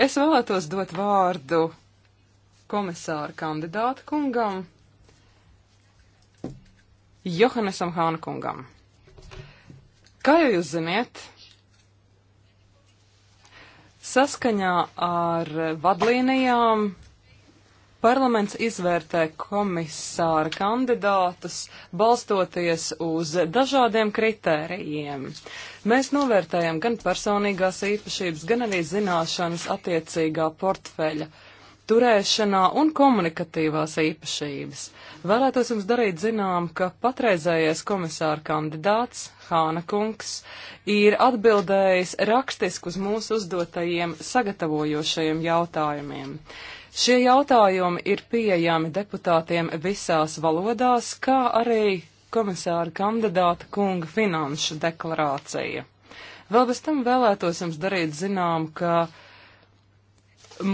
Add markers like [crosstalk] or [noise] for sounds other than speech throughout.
Es vēlētos dot vārdu komisāra kandidāta kungam, Johannesam Hānkungam. Kā jau jūs ziniet, saskaņā ar vadlīnijām Parlaments izvērtē komisāra kandidātus balstoties uz dažādiem kritērijiem. Mēs novērtējam gan personīgās īpašības, gan arī zināšanas attiecīgā portfeļa turēšanā un komunikatīvās īpašības. Vēlētos jums darīt zinām, ka patreizējais komisāra kandidāts Hāna kungs ir atbildējis rakstiski uz mūsu uzdotajiem sagatavojošajiem jautājumiem. Šie jautājumi ir pieejami deputātiem visās valodās, kā arī komisāra kandidāta kunga finanšu deklarācija. Vēl bez tam vēlētos jums darīt zinām, ka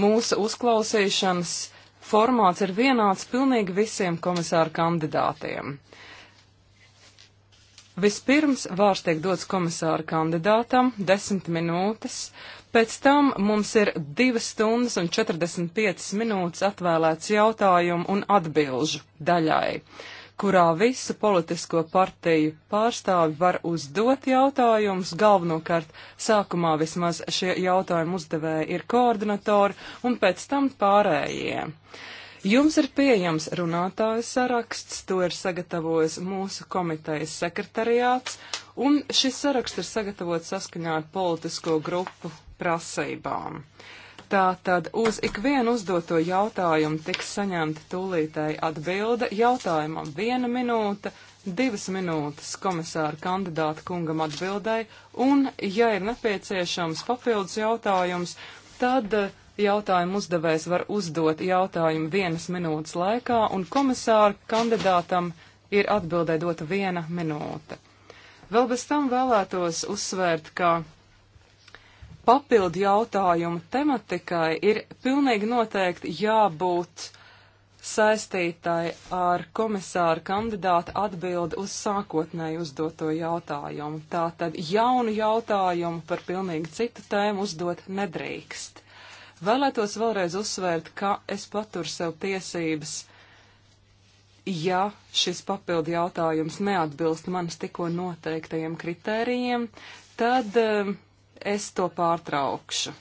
mūsu uzklausīšanas formāts ir vienāds pilnīgi visiem komisāra kandidātiem. Vispirms vārds tiek dots komisāra kandidātam, desmit minūtes, uh, Pēc tam mums ir 2 stundas un 45 minūtes atvēlēts jautājumu un atbilžu daļai, kurā visu politisko partiju pārstāvi var uzdot jautājumus. Galvenokārt sākumā vismaz šie jautājumu uzdevēji ir koordinatori un pēc tam pārējie. Jums ir pieejams runātāju saraksts, to ir sagatavojis mūsu komitejas sekretariāts, un šis saraksts ir sagatavots saskaņā ar politisko grupu prasībām. Tātad uz ikvienu uzdoto jautājumu tiks saņemta tūlītēji atbilde jautājumam viena minūte, divas minūtes komisāra kandidāta kungam atbildēji, un, ja ir nepieciešams papildus jautājums, tad eh, jautājumu uzdevējs var uzdot jautājumu vienas minūtes laikā, un komisāra kandidātam ir atbildē dota viena minūte. Vēl bez tam vēlētos uzsvērt, ka papildu jautājumu tematikai ir pilnīgi noteikti jābūt saistītai ar komisāru kandidātu atbildi uz sākotnēji uzdoto jautājumu. Tātad jaunu jautājumu par pilnīgi citu tēmu uzdot nedrīkst. Vēlētos vēlreiz uzsvērt, ka es paturu sev tiesības, ja šis papildu jautājums neatbilst manis tikko noteiktajiem kritērijiem, tad uh, es to pārtraukšu.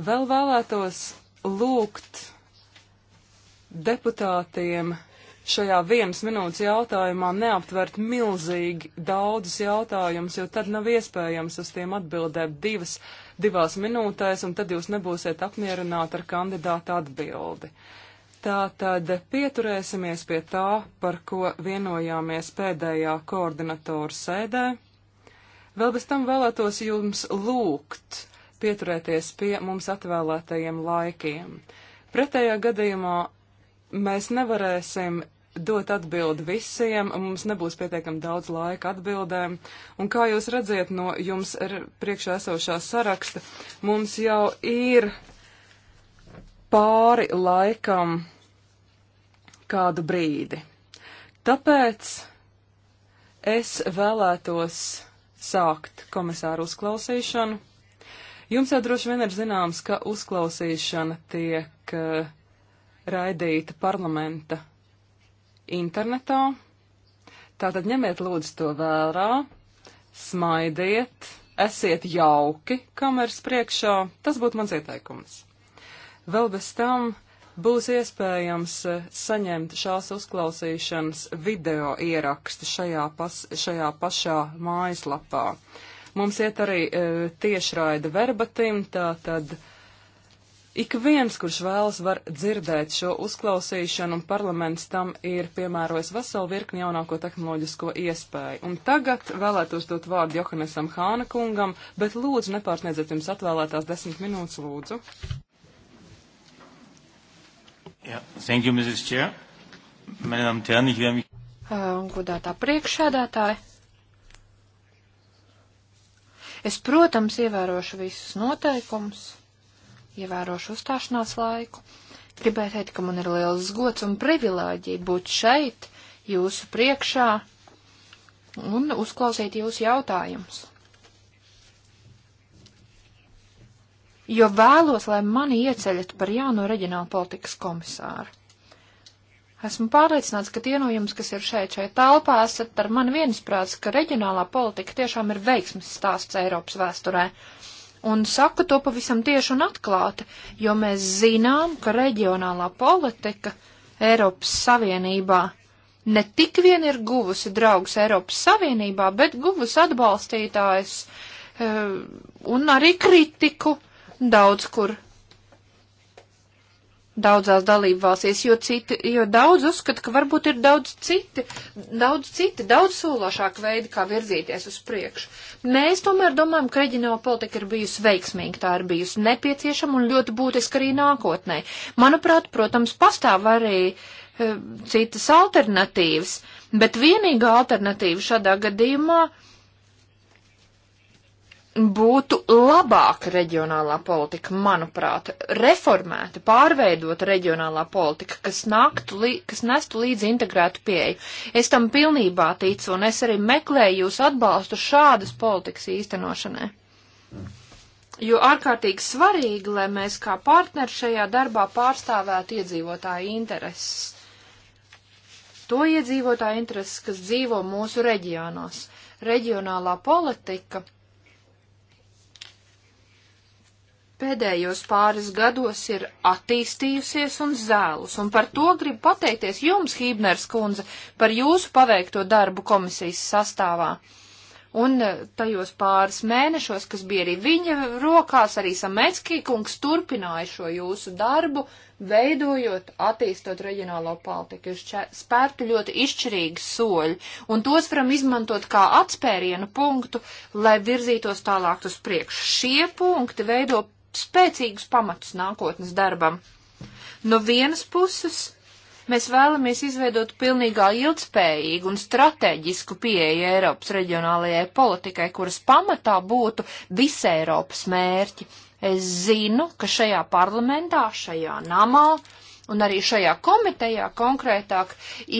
Vēl vēlētos lūgt deputātiem šajā vienas minūtes jautājumā neaptvert milzīgi daudzus jautājumus, jo tad nav iespējams uz tiem atbildēt divas, divās minūtēs, un tad jūs nebūsiet apmierināti ar kandidātu atbildi. Tā tad pieturēsimies pie tā, par ko vienojāmies pēdējā koordinatoru sēdē. Vēl bez tam vēlētos jums lūgt pieturēties pie mums atvēlētajiem laikiem. Pretējā gadījumā mēs nevarēsim dot atbildi visiem, mums nebūs pietiekami daudz laika atbildēm, un kā jūs redziet no jums priekšā esošā saraksta, mums jau ir pāri laikam kādu brīdi. Tāpēc es vēlētos sākt komisāru uzklausīšanu. Jums jau droši vien ir zināms, ka uzklausīšana tiek uh, raidīta parlamenta internetā. Tātad ņemiet lūdzu to vērā, smaidiet, esiet jauki kameras priekšā. Tas būtu mans ieteikums. Vēl bez tam Būs iespējams eh, saņemt šās uzklausīšanas video ierakstu šajā, pas, šajā pašā mājaslapā. Mums iet arī e, tiešraida verbatim, tātad ik viens, kurš vēlas, var dzirdēt šo uzklausīšanu, un parlaments tam ir piemērojis veselu virkni jaunāko tehnoloģisko iespēju. Un tagad vēlētos dot vārdu Johannesam Hāna kungam, bet lūdzu nepārsniedziet jums atvēlētās desmit minūtes, lūdzu. Yeah. Thank you, Mrs. Chair. Meine Damen und Herren, ich werde mich. Uh, Godātā priekšsēdētāja. Es, protams, ievērošu visus noteikumus, ievērošu uzstāšanās laiku. Gribēju teikt, ka man ir liels gods un privilēģija būt šeit, jūsu priekšā un uzklausīt jūsu jautājumus. jo vēlos, lai mani ieceļat par jauno reģionālu politikas komisāru. Esmu pārliecināts, ka tie no jums, kas ir šeit, šeit telpā, esat ar mani viensprāts, ka reģionālā politika tiešām ir veiksmes stāsts Eiropas vēsturē. Un saku to pavisam tieši un atklāti, jo mēs zinām, ka reģionālā politika Eiropas Savienībā ne tik vien ir guvusi draugus Eiropas Savienībā, bet guvusi atbalstītājus e, un arī kritiku daudz kur daudzās dalībvalstīs, jo, citi, jo daudz uzskata, ka varbūt ir daudz citi, daudz citi, daudz sološāki veidi, kā virzīties uz priekšu. Mēs tomēr domājam, ka reģionāla politika ir bijusi veiksmīga, tā ir bijusi nepieciešama un ļoti būtiska arī nākotnē. Manuprāt, protams, pastāv arī e, citas alternatīvas, bet vienīgā alternatīva šādā gadījumā. Uh, būtu labāka reģionālā politika, manuprāt, reformēta, pārveidota reģionālā politika, kas, naktu, kas nestu līdzi integrētu pieeju. Es tam pilnībā ticu, un es arī meklēju jūs atbalstu šādas politikas īstenošanai. Jo ārkārtīgi svarīgi, lai mēs kā partneri šajā darbā pārstāvētu iedzīvotāju intereses. To iedzīvotāju intereses, kas dzīvo mūsu reģionos. Reģionālā politika pēdējos pāris gados ir attīstījusies un zēlus, un par to gribu pateikties jums, Hībners kundze, par jūsu paveikto darbu komisijas sastāvā. Un eh, tajos pāris mēnešos, kas bija arī viņa rokās, arī Samecki kungs turpināja šo jūsu darbu, veidojot, attīstot reģionālo politiku. Jūs spērtu ļoti izšķirīgi soļi, un tos varam izmantot kā atspērienu punktu, lai virzītos tālāk uz priekšu. Šie punkti veido spēcīgus pamatus nākotnes darbam. No vienas puses mēs vēlamies izveidot pilnīgā ilgspējīgu un strateģisku pieeju Eiropas reģionālajai politikai, kuras pamatā būtu visa Eiropas mērķi. Es zinu, ka šajā parlamentā, šajā namā, uh, un arī šajā komitejā konkrētāk,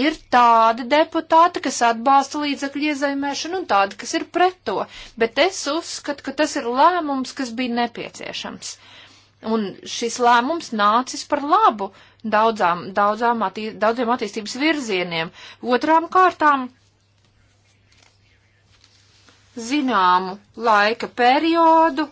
ir tādi deputāti, kas atbalsta līdzekļu iezīmēšanu un tādi, kas ir pret to. Bet es uzskatu, ka tas ir lēmums, kas bija nepieciešams. Un šis lēmums nācis par labu daudzām, daudzām attī, daudziem attīstības virzieniem. Otrām kārtām zināmu laika periodu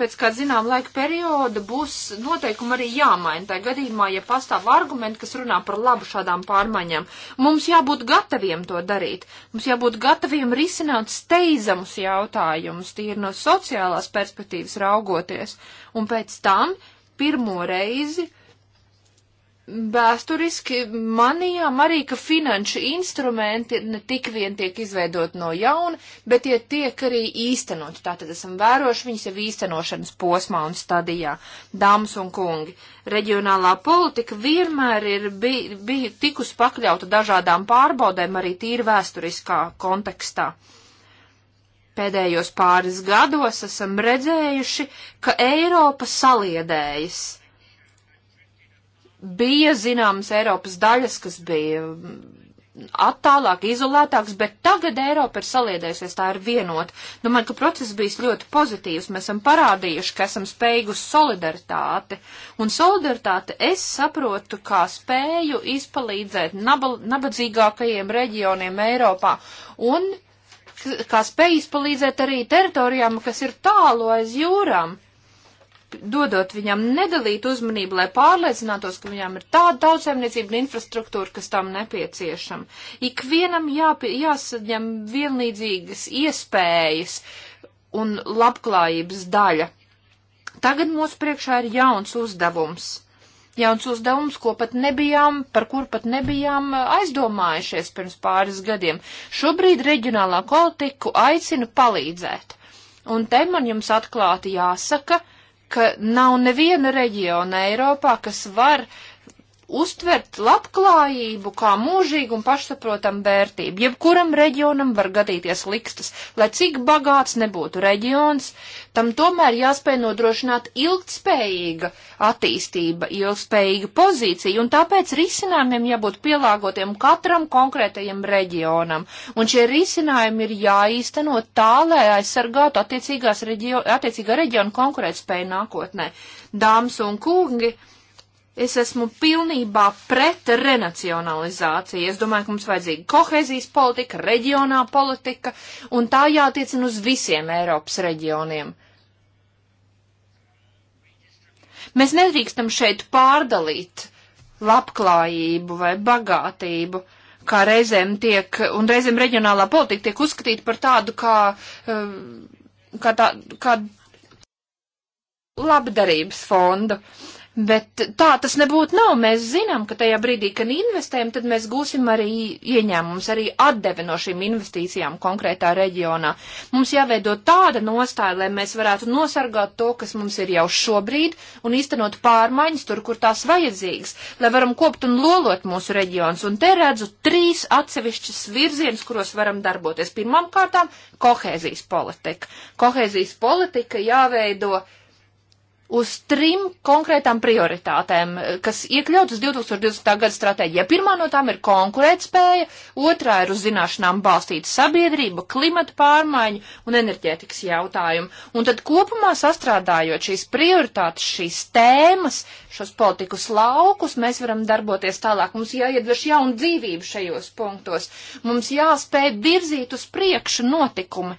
pēc kāda zinām laika perioda būs noteikumi arī jāmaina. Tā gadījumā, ja pastāv argumenti, kas runā par labu šādām pārmaiņām, mums jābūt gataviem to darīt. Mums jābūt gataviem risināt steidzamus jautājumus, tīri no sociālās perspektīvas raugoties. Un pēc tam pirmo reizi Vēsturiski manījām arī, ka finanšu instrumenti ne tik vien tiek izveidot no jauna, bet tie tiek arī īstenot. Tātad esam vēroši viņas jau īstenošanas posmā un stadijā. Dāmas un kungi, reģionālā politika vienmēr ir bij, bij tikus pakļauta dažādām pārbaudēm arī tīri vēsturiskā kontekstā. Pēdējos pāris gados esam redzējuši, ka Eiropa saliedējas bija zināmas Eiropas daļas, kas bija attālāk, izolētāks, bet tagad Eiropa ir saliedējusies, tā ir vienota. Domāju, ka process bijis ļoti pozitīvs, mēs esam parādījuši, ka esam spējīgi uz solidaritāti, un solidaritāte es saprotu, kā spēju izpalīdzēt naba, nabadzīgākajiem reģioniem Eiropā, un kā spēju izpalīdzēt arī teritorijām, kas ir tālu aiz jūrām dodot viņam nedalīt uzmanību, lai pārliecinātos, ka viņām ir tāda tautsēmniecība un infrastruktūra, kas tam nepieciešama. Ikvienam jāpie, jāsaņem vienlīdzīgas iespējas un labklājības daļa. Tagad mūsu priekšā ir jauns uzdevums jauns uzdevums, ko pat nebijām, par kur pat nebijām aizdomājušies pirms pāris gadiem. Šobrīd reģionālā politiku aicinu palīdzēt. Un te man jums atklāti jāsaka, ka nav neviena reģiona Eiropā, kas var uh, uztvert labklājību kā mūžīgu un pašsaprotamu vērtību. Jebkuram reģionam var gadīties likstas, lai cik bagāts nebūtu reģions, tam tomēr jāspēj nodrošināt ilgtspējīga attīstība, ilgtspējīga pozīcija, un tāpēc risinājumiem jābūt pielāgotiem katram konkrētajam reģionam. Un šie risinājumi ir jāīsteno tā, lai aizsargātu attiecīgā reģiona konkurētspēju nākotnē. Dāmas un kungi! Es esmu pilnībā pret renacionalizāciju. Es domāju, ka mums vajadzīga kohezijas politika, reģionā politika, un tā jātiecina uz visiem Eiropas reģioniem. Mēs nedrīkstam šeit pārdalīt labklājību vai bagātību, kā reizēm tiek, un reizēm reģionālā politika tiek uzskatīta par tādu kā, eh, kā, tā, kā labdarības fondu. Uh, Bet tā tas nebūtu nav. Mēs zinām, ka tajā brīdī, kad investējam, tad mēs gūsim arī ieņēmumus, arī atdevi no šīm investīcijām konkrētā reģionā. Mums jāveido tāda nostāja, lai mēs varētu nosargāt to, kas mums ir jau šobrīd, un īstenot pārmaiņas tur, kur tās vajadzīgas, lai varam kopt un lolot mūsu reģionus. Un te redzu trīs atsevišķas virzienus, kuros varam darboties. Pirmām kārtām - kohēzijas politika. Kohēzijas politika jāveido uz trim konkrētām prioritātēm, kas iekļautas 2020. gada stratēģijā. Pirmā no tām ir konkurētspēja, otrā ir uz zināšanām balstīta sabiedrība, klimata pārmaiņa un enerģētikas jautājumi. Un tad kopumā sastrādājot šīs prioritātes, šīs tēmas, šos politikas laukus, mēs varam darboties tālāk. Mums jāiedveš jaunu dzīvību šajos punktos. Mums jāspēj virzīt uz priekšu notikumi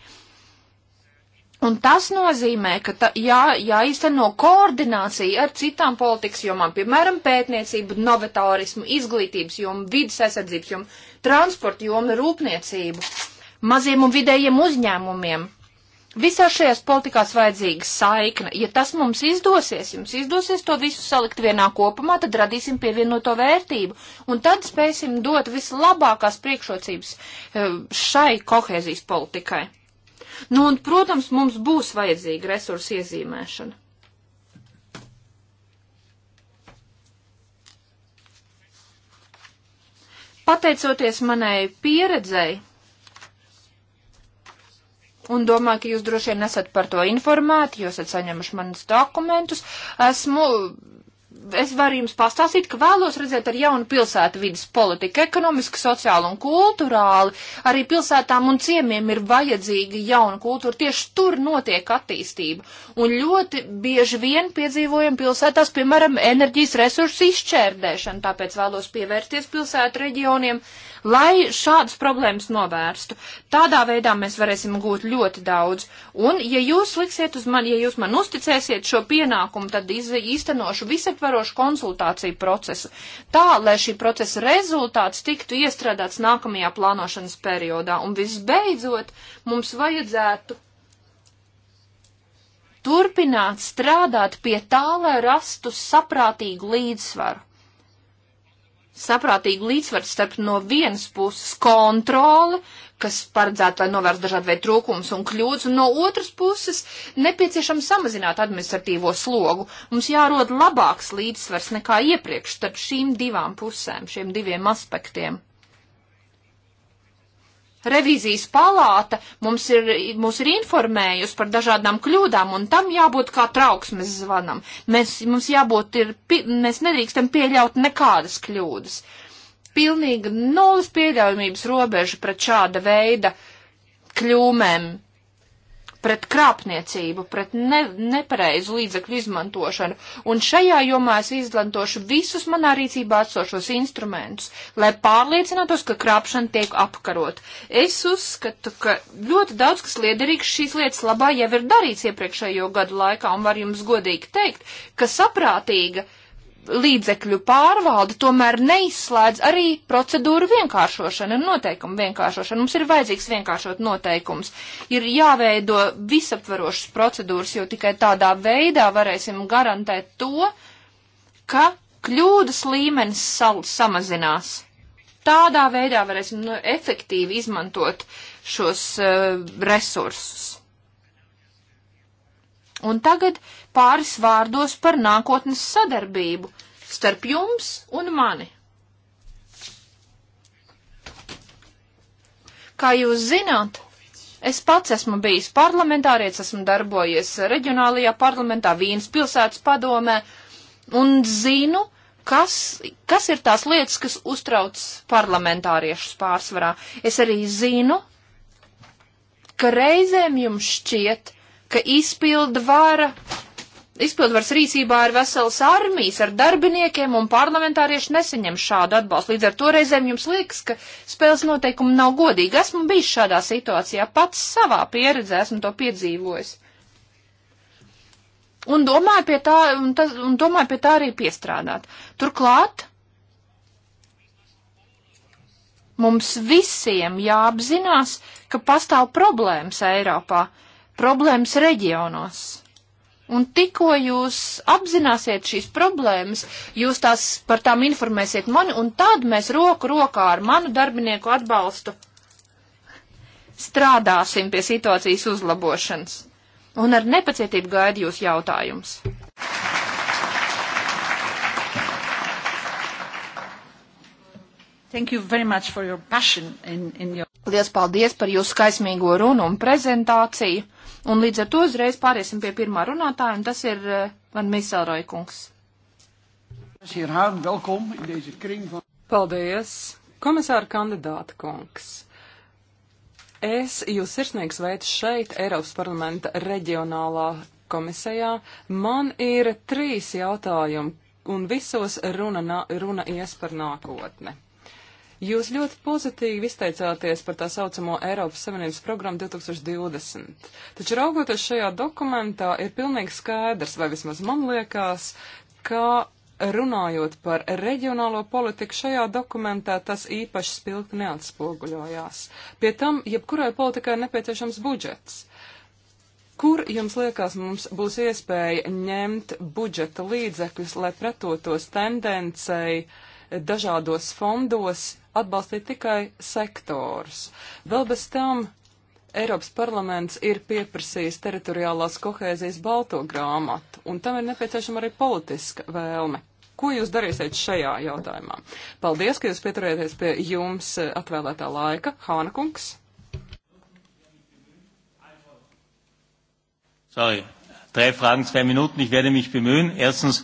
Un tas nozīmē, ka tā, jā, jāizteno koordinācija ar citām politikas jomām, piemēram, pētniecību, novatārismu, izglītības jomu, vidas aizsardzības jomu, transportu jomu, rūpniecību, maziem un vidējiem uzņēmumiem. Visā šajās politikās vajadzīga saikne. Ja tas mums izdosies, jums izdosies to visu salikt vienā kopumā, tad radīsim pievienoto vērtību. Un tad spēsim dot vislabākās priekšrocības eh, šai kohēzijas politikai. Nu, un, protams, mums būs vajadzīga resursu iezīmēšana. Pateicoties manai pieredzei, un domāju, ka jūs droši vien esat par to informēti, jūs esat saņemuši manus dokumentus, esmu es varu jums pastāstīt, ka vēlos redzēt ar jaunu pilsētu vidas politiku, ekonomiski, sociāli un kulturāli. Arī pilsētām un ciemiem ir vajadzīga jauna kultūra. Tieši tur notiek attīstība. Un ļoti bieži vien piedzīvojam pilsētās, piemēram, enerģijas resursu izšķērdēšanu. Tāpēc vēlos pievērsties pilsētu reģioniem, lai šādas problēmas novērstu. Tādā veidā mēs varēsim gūt ļoti daudz. Un, ja jūs liksiet uz mani, ja jūs man uzticēsiet šo pienākumu, tad iz, īstenošu visaptvarošu visaptverošu konsultāciju procesu, tā, lai šī procesa rezultāts tiktu iestrādāts nākamajā plānošanas periodā. Un visbeidzot, mums vajadzētu turpināt strādāt pie tā, lai rastu saprātīgu līdzsvaru saprātīgu līdzsvaru starp no vienas puses kontroli, kas paredzētu, lai novērstu dažādu veidu trūkumus un kļūdas, un no otras puses nepieciešams samazināt administratīvo slogu. Mums jārod labāks līdzsvars nekā iepriekš starp šīm divām pusēm, šiem diviem aspektiem. Revīzijas palāta mums ir, mums ir informējusi par dažādām kļūdām, un tam jābūt kā trauksmes zvanam. Mēs, mums jābūt ir, mēs nedrīkstam pieļaut nekādas kļūdas. Pilnīgi nulles pieļaujamības robeža pret šāda veida kļūmēm pret krāpniecību, pret ne, nepareizu līdzekļu izmantošanu, un šajā jomā es izlantošu visus manā rīcībā atsošos instrumentus, lai pārliecinātos, ka krāpšana tiek apkarot. Es uzskatu, ka ļoti daudz, kas liederīgs šīs lietas labā jau ir darīts iepriekšējo gadu laikā, un var jums godīgi teikt, ka saprātīga līdzekļu pārvalde tomēr neizslēdz arī procedūru vienkāršošanu un noteikumu vienkāršošanu. Mums ir vajadzīgs vienkāršot noteikums. Ir jāveido visaptverošas procedūras, jo tikai tādā veidā varēsim garantēt to, ka kļūdas līmenis sal samazinās. Tādā veidā varēsim nu, efektīvi izmantot šos uh, resursus. Un tagad uh, pāris vārdos par nākotnes sadarbību starp jums un mani. Kā jūs zināt, es pats esmu bijis parlamentārietis, esmu darbojies reģionālajā parlamentā, Vīnas pilsētas padomē, un zinu, kas, kas ir tās lietas, kas uztrauc parlamentāriešus pārsvarā. Es arī zinu, ka reizēm jums šķiet, ka izpilda vara izpildvars rīcībā ir vesels armijas ar darbiniekiem, un parlamentārieši neseņem šādu atbalstu. Līdz ar to reizēm jums liekas, ka spēles noteikumi nav godīgi. Esmu bijis šādā situācijā, pats savā pieredzē esmu to piedzīvojis. Un domāju pie tā, un, tas, un domāju pie tā arī piestrādāt. Turklāt mums visiem jāapzinās, ka pastāv problēmas Eiropā, problēmas reģionos Un tikko jūs apzināsiet šīs problēmas, jūs tās par tām informēsiet mani, un tad mēs roku rokā ar manu darbinieku atbalstu strādāsim pie situācijas uzlabošanas. Un ar nepacietību gaidu jūs jautājums. Thank you very much for your passion in, in your... Liels paldies par jūsu skaismīgo runu un prezentāciju. Un līdz ar to uzreiz pāriesim pie pirmā runātāja, un tas ir eh, Van Miselroja kungs. Paldies, komisāra kandidāta kungs. Es jūs sirsnīgs veicu šeit, Eiropas parlamenta reģionālā komisijā. Man ir trīs jautājumi, un visos runa, runa ies par nākotni. Jūs ļoti pozitīvi izteicāties par tā saucamo Eiropas Savienības programmu 2020. Taču raugoties šajā dokumentā, ir pilnīgi skaidrs, vai vismaz man liekas, ka runājot par reģionālo politiku, šajā dokumentā tas īpaši spilgti neatspoguļojās. Pie tam, jebkurai politikai ir nepieciešams budžets. Kur jums liekas mums būs iespēja ņemt budžeta līdzekļus, lai pretotos tendencei uh, dažādos fondos atbalstīt tikai sektors. Vēl bez tam Eiropas parlaments ir pieprasījis teritoriālās kohēzijas balto grāmatu, un tam ir nepieciešama arī politiska vēlme. Ko jūs darīsiet šajā jautājumā? Paldies, ka jūs pieturēties pie jums atvēlētā laika. Hāna kungs. Sorry. Drei Fragen, zwei Minuten. Ich werde mich bemühen. Erstens,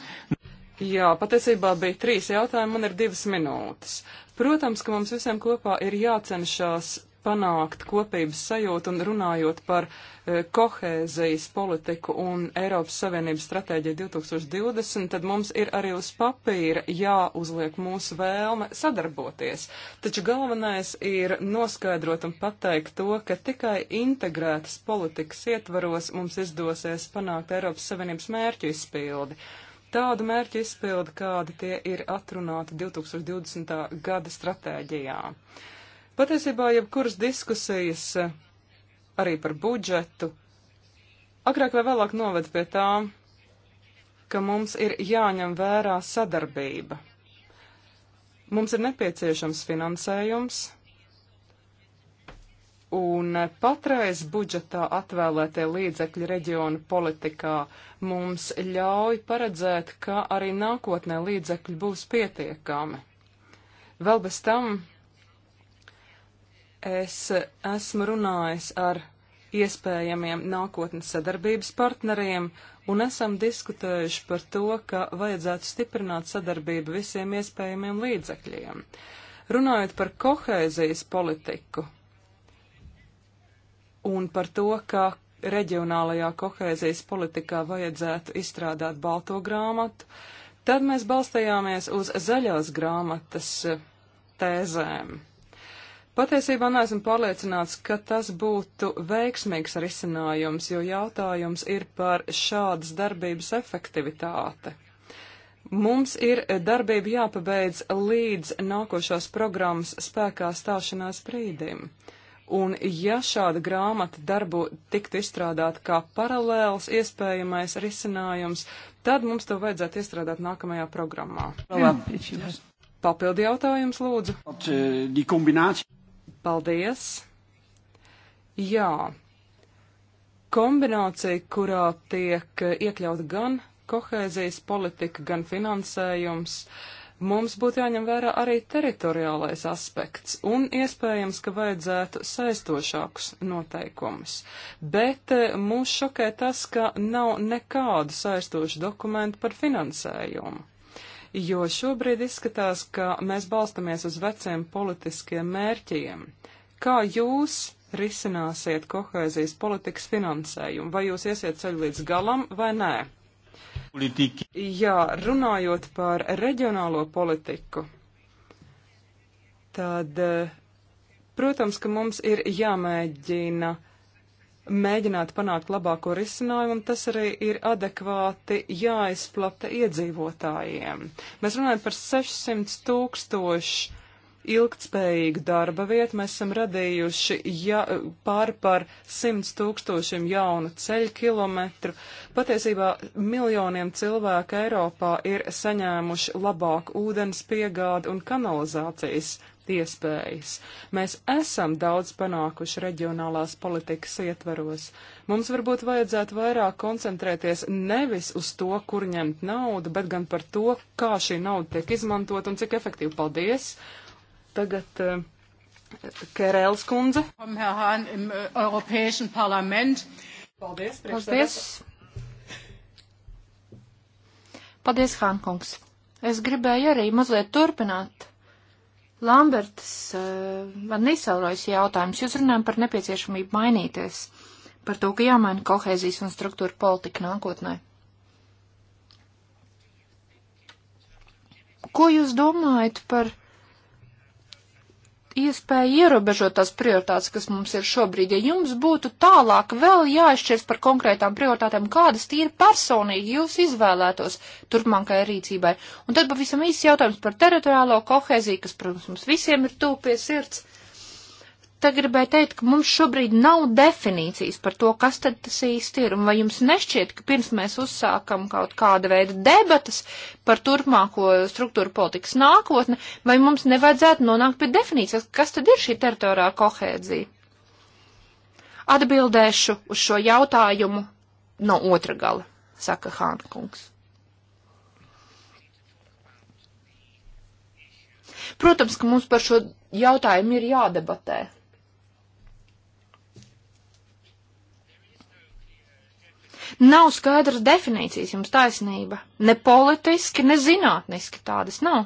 Jā, patiesībā bija trīs jautājumi, man ir divas minūtes. Protams, ka mums visiem kopā ir jācenšas panākt kopības sajūtu un runājot par e, kohēzijas politiku un Eiropas Savienības stratēģiju 2020, tad mums ir arī uz papīra jāuzliek mūsu vēlme sadarboties. Taču galvenais ir noskaidrot un pateikt to, ka tikai integrētas politikas ietvaros mums izdosies panākt Eiropas Savienības mērķu izpildi tādu mērķu izpildi, kādi tie ir atrunāti 2020. gada stratēģijā. Patiesībā jebkuras diskusijas arī par budžetu agrāk vai vēlāk noved pie tā, ka mums ir jāņem vērā sadarbība. Mums ir nepieciešams finansējums, Un patreiz budžetā atvēlētie līdzekļi reģionu politikā mums ļauj paredzēt, ka arī nākotnē līdzekļi būs pietiekami. Vēl bez tam es esmu runājis ar iespējamiem nākotnes sadarbības partneriem un esam diskutējuši par to, ka vajadzētu stiprināt sadarbību visiem iespējamiem līdzekļiem. Runājot par kohēzijas politiku, un par to, ka reģionālajā kohēzijas politikā vajadzētu izstrādāt balto grāmatu, tad mēs balstījāmies uz zaļās grāmatas eh, tēzēm. Patiesībā neesmu pārliecināts, ka tas būtu veiksmīgs risinājums, jo jautājums ir par šādas darbības efektivitāti. Mums ir darbība jāpabeidz līdz nākošās programmas spēkā stāšanās brīdim. Un ja šāda grāmata darbu tiktu izstrādāta kā paralēls iespējamais risinājums, tad mums to vajadzētu iestrādāt nākamajā programmā. Papildi jautājums, lūdzu. Eh, Paldies. Jā. Kombinācija, kurā tiek iekļauta gan kohēzijas politika, gan finansējums. Uh, Mums būtu jāņem vērā arī teritoriālais aspekts un iespējams, ka vajadzētu saistošākus noteikumus. Bet eh, mūs šokē tas, ka nav nekādu saistošu dokumentu par finansējumu jo šobrīd izskatās, ka mēs balstamies uz veciem politiskiem mērķiem. Kā jūs risināsiet kohēzijas politikas finansējumu? Vai jūs iesiet ceļu līdz galam vai nē? Politiki. Jā, runājot par reģionālo politiku, tad, eh, protams, ka mums ir jāmēģina mēģināt panākt labāko risinājumu, un tas arī ir adekvāti jāizplata iedzīvotājiem. Mēs runājam par 600 tūkstošu ilgtspējīgu darba vietu mēs esam radījuši ja, pār par 100 tūkstošiem jaunu ceļu kilometru. Patiesībā miljoniem cilvēku Eiropā ir saņēmuši labāku ūdens piegādi un kanalizācijas iespējas. Mēs esam daudz panākuši reģionālās politikas ietveros. Mums varbūt vajadzētu vairāk koncentrēties nevis uz to, kur ņemt naudu, bet gan par to, kā šī nauda tiek izmantot un cik efektīvi. Paldies! Tagad uh, eh, Kērēls kundze. Äh, Paldies, Paldies. Paldies, Hānkungs. Es gribēju arī mazliet turpināt Lambertas uh, eh, man izsaurojas jautājums. Jūs runājam par nepieciešamību mainīties, par to, ka jāmaina kohēzijas un struktūra politika nākotnē. Ko jūs domājat par iespēja ierobežot tās prioritātes, kas mums ir šobrīd. Ja jums būtu tālāk vēl jāizšķirs par konkrētām prioritātēm, kādas tīri personīgi jūs izvēlētos turpmākajai rīcībai. Un tad pavisam īsts jautājums par teritoriālo koheziju, kas, protams, mums visiem ir tūpies sirds te gribēju teikt, ka mums šobrīd nav definīcijas par to, kas tad tas īsti ir, un vai jums nešķiet, ka pirms mēs uzsākam kaut kāda veida debatas par turpmāko struktūru politikas nākotni, vai mums nevajadzētu nonākt pie definīcijas, kas tad ir šī teritorā kohēzija? Atbildēšu uz šo jautājumu no otra gala, saka Hānkungs. Protams, ka mums par šo jautājumu ir jādebatē. Nav skaidras definīcijas, jums taisnība. Ne politiski, ne zinātniski tādas nav.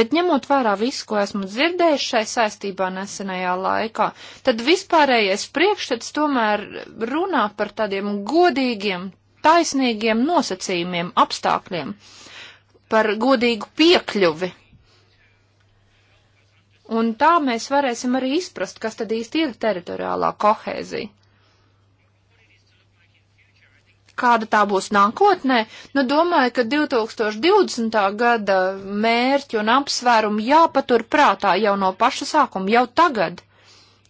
Bet ņemot vērā visu, ko esmu dzirdējis šai saistībā nesenajā laikā, tad vispārējais priekšstats tomēr runā par tādiem godīgiem, taisnīgiem nosacījumiem, apstākļiem, par godīgu piekļuvi Un tā mēs varēsim arī izprast, kas tad īsti ir teritoriālā kohēzija kāda tā būs nākotnē, nu domāju, ka 2020. gada mērķi un apsvērumi jāpatur prātā jau no paša sākuma, jau tagad.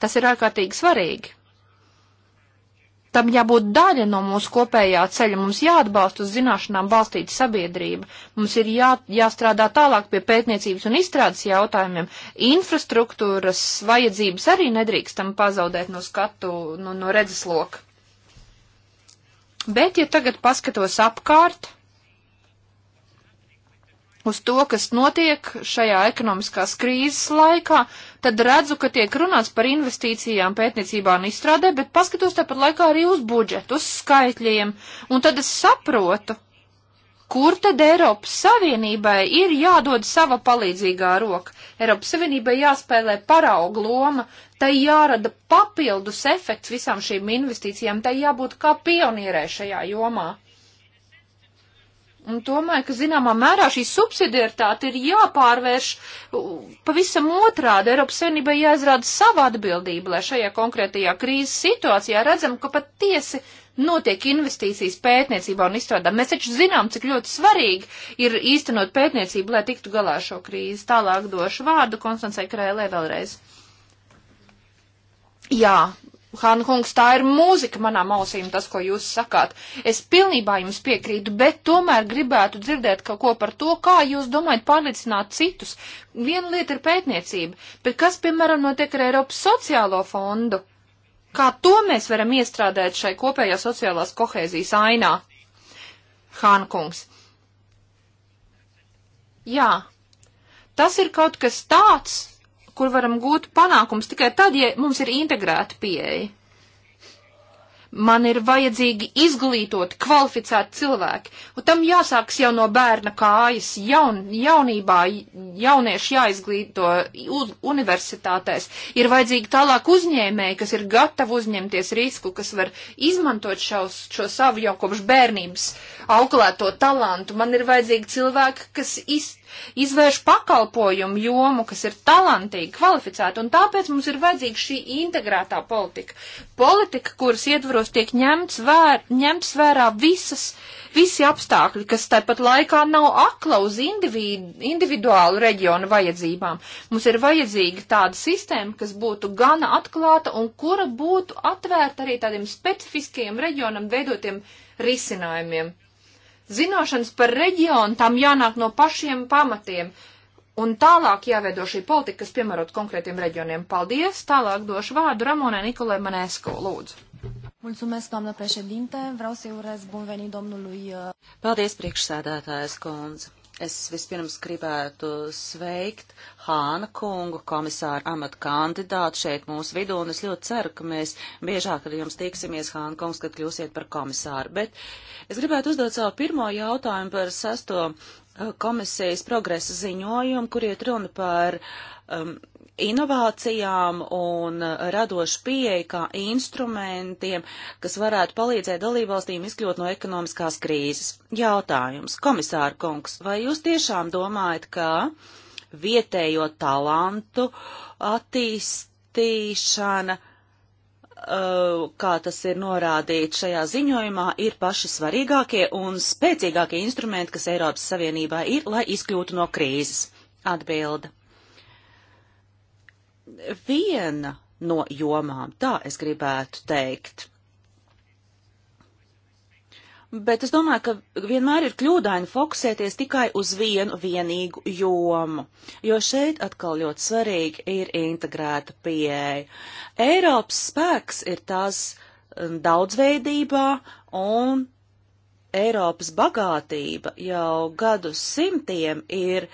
Tas ir ārkārtīgi svarīgi. Tam jābūt daļa no mūsu kopējā ceļa. Mums jāatbalsta uz zināšanām balstīta sabiedrība. Mums ir jā, jāstrādā tālāk pie pētniecības un izstrādes jautājumiem. Infrastruktūras vajadzības arī nedrīkstam pazaudēt no skatu, no, no redzesloka. Bet, ja tagad paskatos apkārt uz to, kas notiek šajā ekonomiskās krīzes laikā, tad redzu, ka tiek runāts par investīcijām pētniecībā un izstrādē, bet paskatos tāpat laikā arī uz budžetu, uz skaitļiem, un tad es saprotu, kur tad Eiropas Savienībai ir jādod sava palīdzīgā roka. Eiropas Savienībai jāspēlē parauga loma, Tai jārada papildus efekts visām šīm investīcijām, tai jābūt kā pionierē šajā jomā. Un domāju, ka zināmā mērā šī subsidiaritāte ir jāpārvērš pavisam otrādi. Eiropas Savienībai jāizrāda sava atbildība, lai šajā konkrētajā krīzes situācijā redzam, ka patiesi notiek investīcijas pētniecībā un izstrādā. Mēs taču zinām, cik ļoti svarīgi ir īstenot pētniecību, lai tiktu galā šo krīzi. Tālāk došu vārdu Konstancei Krēlē vēlreiz. Jā, Hankungs, tā ir mūzika manām ausīm, tas, ko jūs sakāt. Es pilnībā jums piekrītu, bet tomēr gribētu dzirdēt kaut ko par to, kā jūs domājat pārliecināt citus. Viena lieta ir pētniecība, bet kas, piemēram, notiek ar Eiropas sociālo fondu? Kā to mēs varam iestrādāt šai kopējā sociālās kohēzijas ainā? Hankungs. Jā, tas ir kaut kas tāds, kur varam gūt panākums tikai tad, ja mums ir integrēta pieeja. Man ir vajadzīgi izglītot, kvalificēti cilvēki, un tam jāsāks jau no bērna kājas, jaun, jaunībā, jaunieši jāizglīto universitātēs, ir vajadzīgi tālāk uzņēmēji, kas ir gatavi uzņemties risku, kas var izmantot šos, šo savu jau kopš bērnības uh, auklēto talantu. Man ir vajadzīgi cilvēki, kas iz, izvērš pakalpojumu jomu, kas ir talantīgi, kvalificēti, un tāpēc mums ir vajadzīga šī integrētā politika. Politika, kuras ietvaros tiek ņemts, vēr, ņemts vērā visas, visi apstākļi, kas tāpat laikā nav akla uz individu, individuālu reģionu vajadzībām. Mums ir vajadzīga tāda sistēma, kas būtu gana atklāta un kura būtu atvērta arī tādiem specifiskiem reģionam veidotiem risinājumiem. Zinošanas par reģionu tam jānāk no pašiem pamatiem. Un tālāk jāveido šī politika, kas piemērot konkrētiem reģioniem. Paldies! Tālāk došu vārdu Ramonai Nikolai Manesko. Lūdzu! Mulțumesc, doamnă președinte. Vreau să-i urez bun venit domnului. Uh, Paldies, priekšsēdētājas kundze. Es vispirms gribētu sveikt Hāna kungu, komisāru amatu kandidātu šeit mūsu vidū, un es ļoti ceru, ka mēs biežāk ar jums tiksimies, Hāna kungs, kad kļūsiet par komisāru. Bet es gribētu uzdot savu pirmo jautājumu par sesto eh, komisijas progresa ziņojumu, kur iet runa par um, inovācijām un radošu pieeja kā instrumentiem, kas varētu palīdzēt dalībvalstīm izkļūt no ekonomiskās krīzes. Jautājums, komisāra kungs, vai jūs tiešām domājat, ka vietējo talantu attīstīšana, uh, kā tas ir norādīts šajā ziņojumā, ir paši svarīgākie un spēcīgākie instrumenti, kas Eiropas Savienībā ir, lai izkļūtu no krīzes? Atbilda viena no jomām, tā es gribētu teikt. Bet es domāju, ka vienmēr ir kļūdaini fokusēties tikai uz vienu vienīgu jomu, jo šeit atkal ļoti svarīgi ir integrēta pieeja. Eiropas spēks ir tās um, daudzveidībā un Eiropas bagātība jau gadu simtiem ir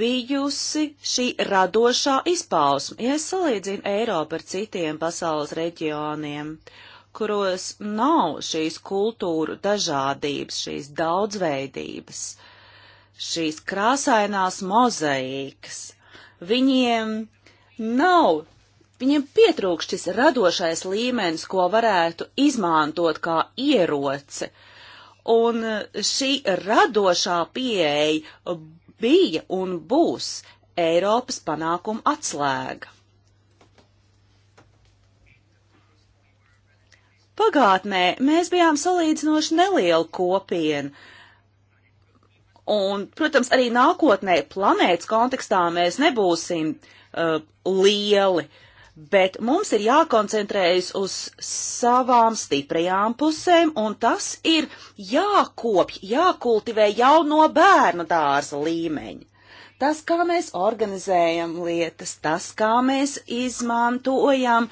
bijusi šī radošā izpausme. Ja es salīdzinu Eiropu ar citiem pasaules reģioniem, kuros nav šīs kultūru dažādības, šīs daudzveidības, šīs krāsainās mozaīkas, viņiem nav Viņiem pietrūkst šis radošais līmenis, ko varētu izmantot kā ieroci, Un eh, šī radošā pieeja bija un būs Eiropas panākuma atslēga. Pagātnē mēs bijām salīdzinoši neliela kopiena. Un, protams, arī nākotnē planētas kontekstā mēs nebūsim uh, lieli. Uh, Bet mums ir jākoncentrējas uz savām stiprajām pusēm, un tas ir jākopj, jākultivē jau no bērna dārza līmeņa. Tas, kā mēs organizējam lietas, tas, kā mēs izmantojam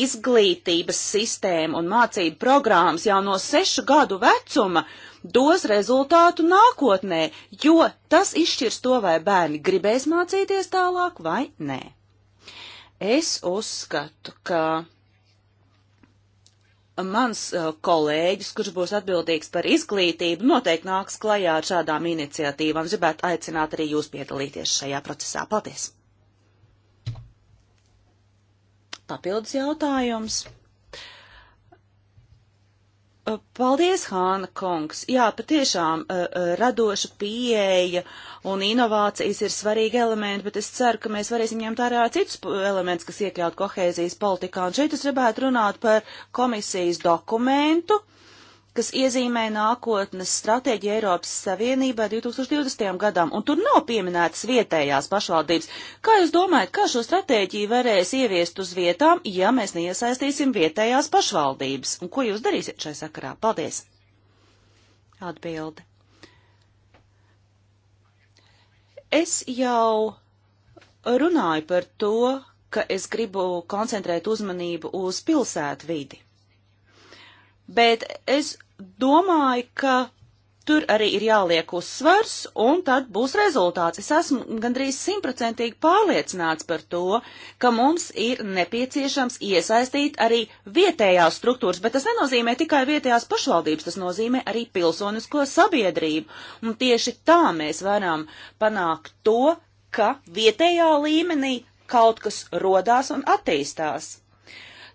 izglītības sistēmu un mācību programmas jau no sešu gadu vecuma, dos rezultātu nākotnē, jo tas izšķirs to, vai bērni gribēs mācīties tālāk vai nē. Es uzskatu, ka mans eh, kolēģis, kurš būs atbildīgs par izglītību, noteikti nāks klajā ar šādām iniciatīvām. Gribētu aicināt arī jūs piedalīties šajā procesā. Paldies! Papildus jautājums. Uh, paldies, Hāna kungs! Jā, patiešām uh, uh, radoša pieeja un inovācijas ir svarīgi elementi, bet es ceru, ka mēs varēsim ņemt ārā citus elementus, kas iekļaut kohēzijas politikā. Un šeit es gribētu runāt par komisijas dokumentu, kas iezīmē nākotnes stratēģiju Eiropas Savienībā 2020. gadam, un tur nav pieminētas vietējās pašvaldības. Kā jūs domājat, kā šo stratēģiju varēs ieviest uz vietām, ja mēs neiesaistīsim vietējās pašvaldības? Un ko jūs darīsiet šai sakarā? Paldies! Atbilde. Es jau runāju par to, ka es gribu koncentrēt uzmanību uz pilsētu vidi bet es domāju, ka tur arī ir jāliek uzsvars, un tad būs rezultāts. Es esmu gandrīz simtprocentīgi pārliecināts par to, ka mums ir nepieciešams iesaistīt arī vietējās struktūras, bet tas nenozīmē tikai vietējās pašvaldības, tas nozīmē arī pilsonisko sabiedrību. Un tieši tā mēs varam panākt to, ka vietējā līmenī kaut kas rodās un attīstās.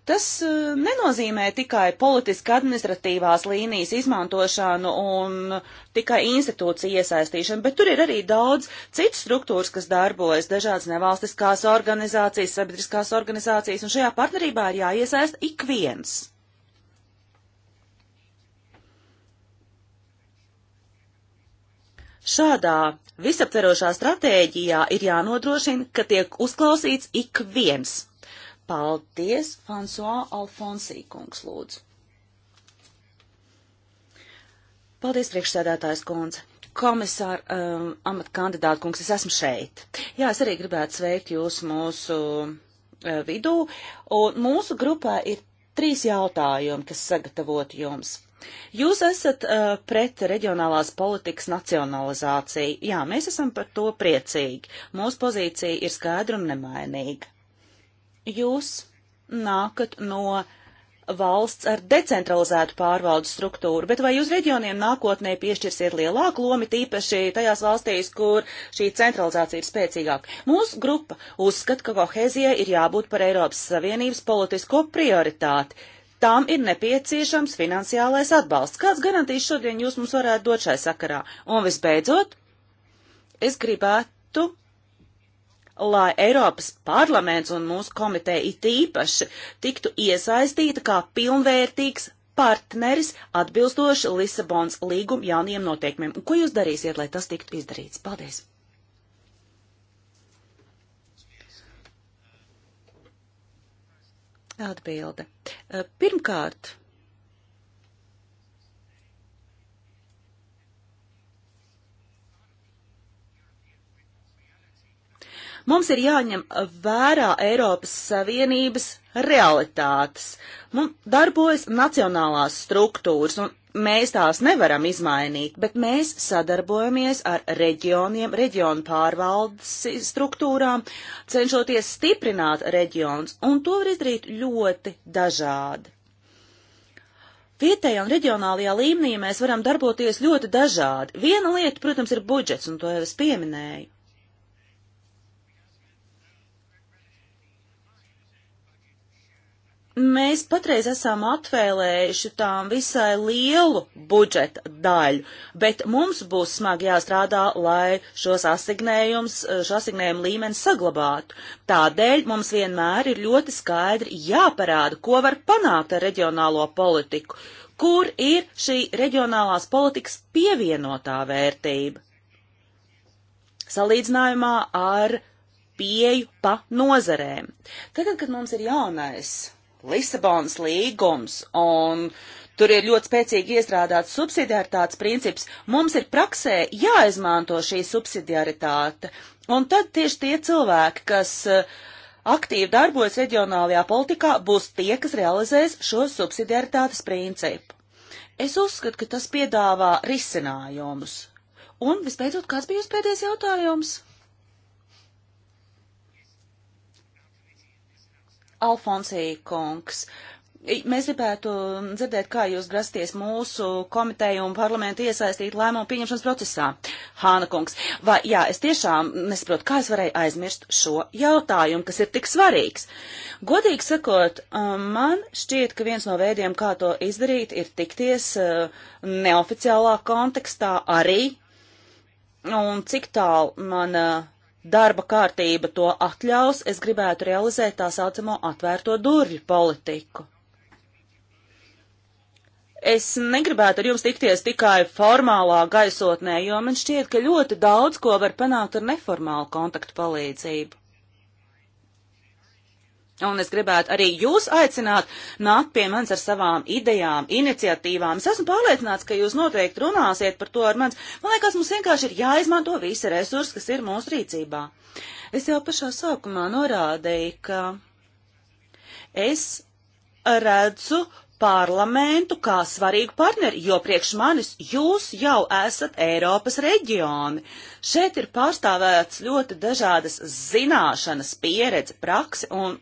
Tas eh, nenozīmē tikai politiski administratīvās līnijas izmantošanu un tikai institūciju iesaistīšanu, bet tur ir arī daudz citas struktūras, kas darbojas, dažādas nevalstiskās organizācijas, sabiedriskās organizācijas, un šajā partnerībā ir jāiesaist ik viens. Šādā visaptverošā stratēģijā ir jānodrošina, ka tiek uzklausīts ik viens Paldies, François Alfonsī kungs, lūdzu. Paldies, priekšsēdētājs kundze. Komisāra um, amata kandidāta kungs, es esmu šeit. Jā, es arī gribētu sveikt jūs mūsu uh, vidū. Un mūsu grupā ir trīs jautājumi, kas sagatavoti jums. Jūs esat uh, pret reģionālās politikas nacionalizāciju. Jā, mēs esam par to priecīgi. Mūsu pozīcija ir skaidra un nemainīga. Jūs nākat no valsts ar decentralizētu pārvaldes struktūru, bet vai jūs reģioniem nākotnē piešķirsiet lielāku lomu, tīpaši tajās valstīs, kur šī centralizācija ir spēcīgāka? Mūsu grupa uzskata, ka kohēzijai ir jābūt par Eiropas Savienības politisko prioritāti. Tām ir nepieciešams finansiālais atbalsts. Kāds garantīs šodien jūs mums varētu dot šai sakarā? Un visbeidzot, es gribētu lai Eiropas parlaments un mūsu komiteja it īpaši tiktu iesaistīta kā pilnvērtīgs partneris atbilstoši Lisabons līguma jaunajiem noteikumiem. Un ko jūs darīsiet, lai tas tiktu izdarīts? Paldies! Atbilde. Pirmkārt, Mums ir jāņem vērā Eiropas Savienības realitātes. Mums darbojas nacionālās struktūras, un mēs tās nevaram izmainīt, bet mēs sadarbojamies ar reģioniem, reģionu pārvaldes struktūrām, cenšoties stiprināt reģionus, un to var izdarīt ļoti dažādi. Vietējā un reģionālajā līmenī mēs varam darboties ļoti dažādi. Viena lieta, protams, ir budžets, un to jau es pieminēju. mēs patreiz esam atvēlējuši tām visai lielu budžeta daļu, bet mums būs smagi jāstrādā, lai šos asignējums, šo asignējumu līmeni saglabātu. Tādēļ mums vienmēr ir ļoti skaidri jāparāda, ko var panākt ar reģionālo politiku, kur ir šī reģionālās politikas pievienotā vērtība. Salīdzinājumā ar pieju pa nozarēm. Tagad, kad mums ir jaunais Lisabonas līgums un tur ir ļoti spēcīgi iestrādāts subsidiaritātes princips, mums ir praksē jāizmanto šī subsidiaritāte. Un tad tieši tie cilvēki, kas eh, aktīvi darbojas reģionālajā politikā, būs tie, kas realizēs šo subsidiaritātes principu. Es uzskatu, ka tas piedāvā risinājumus. Un, visbeidzot, kāds bija jūsu pēdējais jautājums? Alfonsī kungs. Mēs gribētu dzirdēt, kā jūs grasties mūsu komiteju un parlamentu iesaistīt lēmumu pieņemšanas procesā. Hāna kungs, vai jā, es tiešām nesaprotu, kā es varēju aizmirst šo jautājumu, kas ir tik svarīgs. Godīgi sakot, um, man šķiet, ka viens no veidiem, kā to izdarīt, ir tikties uh, neoficiālā kontekstā arī. Un cik tālu man darba kārtība to atļaus, es gribētu realizēt tā saucamo atvērto durvju politiku. Es negribētu ar jums tikties tikai formālā gaisotnē, jo man šķiet, ka ļoti daudz ko var panākt ar neformālu kontaktu palīdzību. Un es gribētu arī jūs aicināt nākt pie manis ar savām idejām, iniciatīvām. Es esmu pārliecināts, ka jūs noteikti runāsiet par to ar manis. Man liekas, mums vienkārši ir jāizmanto visi resursi, kas ir mūsu rīcībā. Es jau pašā sākumā norādīju, ka es redzu parlamentu kā svarīgu partneri, jo priekš manis jūs jau esat Eiropas reģioni. Šeit ir pārstāvēts ļoti dažādas zināšanas, pieredze, prakse un,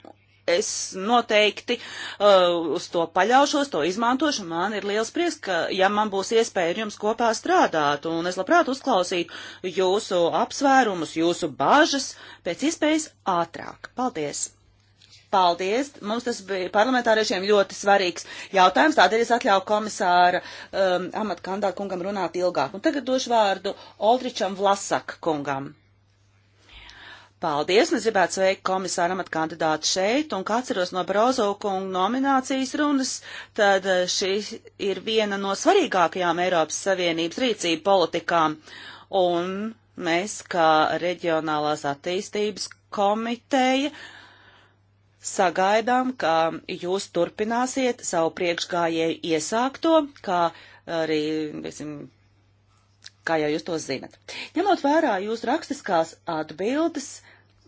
es noteikti uh, uz to paļaušos, to izmantošu. Man ir liels prieks, ka, ja man būs iespēja ar jums kopā strādāt, un es labprāt uzklausītu jūsu apsvērumus, jūsu bažas pēc iespējas ātrāk. Paldies! Paldies! Mums tas bija parlamentāriešiem ļoti svarīgs jautājums, tādēļ es atļauju komisāra um, amata kandātu kungam runāt ilgāk. Un tagad došu vārdu Oldričam Vlasak kungam. Paldies, un es gribētu sveikt komisāra amata kandidātu šeit, un kā atceros no Brozo kunga nominācijas runas, tad eh, šī ir viena no svarīgākajām Eiropas Savienības rīcību politikām, un mēs, kā reģionālās attīstības komiteja, sagaidām, ka jūs turpināsiet savu priekšgājēju iesākto, kā arī, piemēram, kā jau jūs to zinat. Ņemot vērā jūsu rakstiskās atbildes,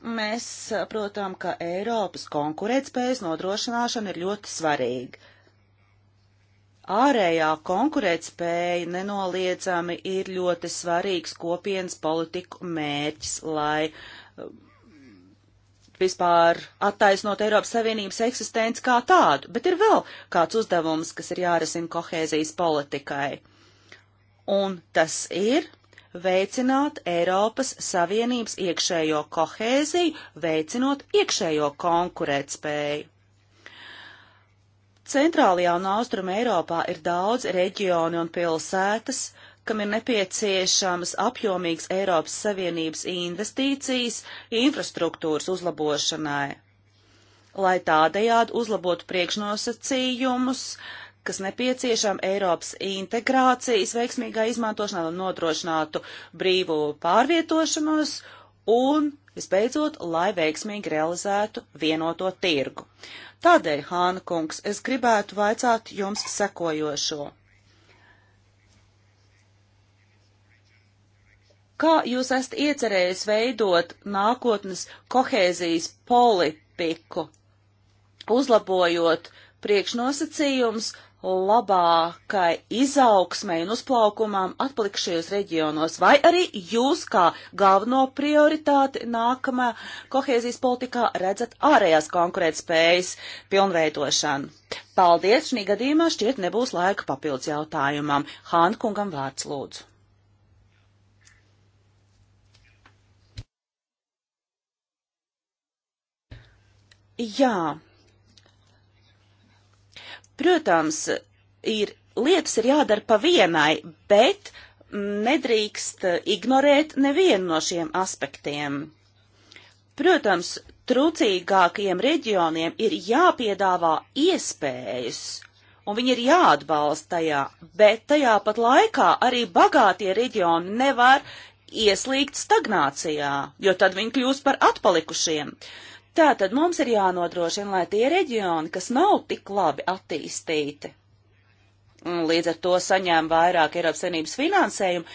Mēs saprotam, ka Eiropas konkurētspējas nodrošināšana ir ļoti svarīga. Ārējā konkurētspēja nenoliedzami ir ļoti svarīgs kopienas politiku mērķis, lai um, vispār attaisnot Eiropas Savienības eksistenci kā tādu, bet ir vēl kāds uzdevums, kas ir jārisina kohēzijas politikai. Un tas ir veicināt Eiropas Savienības iekšējo kohēziju, veicinot iekšējo konkurētspēju. Centrālajā un austruma Eiropā ir daudz reģioni un pilsētas, kam ir nepieciešamas apjomīgas Eiropas Savienības investīcijas infrastruktūras uzlabošanai, lai tādējādi uzlabotu priekšnosacījumus kas nepieciešama Eiropas integrācijas veiksmīgā izmantošanā, lai nodrošinātu brīvu pārvietošanos un, visbeidzot, lai veiksmīgi realizētu vienoto tirgu. Tādēļ, Hāna kungs, es gribētu vaicāt jums sekojošo. Kā jūs esat iecerējis veidot nākotnes kohēzijas politiku, uzlabojot priekšnosacījums, labākai izaugsmai un uzplaukumam atpalikšajos reģionos, vai arī jūs kā galveno prioritāti nākamā kohēzijas politikā redzat ārējās konkurētspējas pilnveidošanu? Paldies, šī gadījumā šķiet nebūs laika papildus jautājumam. Hānkungam vārds lūdzu. Jā, Protams, ir, lietas ir jādara pa vienai, bet nedrīkst ignorēt nevienu no šiem aspektiem. Protams, trūcīgākajiem reģioniem ir jāpiedāvā iespējas, un viņi ir jāatbalsta tajā, bet tajā pat laikā arī bagātie reģioni nevar ieslīgt stagnācijā, jo tad viņi kļūst par atpalikušiem. Tātad mums ir jānodrošina, lai tie reģioni, kas nav tik labi attīstīti, un līdz ar to saņēma vairāk Eiropas Savienības finansējumu,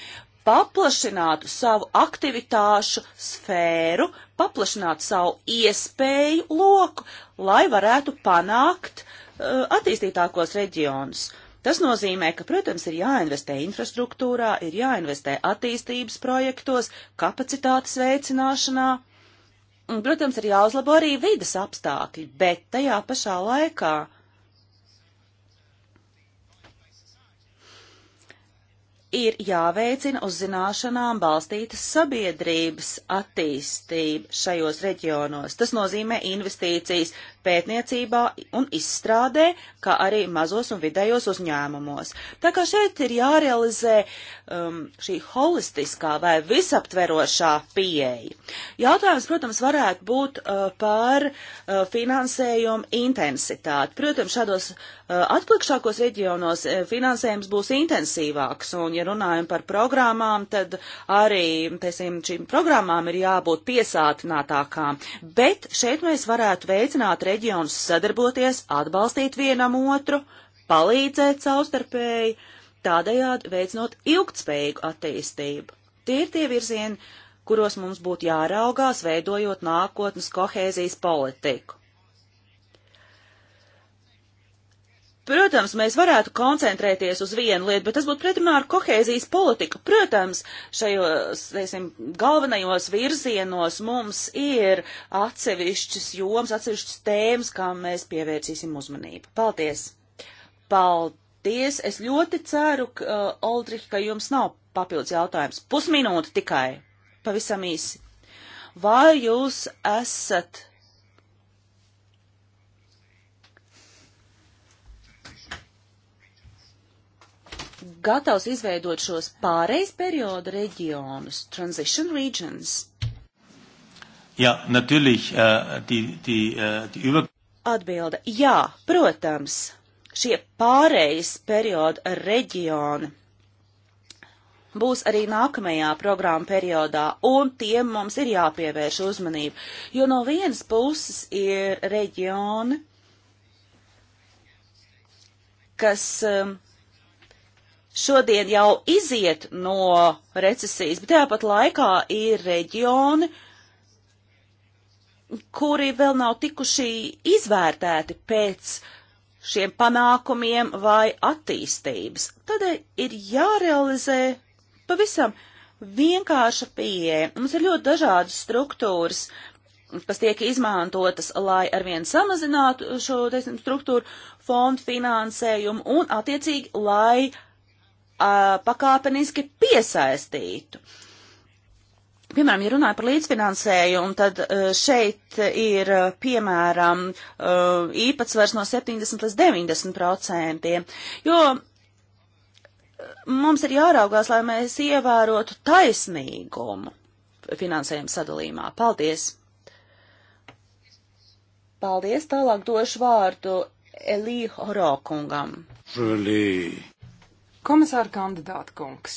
paplašinātu savu aktivitāšu sfēru, paplašinātu savu iespēju loku, lai varētu panākt uh, attīstītākos reģionus. Tas nozīmē, ka, protams, ir jāinvestē infrastruktūrā, ir jāinvestē attīstības projektos, kapacitātes veicināšanā. Un, protams, ir jāuzlabo arī vidas apstākļi, bet tajā pašā laikā ir jāveicina uz zināšanām balstītas sabiedrības attīstība šajos reģionos. Tas nozīmē investīcijas pētniecībā un izstrādē, kā arī mazos un vidējos uzņēmumos. Tā kā šeit ir jārealizē um, šī holistiskā vai visaptverošā pieeja. Jautājums, protams, varētu būt uh, par uh, finansējumu intensitāti. Protams, šādos uh, atplikšākos reģionos uh, finansējums būs intensīvāks, un, ja runājam par programmām, tad arī, teiksim, šīm programmām ir jābūt piesātinātākām. Bet šeit mēs varētu veicināt reģionālu reģionus sadarboties, atbalstīt vienam otru, palīdzēt savstarpēji, tādējādi veicinot ilgtspējīgu attīstību. Tie ir tie virzieni, kuros mums būtu jāraugās, veidojot nākotnes kohēzijas politiku. Protams, mēs varētu koncentrēties uz vienu lietu, bet tas būtu pretrunā ar kohēzijas politiku. Protams, šajos, teiksim, galvenajos virzienos mums ir atsevišķas jomas, atsevišķas tēmas, kam mēs pievērsīsim uzmanību. Paldies! Paldies! Es ļoti ceru, ka, uh, Oldrich, ka jums nav papildus jautājums. Pusminūte tikai. Pavisam īsi. Vai jūs esat gatavs izveidot šos pārejas perioda reģionus, transition regions? Jā, ja, natürlich, uh, die, die, uh, die über... Atbilde, jā, protams, šie pārejas perioda reģioni būs arī nākamajā programma periodā, un tiem mums ir jāpievērš uzmanība, jo no vienas puses ir reģioni, kas um, šodien jau iziet no recesijas, bet tāpat laikā ir reģioni, kuri vēl nav tikuši izvērtēti pēc šiem panākumiem vai attīstības. Tādēļ ir jārealizē pavisam vienkārša pieeja. Mums ir ļoti dažādas struktūras, kas tiek izmantotas, lai arvien samazinātu šo, teiksim, struktūru fondu finansējumu un, attiecīgi, lai Uh, pakāpeniski piesaistītu. Piemēram, ja runāju par līdzfinansējumu, tad uh, šeit ir, uh, piemēram, īpatsvars no 70 līdz 90 procentiem, jo mums ir jāraugās, lai mēs ievērotu taisnīgumu finansējuma sadalījumā. Paldies! Paldies! Tālāk došu vārdu Elī Horokungam. Žēlī! Komisāra kandidāta kungs.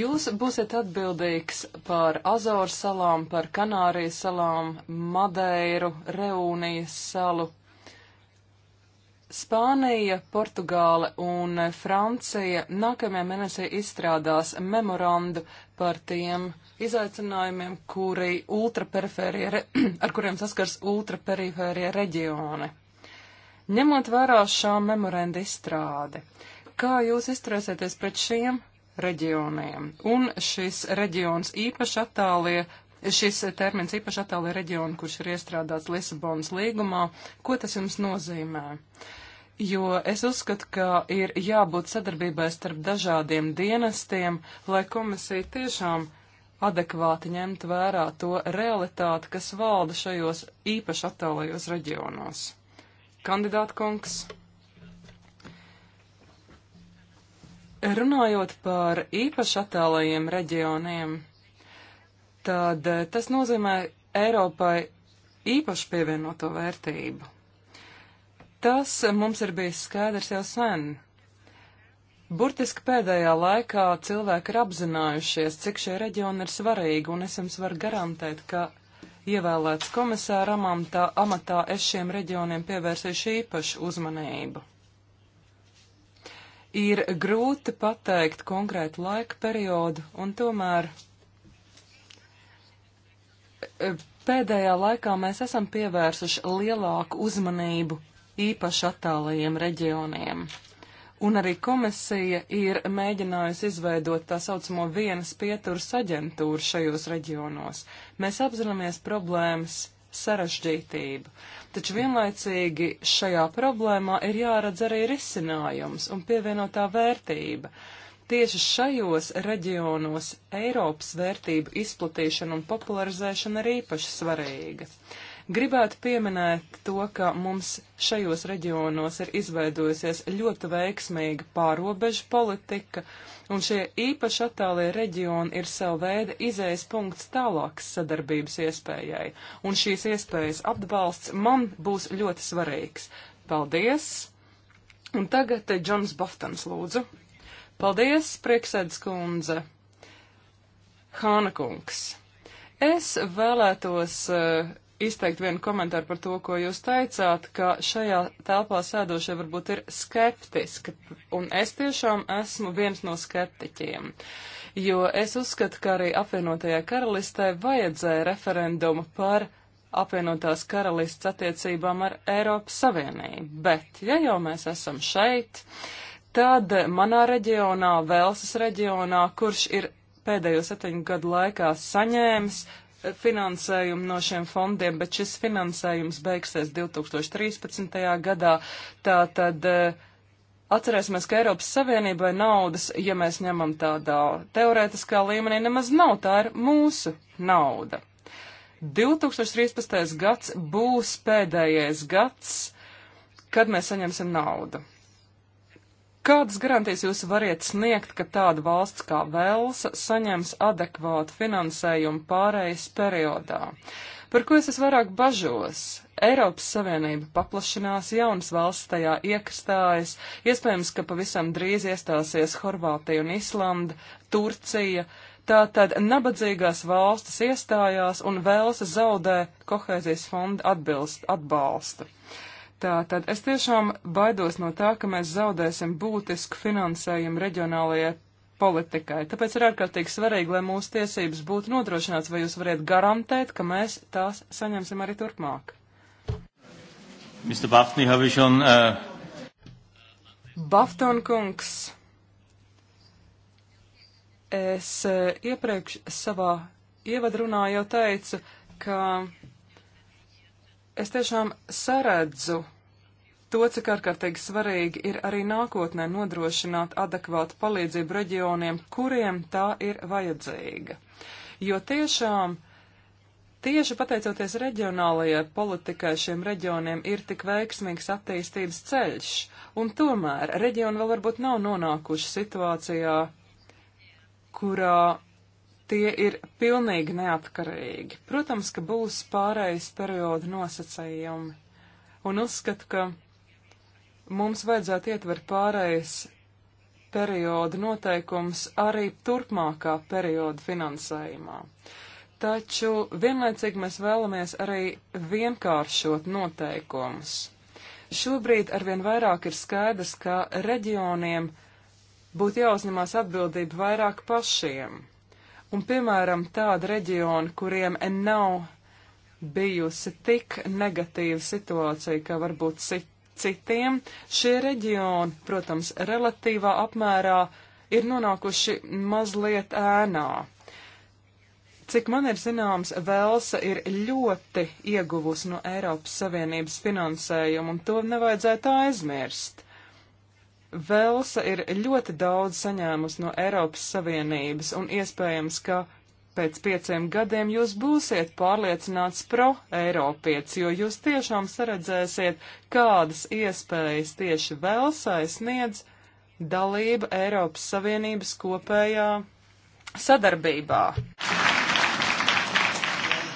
Jūs būsiet atbildīgs par Azoru salām, par Kanārijas salām, Madeiru, Reūnijas salu. Spānija, Portugāle un Francija nākamajā mēnesī izstrādās memorandu par tiem izaicinājumiem, kuri ultraperifērie, [clears throat] ar kuriem saskars ultraperifērie reģioni. Ņemot vērā šā memoranda izstrādi, kā jūs izturēsieties pret šiem reģioniem? Un šis reģions īpaši attālie, šis termins īpaši attālie reģionu, kurš ir iestrādāts Lisabonas līgumā, ko tas jums nozīmē? Jo es uzskatu, ka ir jābūt sadarbībai starp dažādiem dienestiem, lai komisija tiešām adekvāti ņemt vērā to realitāti, kas valda šajos īpaši attālajos reģionos kandidāta kungs. Runājot par īpaši attālajiem reģioniem, tad eh, tas nozīmē Eiropai īpaši pievienoto vērtību. Tas mums ir bijis skaidrs jau sen. Burtiski pēdējā laikā cilvēki ir apzinājušies, cik šie reģioni ir svarīgi, un es jums varu garantēt, ka ievēlēts komisāra amatā, amatā es šiem reģioniem pievērsīšu īpašu uzmanību. Ir grūti pateikt konkrētu laika periodu, un tomēr e, pēdējā laikā mēs esam pievērsuši lielāku uzmanību īpaši attālajiem reģioniem un arī komisija ir mēģinājusi izveidot tā saucamo vienas pieturas aģentūru šajos reģionos. Mēs apzināmies problēmas sarežģītību, taču vienlaicīgi šajā problēmā ir jāredz arī risinājums un pievienotā vērtība. Tieši šajos reģionos Eiropas vērtību izplatīšana un popularizēšana ir īpaši svarīga. Gribētu pieminēt to, ka mums šajos reģionos ir izveidojusies ļoti veiksmīga pārobežu politika, un šie īpaši attālie reģioni ir sev veida izējas punkts tālākas sadarbības iespējai, un šīs iespējas atbalsts man būs ļoti svarīgs. Paldies! Un tagad eh, Džons Baftans lūdzu. Paldies, prieksēdz kundze. Hāna kungs. Es vēlētos uh, izteikt vienu komentāru par to, ko jūs teicāt, ka šajā telpā sēdošie varbūt ir skeptiski, un es tiešām esmu viens no skeptiķiem, jo es uzskatu, ka arī apvienotajai karalistē vajadzēja referendumu par apvienotās karalists attiecībām ar Eiropas Savienību, bet ja jau mēs esam šeit, tad manā reģionā, Velsas reģionā, kurš ir pēdējo septiņu gadu laikā saņēmis finansējumu no šiem fondiem, bet šis finansējums beigsies 2013. gadā. Tātad eh, atcerēsimies, ka Eiropas Savienībai naudas, ja mēs ņemam tādā teorētiskā līmenī, nemaz nav, tā ir mūsu nauda. 2013. gads būs pēdējais gads, kad mēs saņemsim naudu. Kādas garantijas jūs variet sniegt, ka tāda valsts kā Velsa saņems adekvātu finansējumu pārējais periodā? Par ko es visvairāk bažos? Eiropas Savienība paplašinās, jaunas valsts tajā iekastājas, iespējams, ka pavisam drīz iestāsies Horvātija un Islanda, Turcija. Tātad nabadzīgās valstis iestājās un Velsa zaudē kohēzijas fonda atbilst, atbalstu. Tātad es tiešām baidos no tā, ka mēs zaudēsim būtisku finansējumu reģionālajai politikai. Tāpēc ir ārkārtīgi svarīgi, lai mūsu tiesības būtu nodrošināts, vai jūs varat garantēt, ka mēs tās saņemsim arī turpmāk. Mr. Bafni, have you shown, uh... Bafton kungs, es uh, iepriekš savā ievadrunā jau teicu, ka es tiešām saredzu to, cik ārkārtīgi svarīgi ir arī nākotnē nodrošināt adekvātu palīdzību reģioniem, kuriem tā ir vajadzīga. Jo tiešām, tieši pateicoties reģionālajai politikai, šiem reģioniem ir tik veiksmīgs attīstības ceļš, un tomēr reģioni vēl varbūt nav nonākuši situācijā, kurā tie ir pilnīgi neatkarīgi. Protams, ka būs pārējais perioda nosacējumi, un uzskatu, ka mums vajadzētu ietver pārējais perioda noteikums arī turpmākā perioda finansējumā. Taču vienlaicīgi mēs vēlamies arī vienkāršot noteikumus. Šobrīd arvien vairāk ir skaidrs, ka reģioniem būtu jāuzņemās atbildība vairāk pašiem. Un, piemēram, tāda reģiona, kuriem nav bijusi tik negatīva situācija, kā varbūt citiem, šie reģioni, protams, relatīvā apmērā ir nonākuši mazliet ēnā. Cik man ir zināms, Velsa ir ļoti ieguvusi no Eiropas Savienības finansējumu, un to nevajadzētu aizmirst. Velsa ir ļoti daudz saņēmusi no Eiropas Savienības, un iespējams, ka pēc pieciem gadiem jūs būsiet pārliecināts pro-eiropietis, jo jūs tiešām saredzēsiet, kādas iespējas tieši Velsai sniedz dalība Eiropas Savienības kopējā sadarbībā.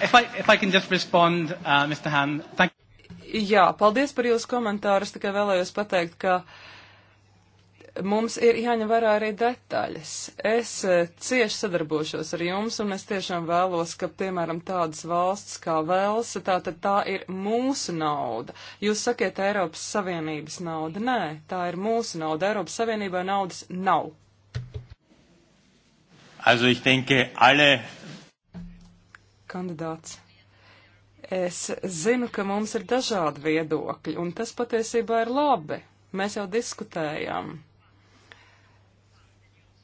If I, if I can just respond, uh, Mr. Han, thank you. Jā, paldies par jūsu komentāru. Es tikai vēlējos pateikt, ka uh, mums ir jāņem vērā arī detaļas. Es e, cieši sadarbošos ar jums, un es tiešām vēlos, ka, piemēram, tādas valsts kā Velsa, tā tad tā ir mūsu nauda. Jūs sakiet Eiropas Savienības nauda. Nē, tā ir mūsu nauda. Eiropas Savienībā naudas nav. Also, ich denke, alle. Kandidāts. Es zinu, ka mums ir dažādi viedokļi, un tas patiesībā ir labi. Mēs jau diskutējām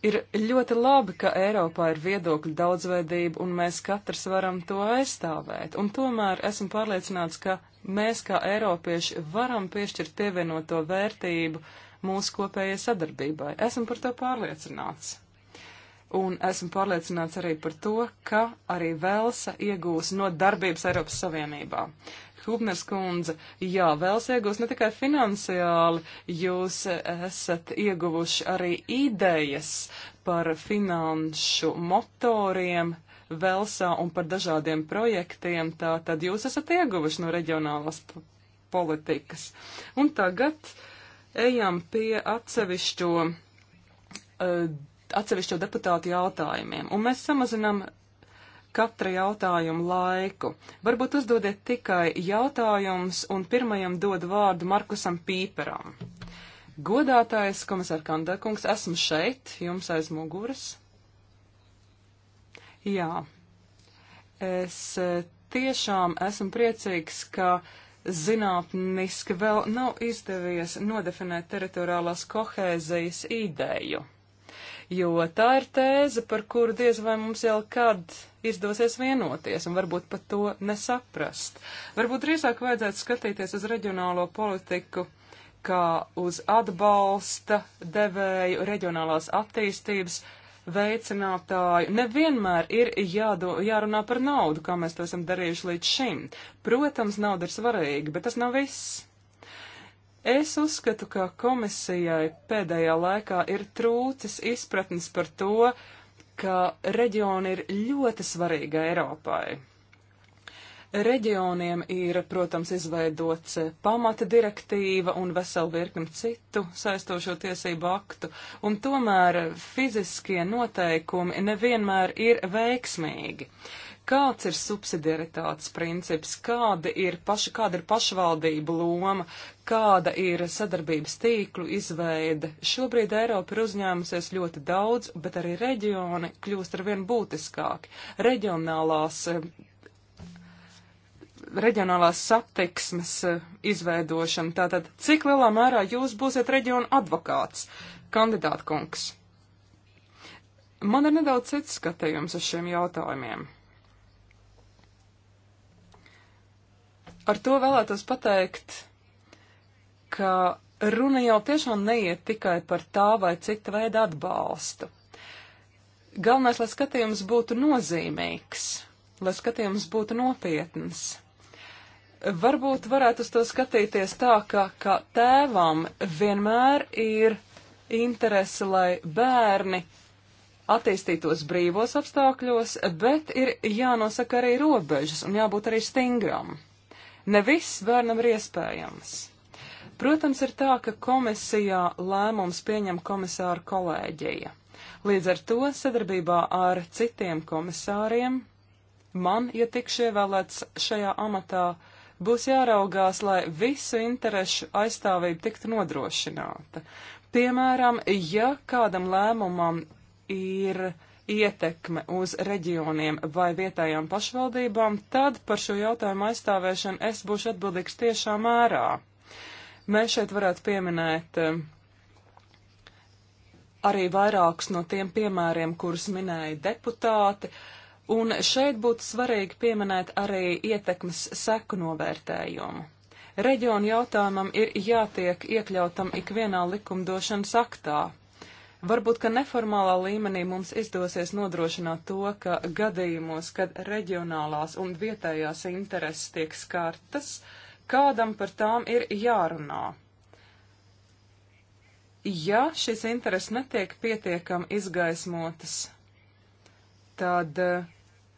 Ir ļoti labi, ka Eiropā ir viedokļu daudzveidība un mēs katrs varam to aizstāvēt. Un tomēr esmu pārliecināts, ka mēs kā Eiropieši varam piešķirt pievienoto vērtību mūsu kopējai sadarbībai. Esmu par to pārliecināts. Un esmu pārliecināts arī par to, ka arī Velsa iegūs no darbības Eiropas Savienībā. Hubners kundze, jā, vēlas iegūst ne tikai finansiāli, jūs esat ieguvuši arī idejas par finanšu motoriem. Velsā un par dažādiem projektiem, tā tad jūs esat ieguvuši no reģionālās politikas. Un tagad ejam pie atsevišķo, uh, atsevišķo deputātu jautājumiem. Un mēs samazinām katra jautājuma laiku. Varbūt uzdodiet tikai jautājumus un pirmajam dod vārdu Markusam Pīperam. Godātais komisār Kandakungs, esmu šeit, jums aiz muguras. Jā, es eh, tiešām esmu priecīgs, ka zinātniski vēl nav izdevies nodefinēt teritoriālās kohēzijas ideju jo tā ir tēze, par kuru diez vai mums jau kad izdosies vienoties un varbūt pat to nesaprast. Varbūt drīzāk vajadzētu skatīties uz reģionālo politiku kā uz atbalsta devēju reģionālās attīstības veicinātāju. Nevienmēr ir jādo, jārunā par naudu, kā mēs to esam darījuši līdz šim. Protams, nauda ir svarīga, bet tas nav viss. Es uzskatu, ka komisijai pēdējā laikā ir trūcis izpratnes par to, ka reģioni ir ļoti svarīga Eiropai. Reģioniem ir, protams, izveidots pamata direktīva un vesela virkni citu saistošo tiesību aktu, un tomēr fiziskie noteikumi nevienmēr ir veiksmīgi. Kāds ir subsidiaritātes princips, kāda ir, paša, kāda ir pašvaldība loma, kāda ir sadarbības tīklu izveide? Šobrīd Eiropa ir uzņēmusies ļoti daudz, bet arī reģioni kļūst ar vien būtiskāki. Reģionālās reģionālās satiksmes eh, izveidošana. Tātad, cik lielā mērā jūs būsiet reģiona advokāts, kandidāta kungs? Man ir nedaudz cits skatījums uz šiem jautājumiem. Ar to vēlētos pateikt, ka runa jau tiešām neiet tikai par tā vai cita veida atbalstu. Galvenais, lai skatījums būtu nozīmīgs, lai skatījums būtu nopietns. Varbūt varētu uz to skatīties tā, ka, ka tēvam vienmēr ir interese, lai bērni attīstītos brīvos apstākļos, bet ir jānosaka arī robežas un jābūt arī stingram. Ne viss bērnam ir iespējams. Protams, ir tā, ka komisijā lēmums pieņem komisāra kolēģija. Līdz ar to sadarbībā ar citiem komisāriem man, ja tikšu ievēlēts šajā amatā, uh, Būs jāraugās, lai visu interešu aizstāvība tiktu nodrošināta. Piemēram, ja kādam lēmumam ir ietekme uz reģioniem vai vietējām pašvaldībām, tad par šo jautājumu aizstāvēšanu es būšu atbildīgs tiešā mērā. Mēs šeit varētu pieminēt eh, arī vairākus no tiem piemēriem, kurus minēja deputāti. Uh, Un šeit būtu svarīgi pieminēt arī ietekmes seku novērtējumu. Reģionu jautājumam ir jātiek iekļautam ikvienā likumdošanas aktā. Varbūt, ka neformālā līmenī mums izdosies nodrošināt to, ka gadījumos, kad reģionālās un vietējās intereses tiek skartas, kādam par tām ir jārunā. Ja šis interesi netiek pietiekam izgaismotas tad eh,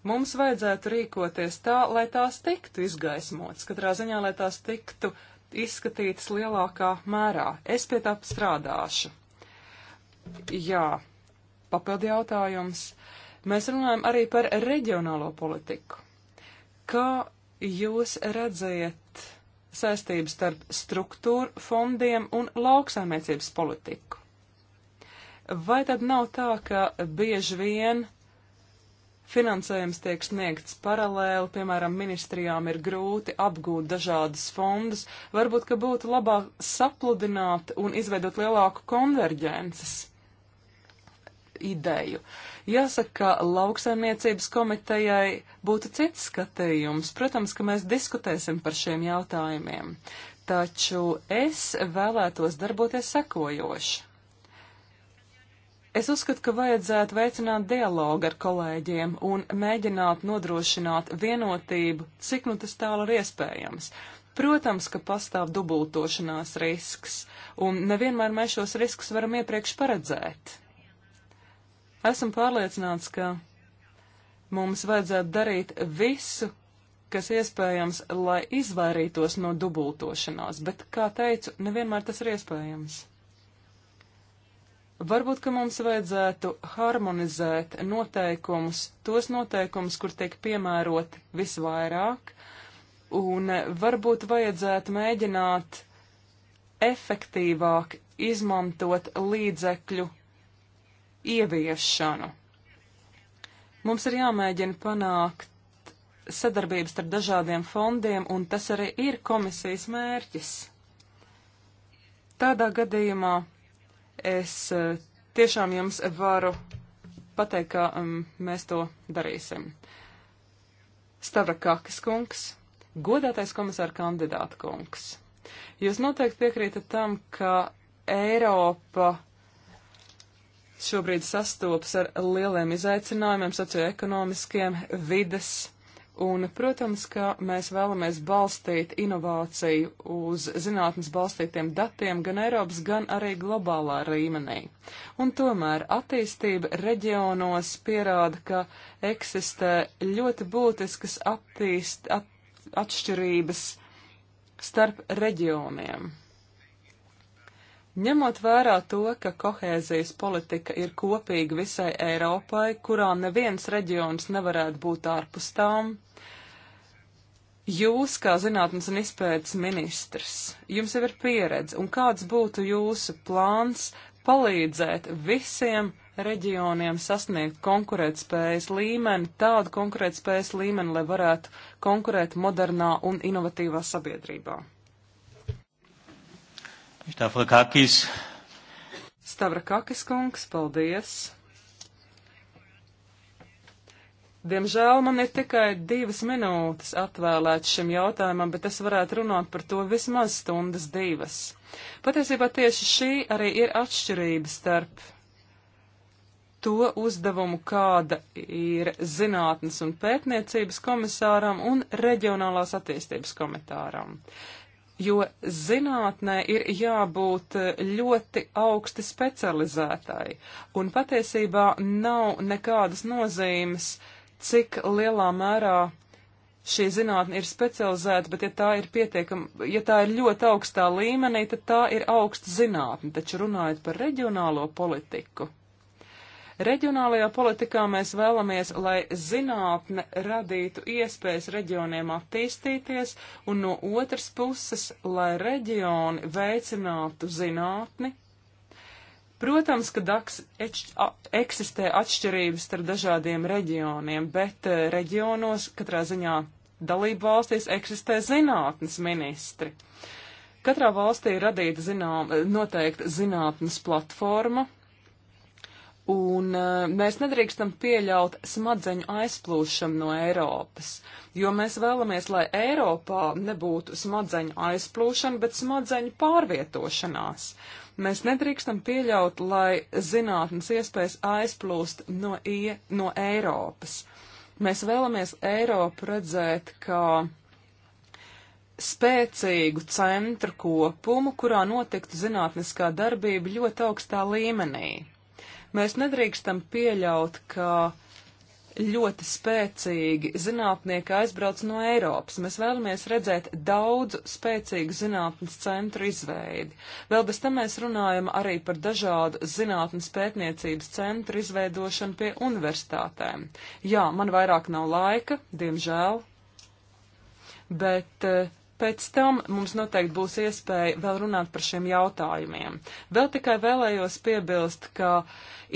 mums vajadzētu rīkoties tā, lai tās tiktu izgaismotas, katrā ziņā, lai tās tiktu izskatītas lielākā mērā. Es pie tā strādāšu. Jā, papildi jautājums. Mēs runājam arī par reģionālo politiku. Kā jūs redzējat saistības starp struktūru fondiem un lauksaimniecības politiku? Vai tad nav tā, ka bieži vien Finansējums tiek sniegts paralēli, piemēram, ministrijām ir grūti apgūt dažādas fondus. Varbūt, ka būtu labāk sapludināt un izveidot lielāku konverģences ideju. Jāsaka, ka lauksaimniecības komitejai būtu cits skatījums. Protams, ka mēs diskutēsim par šiem jautājumiem. Taču es vēlētos darboties sekojoši. Es uzskatu, ka vajadzētu veicināt dialogu ar kolēģiem un mēģināt nodrošināt vienotību, cik nu tas tālu ir iespējams. Protams, ka pastāv dubultošanās risks, un nevienmēr mēs šos riskus varam iepriekš paredzēt. Esmu pārliecināts, ka mums vajadzētu darīt visu, kas iespējams, lai izvairītos no dubultošanās, bet, kā teicu, nevienmēr tas ir iespējams. Varbūt, ka mums vajadzētu harmonizēt noteikumus, tos noteikumus, kur tiek piemēroti visvairāk, un varbūt vajadzētu mēģināt efektīvāk izmantot līdzekļu ieviešanu. Mums ir jāmēģina panākt sadarbības starp dažādiem fondiem, un tas arī ir komisijas mērķis. Tādā gadījumā Es eh, tiešām jums varu pateikt, ka um, mēs to darīsim. Stavrakakis kungs, godātais komisāra kandidāta kungs. Jūs noteikti piekrītat tam, ka Eiropa šobrīd sastopas ar lieliem izaicinājumiem socioekonomiskiem, vides Un, protams, ka mēs vēlamies balstīt inovāciju uz zinātnes balstītiem datiem gan Eiropas, gan arī globālā līmenī. Un tomēr attīstība reģionos pierāda, ka eksistē ļoti būtiskas attīst, at, atšķirības starp reģioniem. Ņemot vērā to, ka kohēzijas politika ir kopīga visai Eiropai, kurā neviens reģions nevarētu būt ārpus tām, jūs, kā zinātnes un izpētes ministrs, jums jau ir pieredze, un kāds būtu jūsu plāns palīdzēt visiem reģioniem sasniegt konkurētspējas līmeni, tādu konkurētspējas līmeni, lai varētu konkurēt modernā un inovatīvā sabiedrībā? Stavrakakis. Stavrakakis kungs, paldies. Diemžēl man ir tikai divas minūtes atvēlētas šim jautājumam, bet es varētu runāt par to vismaz stundas divas. Patiesībā tieši šī arī ir atšķirība starp to uzdevumu, kāda ir zinātnes un pētniecības komisāram un reģionālās attīstības komitāram jo zinātnē ir jābūt ļoti augsti specializētai, un patiesībā nav nekādas nozīmes, cik lielā mērā šī zinātne ir specializēta, bet ja tā ir pietiekama, ja tā ir ļoti augstā līmenī, tad tā ir augsta zinātne, taču runājot par reģionālo politiku. Reģionālajā politikā mēs vēlamies, lai zinātne radītu iespējas reģioniem attīstīties, un no otras puses, lai reģioni veicinātu zinātni. Protams, ka DAX eksistē atšķirības starp dažādiem reģioniem, bet eh, reģionos katrā ziņā dalību valstīs eksistē zinātnes ministri. Katrā valstī ir radīta zinām, noteikta zinātnes platforma, Un e, mēs nedrīkstam pieļaut smadzeņu aizplūšanu no Eiropas, jo mēs vēlamies, lai Eiropā nebūtu smadzeņu aizplūšana, bet smadzeņu pārvietošanās. Mēs nedrīkstam pieļaut, lai zinātnes iespējas aizplūst no, ie, no Eiropas. Mēs vēlamies Eiropu redzēt kā spēcīgu centru kopumu, kurā notiktu zinātniskā darbība ļoti augstā līmenī. Mēs nedrīkstam pieļaut, ka ļoti spēcīgi zinātnieki aizbrauc no Eiropas. Mēs vēlamies redzēt daudz spēcīgu zinātnes centru izveidi. Vēl bez tam mēs runājam arī par dažādu zinātnes pētniecības centru izveidošanu pie universitātēm. Jā, man vairāk nav laika, diemžēl, bet eh, Pēc tam mums noteikti būs iespēja vēl runāt par šiem jautājumiem. Vēl tikai vēlējos piebilst, ka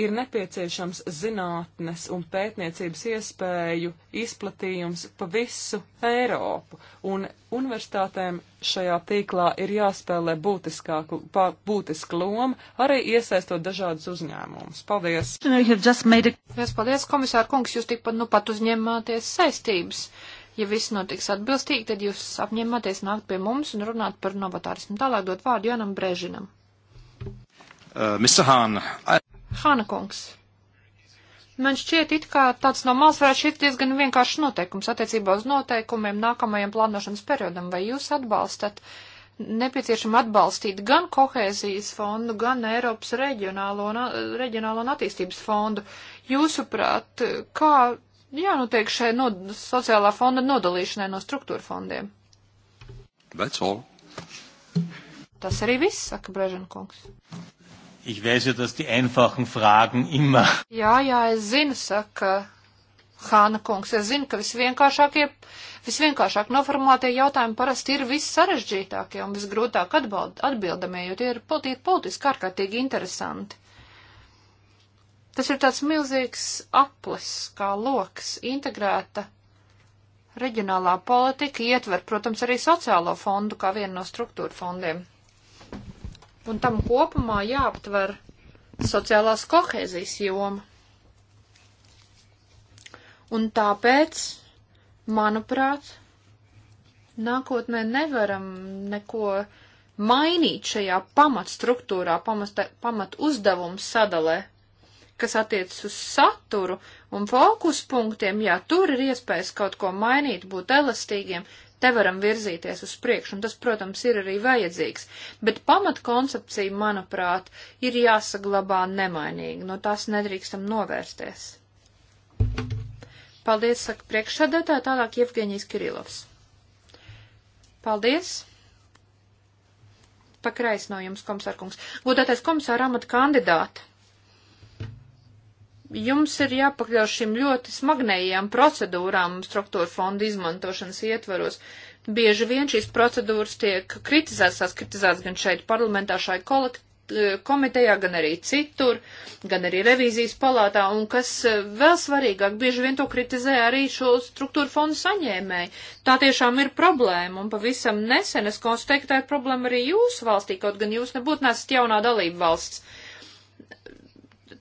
ir nepieciešams zinātnes un pētniecības iespēju izplatījums pa visu Eiropu, un universitātēm šajā tīklā ir jāspēlē būtiskāku, pā, būtisku lomu, arī iesaistot dažādus uzņēmumus. Paldies! Paldies, komisāra kungs, jūs tikpat nu pat uzņemāties saistības Ja viss notiks atbilstīgi, tad jūs apņematies nākt pie mums un runāt par novatārismu. Tālāk dot vārdu Janam Brežinam. Uh, Mr. Hāna. I... Hāna kungs. Man šķiet, it kā tāds no malas varētu šķiet diezgan vienkāršs noteikums attiecībā uz noteikumiem nākamajam plānošanas periodam. Vai jūs atbalstat nepieciešama atbalstīt gan kohēzijas fondu, gan Eiropas reģionālo un, reģionālo un attīstības fondu? Jūsuprāt, kā jānotiek nu, šai no, sociālā fonda nodalīšanai no struktūra fondiem. Tas arī viss, saka Brežankungs. Ich weiß ja, dass die einfachen Fragen immer. Jā, jā, es zinu, saka Hāna kungs, es zinu, ka visvienkāršākie, visvienkāršāk noformulētie jautājumi parasti ir vissarežģītākie un visgrūtāk atbald, atbildamie, jo tie ir politiski ārkārtīgi interesanti. Tas ir tāds milzīgs aplis, kā loks, integrēta reģionālā politika ietver, protams, arī sociālo fondu kā vienu no struktūra fondiem. Un tam kopumā jāaptver sociālās kohēzijas joma. Un tāpēc, manuprāt, nākotnē nevaram neko mainīt šajā pamatstruktūrā, pamat, pamat uzdevums sadalē kas attiecas uz saturu un fokus punktiem, jā, tur ir iespējas kaut ko mainīt, būt elastīgiem, te varam virzīties uz priekšu, un tas, protams, ir arī vajadzīgs. Bet pamatkoncepcija, manuprāt, ir jāsaglabā nemainīgi, no tās nedrīkstam novērsties. Paldies, saka priekšsēdētāja, tālāk Jevgeņijas Kirilovs. Paldies! Pakreis no jums, komisārkungs. Godātais komisāra amata kandidāti! jums ir jāpakļau šīm ļoti smagnējām procedūrām struktūra fonda izmantošanas ietvaros. Bieži vien šīs procedūras tiek kritizētas, tās kritizētas gan šeit parlamentā, šai eh, komitejā, gan arī citur, gan arī revīzijas palātā, un kas eh, vēl svarīgāk, bieži vien to kritizē arī šo struktūra fondu saņēmēji. Tā tiešām ir problēma, un pavisam nesen es konstatēju, ka tā ir problēma arī jūsu valstī, kaut gan jūs nebūtu nesat jaunā dalība valsts. Uh,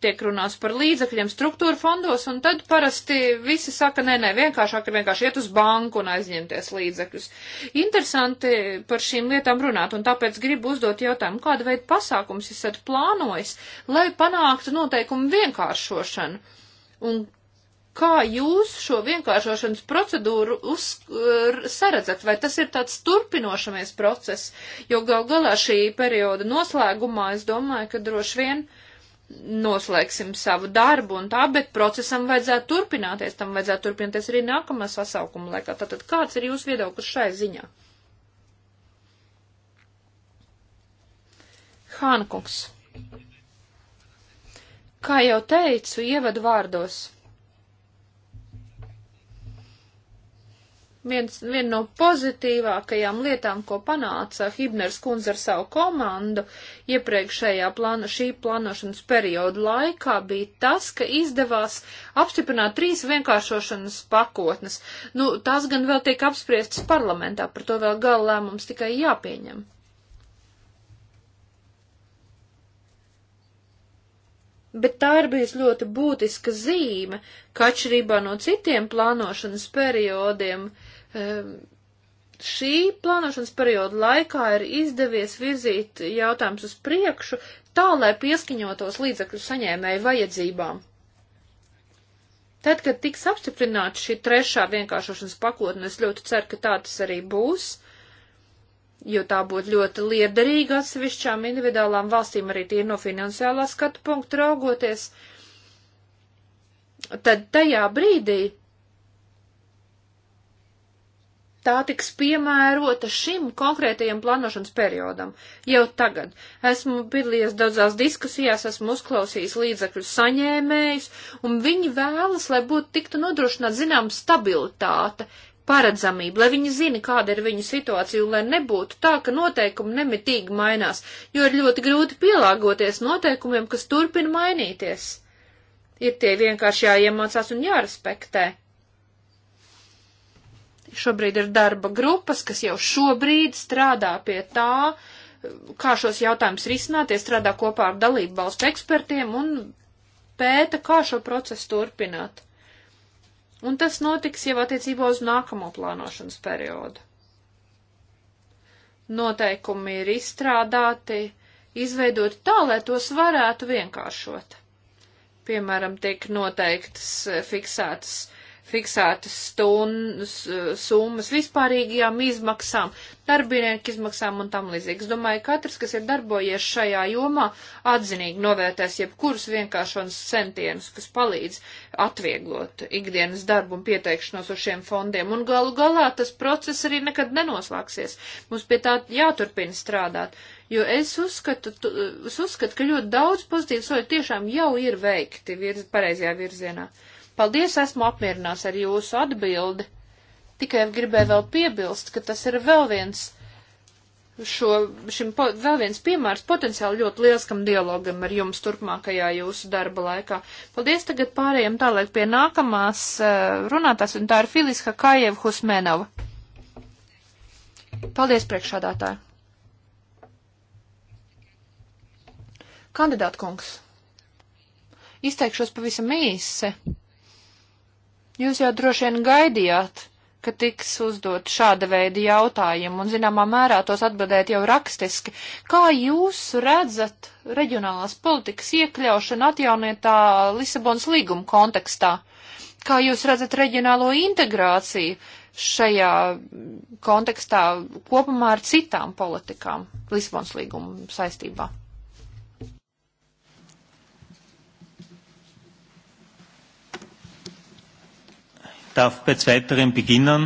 tiek runās par līdzekļiem struktūra fondos, un tad parasti visi saka, nē, nē, vienkāršāk ir vienkārši iet uz banku un aizņemties līdzekļus. Interesanti par šīm lietām runāt, un tāpēc gribu uzdot jautājumu, kāda veida pasākums esat plānojis, lai panāktu noteikumu vienkāršošanu, un kā jūs šo vienkāršošanas procedūru uz, uh, saredzat, vai tas ir tāds turpinošamies process, jo gal galā šī perioda noslēgumā es domāju, ka droši vien uh, noslēgsim savu darbu un tā, bet procesam vajadzētu turpināties, tam vajadzētu turpināties arī nākamā sasaukuma laikā. Tātad kāds ir jūsu viedoklis šai ziņā? Hānkungs. Kā jau teicu, ievadu vārdos. viens, viena no pozitīvākajām lietām, ko panāca Hibners kundze ar savu komandu iepriekšējā plāna, šī plānošanas perioda laikā, bija tas, ka izdevās apstiprināt trīs vienkāršošanas pakotnes. Nu, tās gan vēl tiek apspriestas parlamentā, par to vēl gala lēmums tikai jāpieņem. Bet tā ir bijusi ļoti būtiska zīme, ka atšķirībā no citiem plānošanas periodiem uh, Ehm, šī plānošanas perioda laikā ir izdevies virzīt jautājums uz priekšu tā, lai pieskaņotos līdzekļu saņēmēju vajadzībām. Tad, kad tiks apstiprināta šī trešā vienkāršošanas pakotne, es ļoti ceru, ka tā tas arī būs, jo tā būtu ļoti liederīga atsevišķām individuālām valstīm arī tie no finansiālā skatu punktu raugoties, tad tajā brīdī tā tiks piemērota šim konkrētajam plānošanas periodam. Jau tagad esmu piedalījies daudzās diskusijās, esmu uzklausījis līdzekļu saņēmējus, un viņi vēlas, lai būtu tiktu nodrošināt zinām stabilitāte, paredzamību, lai viņi zina, kāda ir viņu situācija, un lai nebūtu tā, ka noteikumi nemitīgi mainās, jo ir ļoti grūti pielāgoties noteikumiem, kas turpina mainīties. Ir tie vienkārši jāiemācās un jārespektē. Šobrīd ir darba grupas, kas jau šobrīd strādā pie tā, kā šos jautājumus risināt, tie strādā kopā ar dalību valstu ekspertiem un pēta, kā šo procesu turpināt. Un tas notiks jau attiecībā uz nākamo plānošanas periodu. Noteikumi ir izstrādāti, izveidoti tā, lai tos varētu vienkāršot. Piemēram, tiek noteiktas fiksētas fiksētas stundas, summas vispārīgajām izmaksām, darbinieku izmaksām un tam līdzīgi. Es domāju, katrs, kas ir darbojies šajā jomā, atzinīgi novērtēs jebkurus vienkāršanas centienus, kas palīdz atvieglot ikdienas darbu un pieteikšanos uz šiem fondiem. Un galu galā tas process arī nekad nenoslēgsies. Mums pie tā jāturpina strādāt. Jo es uzskatu, tu, es uzskatu, ka ļoti daudz pozitīvu soļu tiešām jau ir veikti virz, pareizajā virzienā. Uh, Paldies, esmu apmierināts ar jūsu atbildi. Tikai gribēju vēl piebilst, ka tas ir vēl viens šo, šim, po, vēl viens piemērs potenciāli ļoti lieliskam dialogam ar jums turpmākajā jūsu darba laikā. Paldies, tagad pārējiem tālāk pie nākamās uh, runātās, un tā ir Filis Hakajev Husmenova. Paldies, priekšādātāji. Kandidāt kungs. Izteikšos pavisam īsi Jūs jau droši vien gaidījāt, ka tiks uzdot šāda veida jautājumu, un zināmā mērā tos atbildēt jau rakstiski. Kā jūs redzat reģionālās politikas iekļaušanu atjaunietā Lisabonas līguma kontekstā? Kā jūs redzat reģionālo integrāciju šajā kontekstā kopumā ar citām politikām Lisabonas līguma saistībā? darf pēc vēteriem beginnen.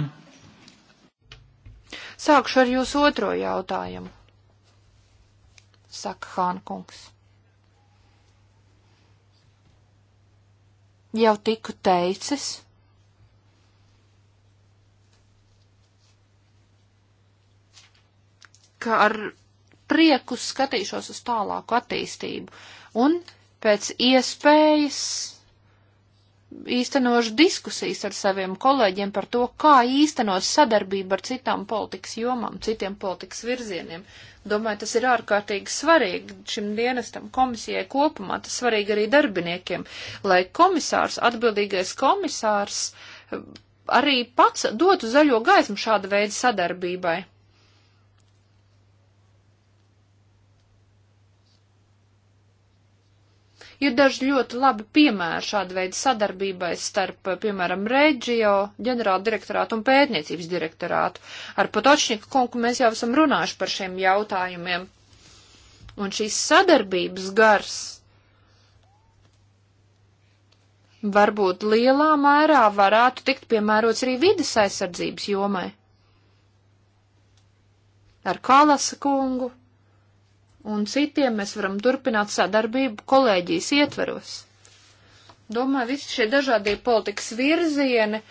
Sākšu ar jūsu otro jautājumu, saka Hānkungs. Jau tiku teicis. ka ar prieku skatīšos uz tālāku attīstību un pēc iespējas īstenošu diskusijas ar saviem kolēģiem par to, kā īstenot sadarbību ar citām politikas jomām, citiem politikas virzieniem. Domāju, tas ir ārkārtīgi svarīgi šim dienestam, komisijai kopumā, tas svarīgi arī darbiniekiem, lai komisārs, atbildīgais komisārs eh, arī pats dotu zaļo gaismu šāda veida sadarbībai. Ir daži ļoti labi piemēri šāda veida sadarbībai starp, piemēram, reģio ģenerāla direktorātu un pētniecības direktorātu. Ar Potočņiku kungu mēs jau esam runājuši par šiem jautājumiem. Un šīs sadarbības gars varbūt lielā mērā varētu tikt piemērots arī vidas aizsardzības jomai. Ar Kalasa kungu un citiem mēs varam turpināt sadarbību kolēģijas ietveros. Domāju, visi šie dažādie politikas virzieni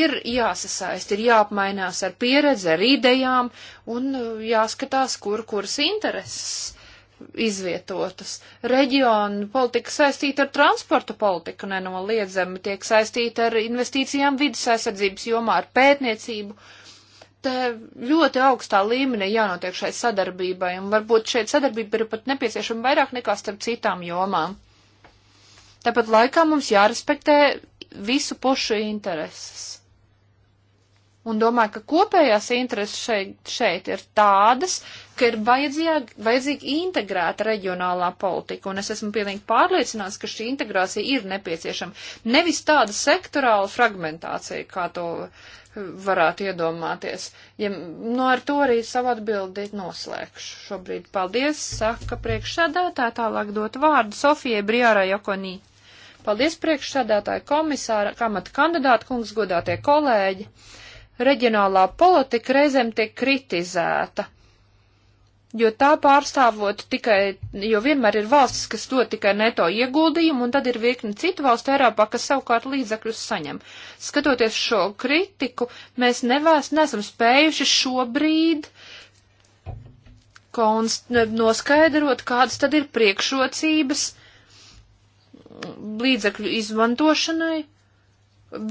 ir jāsasaist, ir jāapmainās ar pieredzi, ar idejām un uh, jāskatās, kur kuras intereses izvietotas. Reģionu politika saistīta ar transporta politiku nenoliedzami, tiek saistīta ar investīcijām vidas aizsardzības jomā, ar pētniecību te ļoti augstā līmenī jānotiek šai sadarbībai, un varbūt šeit sadarbība ir pat nepieciešama vairāk nekā starp citām jomām. Tāpat laikā mums jārespektē visu pušu intereses. Un domāju, ka kopējās intereses šeit, šeit ir tādas, ka ir vajadzīga integrēta reģionālā politika, un es esmu pilnīgi pārliecināts, ka šī integrācija ir nepieciešama. Nevis tāda sektorāla fragmentācija, kā to, varētu iedomāties. Ja, nu, no ar to arī savu atbildi noslēgšu. Šobrīd paldies, saka priekšsēdētāja, tālāk dot vārdu Sofijai Briārā Jokonī. Paldies priekšsēdētāja komisāra, kamata kandidāta kungs, godātie kolēģi. Reģionālā politika reizēm tiek kritizēta jo tā pārstāvot tikai, jo vienmēr ir valstis, kas dod tikai neto ieguldījumu, un tad ir virkni citu valstu Eiropā, kas savukārt līdzekļus saņem. Skatoties šo kritiku, mēs nevēs, nesam spējuši šobrīd konst, noskaidrot, kādas tad ir priekšrocības līdzekļu izmantošanai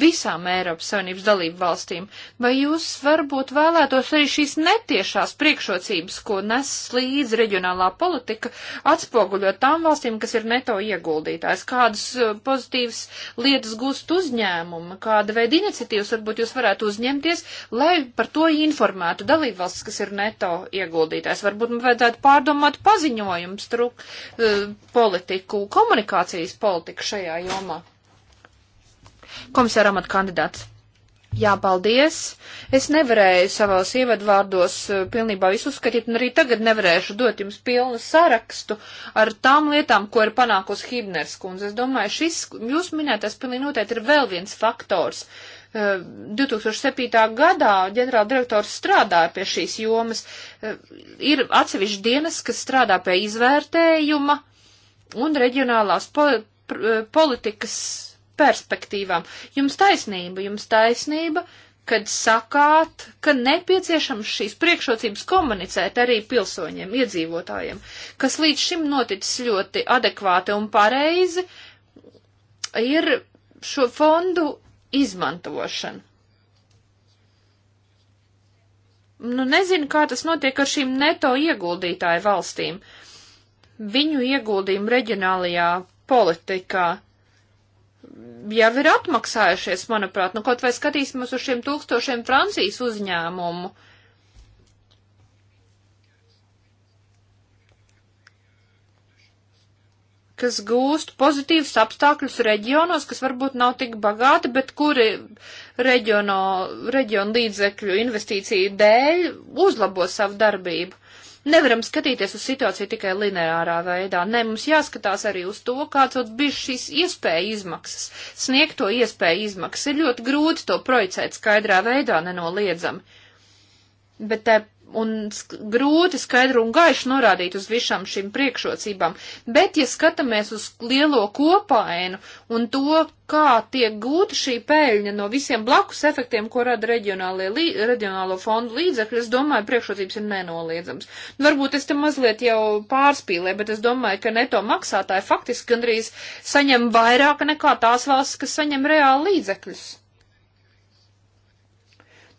visām Eiropas Savienības dalību valstīm, vai jūs varbūt vēlētos arī šīs netiešās priekšrocības, ko nes līdzi reģionālā politika, atspoguļot tām valstīm, kas ir neto ieguldītājs, kādas eh, pozitīvas lietas gūst uzņēmumi, kāda veida iniciatīvas varbūt jūs varētu uzņemties, lai par to informētu dalību valsts, kas ir neto ieguldītājs. Varbūt man vajadzētu pārdomāt paziņojumu struk, eh, politiku, komunikācijas politiku šajā jomā komisāra amata kandidāts. Jā, paldies. Es nevarēju savos ievadvārdos eh, pilnībā visu uzskatīt, un arī tagad nevarēšu dot jums pilnu sarakstu ar tām lietām, ko ir panākusi Hibners kundze. Es domāju, šis jūs minētais pilnīgi noteikti ir vēl viens faktors. 2007. Eh, gadā ģenerāldirektors strādāja pie šīs jomas. Eh, ir atsevišķi dienas, kas strādā pie izvērtējuma un reģionālās politikas perspektīvām. Jums taisnība, jums taisnība, kad sakāt, ka nepieciešams šīs priekšrocības komunicēt arī pilsoņiem, iedzīvotājiem, kas līdz šim noticis ļoti adekvāti un pareizi, ir šo fondu izmantošana. Nu, nezinu, kā tas notiek ar šīm neto ieguldītāju valstīm. Viņu ieguldījumu reģionālajā politikā jau ir atmaksājušies, manuprāt, nu kaut vai skatīsimies uz šiem tūkstošiem Francijas uzņēmumu. kas gūst pozitīvus apstākļus reģionos, kas varbūt nav tik bagāti, bet kuri reģiono, reģionu līdzekļu investīciju dēļ uzlabo savu darbību. Nevaram skatīties uz situāciju tikai lineārā veidā. Nē, mums jāskatās arī uz to, kāds ir bijis šīs iespēja izmaksas. Sniegto iespēju izmaksas ir ļoti grūti to projicēt skaidrā veidā nenoliedzami. Bet tā un grūti skaidru un gaišu norādīt uz visām šīm priekšrocībām. Bet, ja skatāmies uz lielo kopainu un to, kā tiek gūta šī pēļņa no visiem blakus efektiem, ko rada reģionālo fondu līdzekļi, es domāju, priekšrocības ir nenoliedzams. Varbūt es te mazliet jau pārspīlēju, bet es domāju, ka neto maksātāji faktiski gandrīz saņem vairāk nekā tās valsts, kas saņem reāli līdzekļus.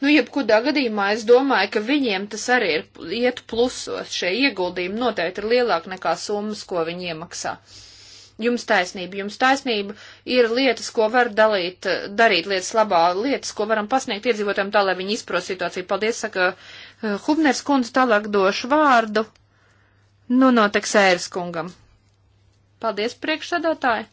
Nu, jebkurā gadījumā es domāju, ka viņiem tas arī ir iet plusos. Šie ieguldījumi noteikti ir lielāki nekā summas, ko viņi iemaksā. Jums taisnība, jums taisnība ir lietas, ko var dalīt, darīt lietas labā, lietas, ko varam pasniegt iedzīvotājiem tā, lai viņi izprot situāciju. Paldies, saka eh, Hubners kundze, tālāk došu vārdu. Nu, notek sēras kungam. Paldies, priekšsēdētāji!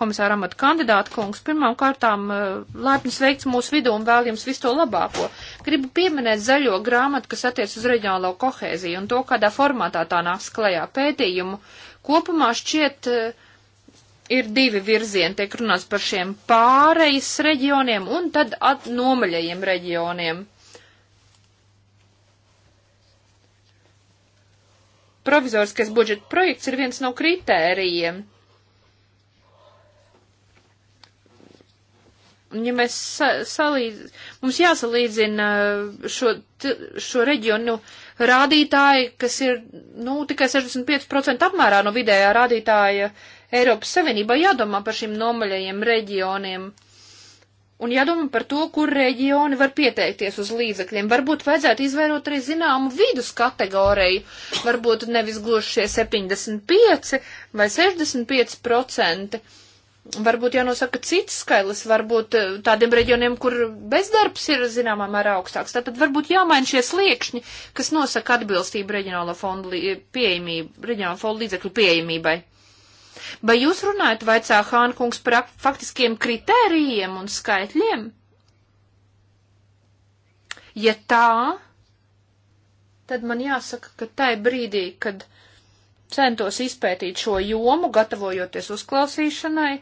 komisāra amata kandidāta kungs, pirmām kārtām eh, laipni sveikts mūsu vidū un vēl jums visu to labāko. Gribu pieminēt zaļo grāmatu, kas attiec uz reģionālo kohēziju un to, kādā formātā tā nāks klajā pētījumu. Kopumā šķiet eh, ir divi virzieni, tiek runāts par šiem pārejas reģioniem un tad nomaļajiem reģioniem. Provizoriskais budžeta projekts ir viens no kritērijiem Un ja mēs sa salīdz, mums jāsalīdzina šo, šo reģionu rādītāji, kas ir, nu, tikai 65% apmērā no vidējā rādītāja Eiropas Savienībā, jādomā par šiem nomaļajiem reģioniem. Un jādomā par to, kur reģioni var pieteikties uz līdzekļiem. Varbūt vajadzētu izvērot arī zināmu vidus kategoriju. Varbūt nevis gluži šie 75 vai 65 procenti. Varbūt jānosaka cits skaidrs, varbūt eh, tādiem reģioniem, kur bezdarbs ir zināmā mērā augstāks. Tātad varbūt jāmaina šie sliekšņi, kas nosaka atbilstību reģionāla fonda pieejamību, reģionāla fonda līdzekļu pieejamībai. Vai jūs runājat, vaicā Hānkungs, par faktiskiem kritērijiem un skaitļiem? Ja tā, tad man jāsaka, ka tai brīdī, kad centos izpētīt šo jomu, gatavojoties uzklausīšanai,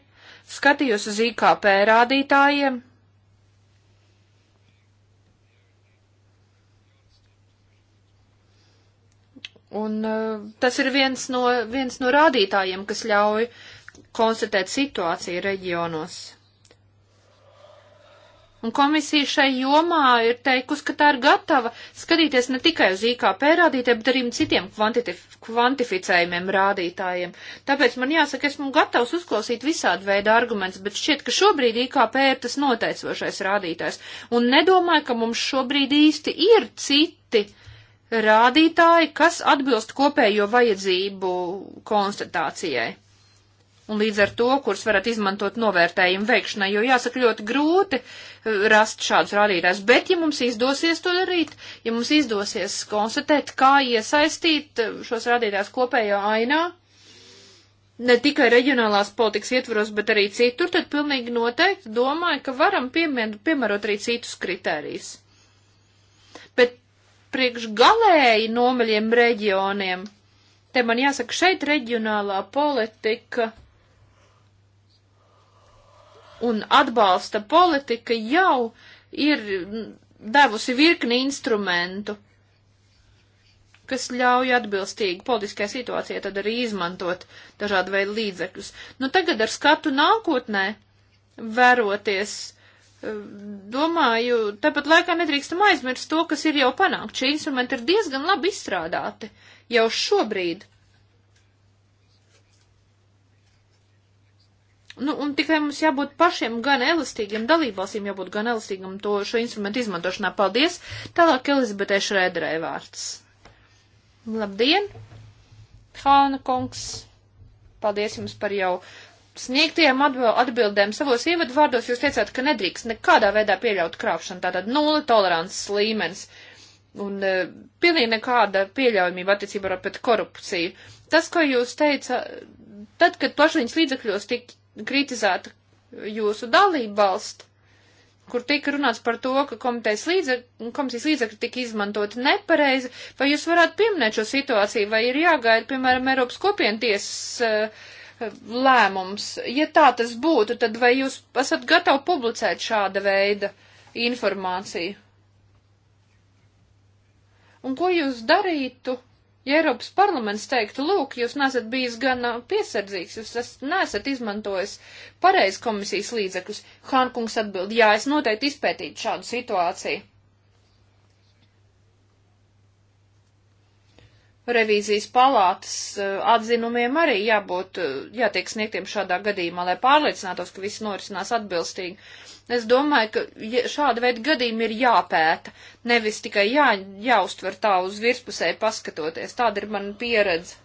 Skatījos uz IKP rādītājiem. Un uh, tas ir viens no, viens no rādītājiem, kas ļauj konstatēt situāciju reģionos. Un komisija šai jomā ir teikusi, ka tā ir gatava skatīties ne tikai uz IKP rādītājiem, bet arī citiem kvantificējumiem rādītājiem. Tāpēc man jāsaka, esmu gatavs uzklausīt visādi veidu argumentus, bet šķiet, ka šobrīd IKP ir tas noteicošais rādītājs. Un nedomāju, ka mums šobrīd īsti ir citi rādītāji, kas atbilst kopējo vajadzību konstatācijai un līdz ar to, kurus varat izmantot novērtējumu veikšanai, jo jāsaka ļoti grūti eh, rast šādus rādītājus. Bet, ja mums izdosies to darīt, ja mums izdosies konstatēt, kā iesaistīt eh, šos rādītājus kopējā ainā, ne tikai reģionālās politikas ietvaros, bet arī citur, tad pilnīgi noteikti domāju, ka varam piemēr, piemērot arī citus kritērijus. Bet priekš galēji nomaļiem reģioniem, te man jāsaka, šeit reģionālā politika un atbalsta politika jau ir devusi virkni instrumentu, kas ļauj atbilstīgi politiskajai situācijai tad arī izmantot dažādu veidu līdzekļus. Nu tagad ar skatu nākotnē, vēroties, eh, domāju, tāpat laikā nedrīkstam aizmirst to, kas ir jau panākt. Šie instrumenti ir diezgan labi izstrādāti jau šobrīd. Nu, un tikai mums jābūt pašiem gan elastīgiem, dalībvalstīm jābūt gan elastīgam to šo instrumentu izmantošanā. Paldies! Tālāk Elizabetē Šrēderē vārds. Labdien! Hāna kungs! Paldies jums par jau sniegtajām atbildēm savos ievadvārdos. Jūs teicāt, ka nedrīkst nekādā veidā pieļaut krāpšanu, tātad nula tolerances līmenis. Un e, pilnīgi nekāda pieļaujamība attiecībā pret korupciju. Tas, ko jūs teicāt, tad, kad plašiņas līdzekļos tika kritizēta jūsu dalību valsts, kur tika runāts par to, ka komitejas līdzekļi, komisijas līdzekļi tika izmantoti nepareizi, vai jūs varētu pieminēt šo situāciju, vai ir jāgaida, piemēram, Eiropas kopientiesas eh, lēmums? Ja tā tas būtu, tad vai jūs esat gatavi publicēt šāda veida informāciju? Un ko jūs darītu? Ja Eiropas parlaments teiktu, lūk, jūs nesat bijis gan uh, piesardzīgs, jūs esat, nesat izmantojis pareizi komisijas līdzekļus, Hankungs atbild, jā, es noteikti izpētītu šādu situāciju. revīzijas palātas eh, atzinumiem arī jābūt, eh, jātiek sniegtiem šādā gadījumā, lai pārliecinātos, ka viss norisinās atbilstīgi. Es domāju, ka šāda veida gadījumi ir jāpēta, nevis tikai jā, jāuztver tā uz virspusē paskatoties. Tāda ir mana pieredze.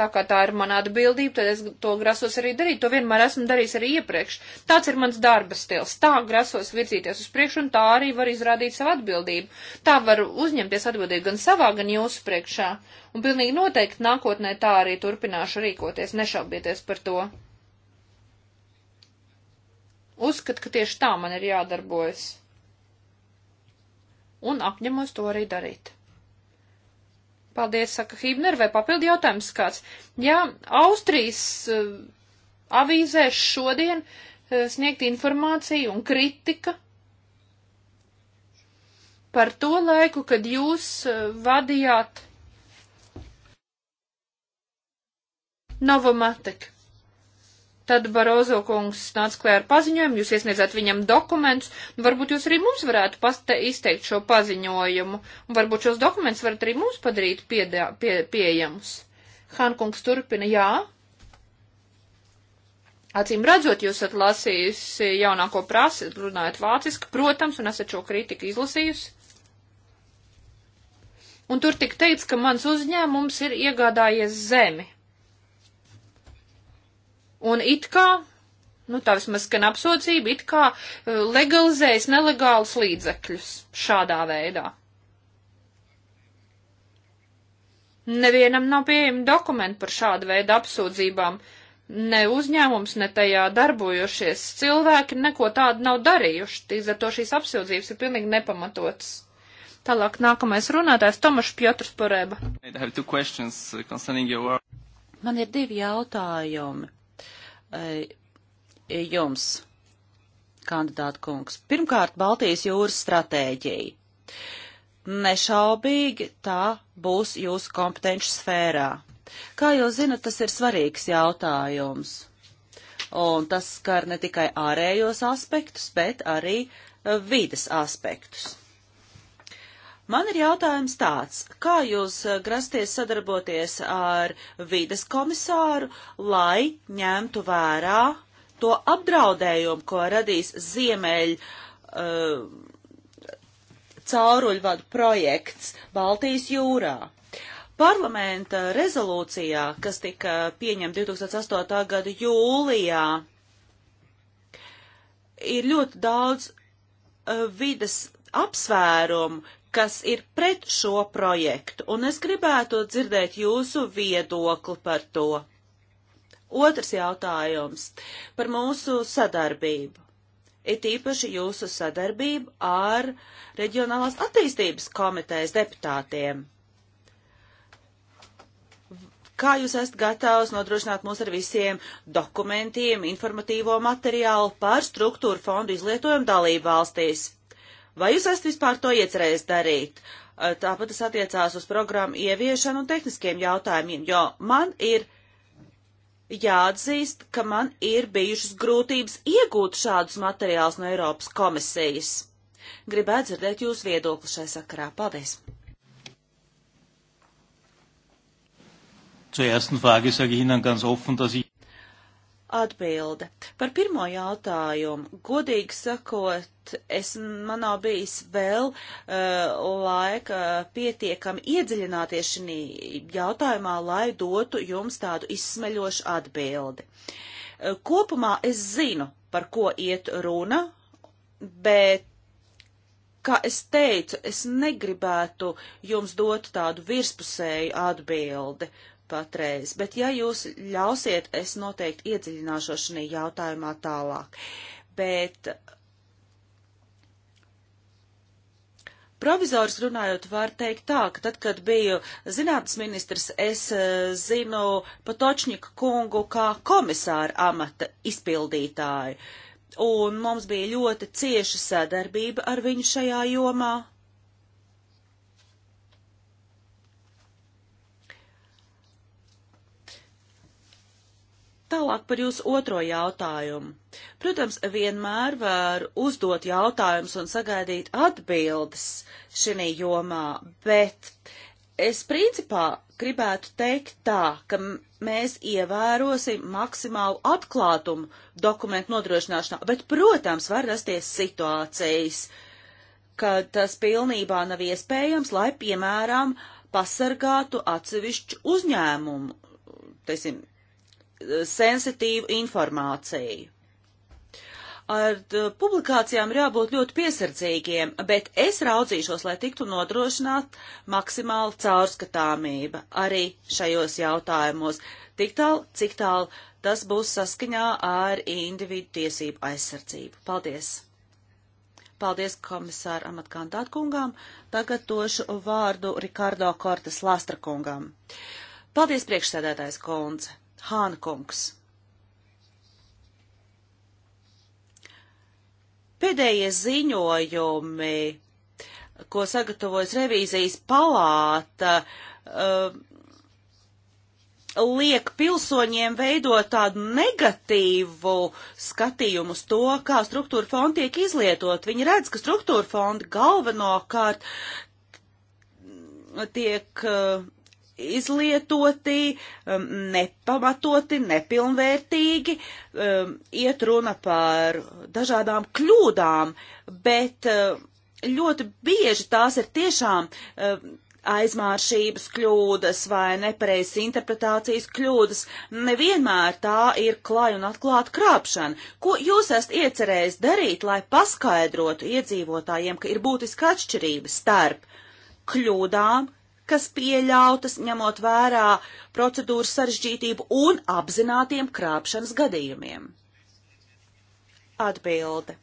Tā kā tā ir mana atbildība, tad es to grasos arī darīt. To vienmēr esmu darījis arī iepriekš. Tāds ir mans darba stils. Tā grasos virzīties uz priekšu, un tā arī var izrādīt savu atbildību. Tā var uzņemties atbildību gan savā, gan jūsu priekšā. Un pilnīgi noteikti nākotnē tā arī turpināšu rīkoties. Nešaubieties par to. Uzskat, ka tieši tā man ir jādarbojas. Un apņemos to arī darīt. Paldies, saka Hībner, vai papildi jautājums kāds. Jā, Austrijas uh, eh, avīzēs šodien uh, sniegt informāciju un kritika par to laiku, kad jūs uh, vadījāt Novomatek. Tad Barozo kungs nāca klē ar paziņojumu, jūs iesniedzāt viņam dokumentus, un varbūt jūs arī mums varētu paste, izteikt šo paziņojumu, un varbūt šos dokumentus varat arī mums padarīt piedā, pie, pieejamus. Hankungs turpina, jā. Acīm redzot, jūs esat lasījusi jaunāko prasi, runājot vāciski, protams, un esat šo kritiku izlasījusi. Un tur tik teica, ka mans uzņēmums ir iegādājies zemi, Un it kā, nu tā vismaz skan apsūdzība, it kā uh, legalizējas nelegālus līdzekļus šādā veidā. Nevienam nav pieejami dokumenti par šādu veidu apsūdzībām. Ne uzņēmums, ne tajā darbojošies cilvēki neko tādu nav darījuši, līdz ar to šīs apsūdzības ir pilnīgi nepamatotas. Tālāk nākamais runātājs Tomašs Piotrs Poreba. Man ir divi jautājumi jums, kandidāta kungs. Pirmkārt, Baltijas jūras stratēģija. Nešaubīgi tā būs jūsu kompetenci sfērā. Kā jūs zinat, tas ir svarīgs jautājums. Un tas skar ne tikai ārējos aspektus, bet arī eh, vides aspektus. Man ir jautājums tāds, kā jūs eh, grasties sadarboties ar vides komisāru, lai ņemtu vērā to apdraudējumu, ko radīs ziemeļ uh, cauruļvadu projekts Baltijas jūrā? Parlamenta rezolūcijā, kas tika pieņemta 2008. gada jūlijā, ir ļoti daudz uh, vides apsvērumu, kas ir pret šo projektu, un es gribētu dzirdēt jūsu viedokli par to. Otrs jautājums par mūsu sadarbību. It īpaši jūsu sadarbību ar Reģionālās attīstības komitejas deputātiem. Kā jūs esat gatavs nodrošināt mūs ar visiem dokumentiem, informatīvo materiālu par struktūru fondu izlietojumu dalību valstīs? Vai jūs esat vispār to iecerējis darīt? Tāpat tas attiecās uz programmu ieviešanu un tehniskiem jautājumiem, jo man ir jāatzīst, ka man ir bijušas grūtības iegūt šādus materiālus no Eiropas komisijas. Gribētu dzirdēt jūsu viedokli šai sakarā. Paldies! Zur ersten Frage sage ich Ihnen ganz offen, dass ich Atbilde. Par pirmo jautājumu, godīgi sakot, es man nav bijis vēl uh, laika pietiekami iedziļināties šī jautājumā, lai dotu jums tādu izsmeļošu atbildi. Uh, kopumā es zinu, par ko iet runa, bet kā es teicu, es negribētu jums dot tādu virspusēju atbildi, patreiz, bet ja jūs ļausiet, es noteikti iedziļināšos šajā jautājumā tālāk. Bet Provizors runājot, var teikt tā, ka tad, kad biju zinātnes ministrs, es eh, zinu Patočņiku kungu kā komisāra amata izpildītāju, un mums bija ļoti cieša sadarbība ar viņu šajā jomā. Tālāk par jūsu otro jautājumu. Protams, vienmēr var uzdot jautājumus un sagaidīt atbildes šī jomā, bet es principā gribētu teikt tā, ka mēs ievērosim maksimālu atklātumu dokumentu nodrošināšanā, bet, protams, var rasties situācijas, kad tas pilnībā nav iespējams, lai, piemēram, pasargātu atsevišķu uzņēmumu, teiksim, sensitīvu informāciju. Ar publikācijām ir jābūt ļoti piesardzīgiem, bet es raudzīšos, lai tiktu nodrošināt maksimāla caurskatāmība arī šajos jautājumos, tik tālu, cik tālu tas būs saskaņā ar individu tiesību aizsardzību. Paldies! Paldies komisāra amatkandāt kungām. Tagad došu vārdu Rikardo Kortes Lastra kungām. Paldies priekšsēdētājs Konce. Hānkungs. Pēdējie ziņojumi, ko sagatavojas revīzijas palāta, uh, liek pilsoņiem veidot tādu negatīvu skatījumu uz to, kā struktūra fondi tiek izlietot. Viņi redz, ka struktūra fondi galvenokārt tiek uh, izlietoti, um, nepamatoti, nepilnvērtīgi, um, iet runa par dažādām kļūdām, bet uh, ļoti bieži tās ir tiešām uh, aizmāršības kļūdas vai nepareizas interpretācijas kļūdas, nevienmēr tā ir klāja un atklāta krāpšana. Ko jūs esat iecerējis darīt, lai paskaidrotu iedzīvotājiem, ka ir būtiska atšķirība starp kļūdām, kas pieļautas, ņemot vērā procedūras sarežģītību un apzinātiem krāpšanas gadījumiem? Atbilde.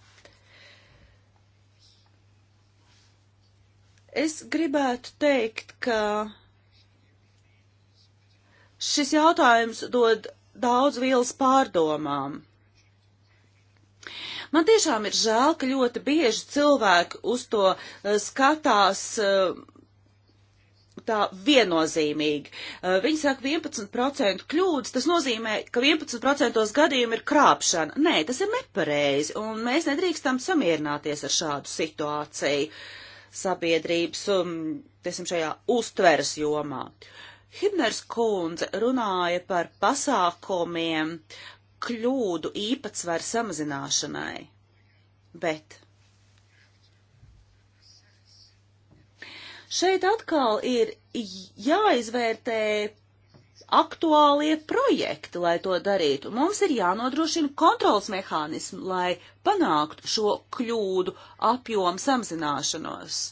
Es gribētu teikt, ka šis jautājums dod daudz vielas pārdomām. Man tiešām ir žēl, ka ļoti bieži cilvēki uz to eh, skatās eh, tā viennozīmīgi. Uh, viņi saka 11% kļūdas, tas nozīmē, ka 11% gadījumu ir krāpšana. Nē, tas ir nepareizi, un mēs nedrīkstam samierināties ar šādu situāciju sabiedrības, um, tiesim, šajā uztveres jomā. Himners kundze runāja par pasākumiem kļūdu īpatsvaru samazināšanai, bet Šeit atkal ir jāizvērtē aktuālie projekti, lai to darītu. Mums ir jānodrošina kontrols mehānismi, lai panāktu šo kļūdu apjomu samazināšanos.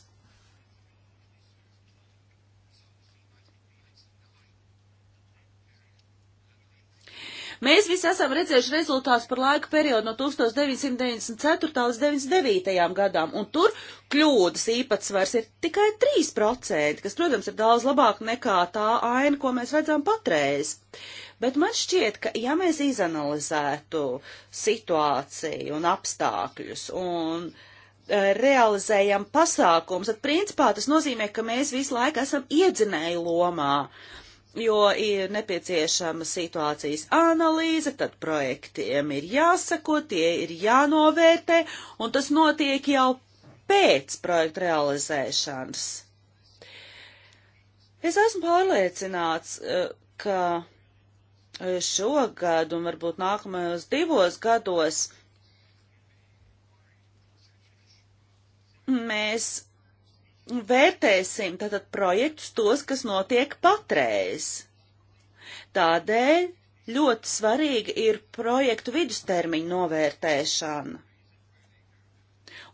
Mēs visi esam redzējuši rezultātus par laika periodu no 1994. līdz 99. gadām, un tur kļūdas īpatsvars ir tikai 3%, kas, protams, ir daudz labāk nekā tā aina, ko mēs redzam patreiz. Bet man šķiet, ka ja mēs izanalizētu situāciju un apstākļus un e, realizējam pasākums, tad principā tas nozīmē, ka mēs visu laiku esam iedzinēju lomā jo ir nepieciešama situācijas analīze, tad projektiem ir jāsako, tie ir jānovērtē, un tas notiek jau pēc projekta realizēšanas. Es esmu pārliecināts, eh, ka eh, šogad un varbūt nākamajos divos gados mēs vērtēsim tātad projektus tos, kas notiek patreiz. Tādēļ ļoti svarīga ir projektu vidustermiņa novērtēšana.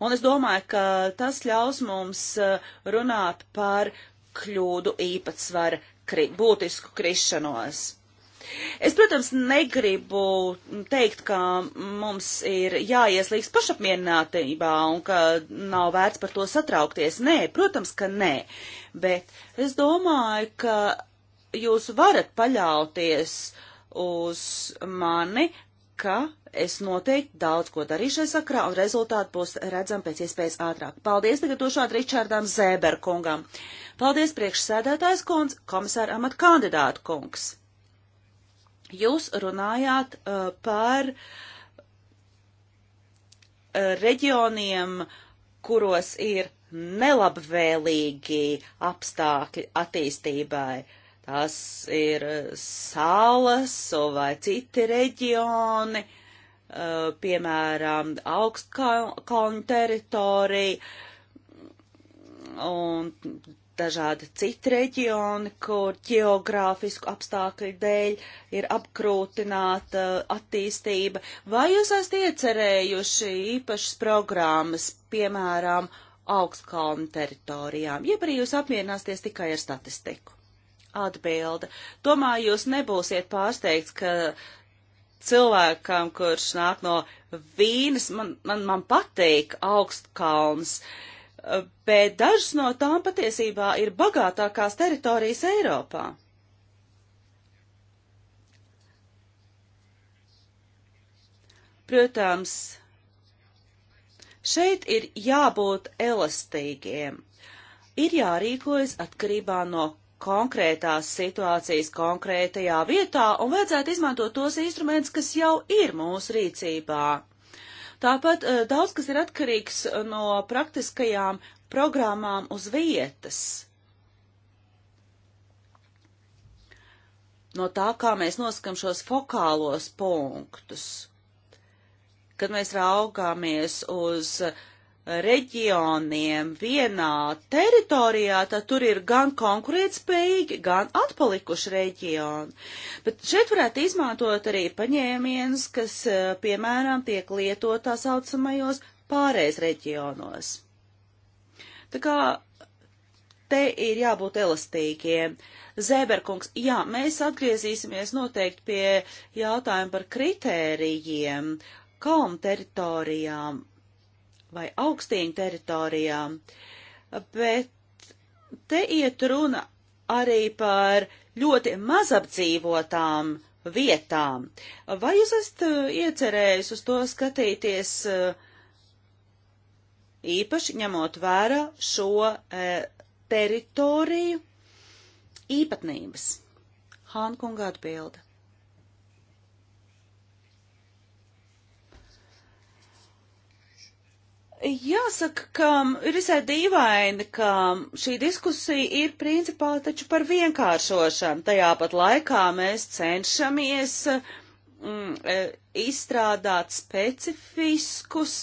Un es domāju, ka tas ļaus mums eh, runāt par kļūdu īpatsvara kri būtisku krišanos. Es, protams, negribu teikt, ka mums ir jāieslīgs pašapmierinātībā un ka nav vērts par to satraukties. Nē, protams, ka nē. Bet es domāju, ka jūs varat paļauties uz mani, ka es noteikti daudz ko darīšu šai sakrā un rezultāti būs redzami pēc iespējas ātrāk. Paldies tagad došāt Ričardam Zēberkungam. Paldies priekšsēdētājs kungs, komisāra amat kandidātu kungs. Jūs runājāt uh, par uh, reģioniem, kuros ir nelabvēlīgi apstākļi attīstībai. Tas ir uh, salas vai citi reģioni, uh, piemēram, augstkalnu teritorija. Un dažādi citi reģioni, kur geogrāfisku apstākļu dēļ ir apkrūtināta attīstība, vai jūs esat iecerējuši īpašas programmas, piemēram, augstkalnu teritorijām, jeb arī jūs apmierināsties tikai ar statistiku? Atbilde. Domāju, jūs nebūsiet pārsteigts, ka cilvēkam, kurš nāk no Vīnas, man, man, man patīk augstkalns. Uh, bet dažas no tām patiesībā ir bagātākās teritorijas Eiropā. Protams, šeit ir jābūt elastīgiem. Ir jārīkojas atkarībā no konkrētās situācijas konkrētajā vietā un vajadzētu izmantot tos instrumentus, kas jau ir mūsu rīcībā. Tāpat eh, daudz kas ir atkarīgs eh, no praktiskajām programmām uz vietas. No tā, kā mēs noskam šos fokālos punktus, kad mēs raugāmies uz uh, reģioniem vienā teritorijā, tad tur ir gan konkurētspējīgi, gan atpalikuši reģioni. Bet šeit varētu izmantot arī paņēmienus, kas, eh, piemēram, tiek lietot tā saucamajos pārējais reģionos. Tā kā te ir jābūt elastīgiem. Zēberkungs, jā, mēs atgriezīsimies noteikti pie jautājuma par kritērijiem, kalnu teritorijām vai augstīņu teritorijām, bet te iet runa arī par ļoti mazapdzīvotām vietām. Vai jūs esat uh, iecerējis uz to skatīties uh, īpaši ņemot vērā šo uh, teritoriju īpatnības? Hānkungā atbilda. Jāsaka, ka ir visai dīvaini, ka šī diskusija ir principā taču par vienkāršošanu. Tajā pat laikā mēs cenšamies mm, e, izstrādāt specifiskus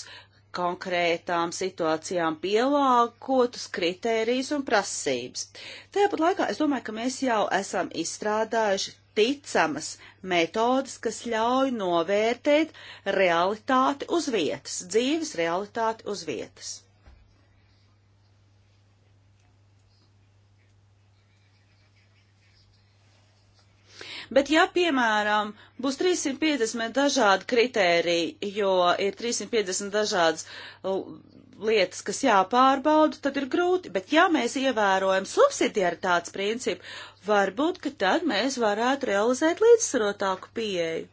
konkrētām situācijām pielāgotus kritērijus un prasības. Tajā pat laikā es domāju, ka mēs jau esam izstrādājuši ticamas metodas, kas ļauj novērtēt realitāti uz vietas, dzīves realitāti uz vietas. Bet, ja, piemēram, būs 350 dažādi kritēriji, jo ir 350 dažādas lietas, kas jāpārbauda, tad ir grūti, bet ja mēs ievērojam subsidiaritātes principu, varbūt, ka tad mēs varētu realizēt līdzsvarotāku pieeju.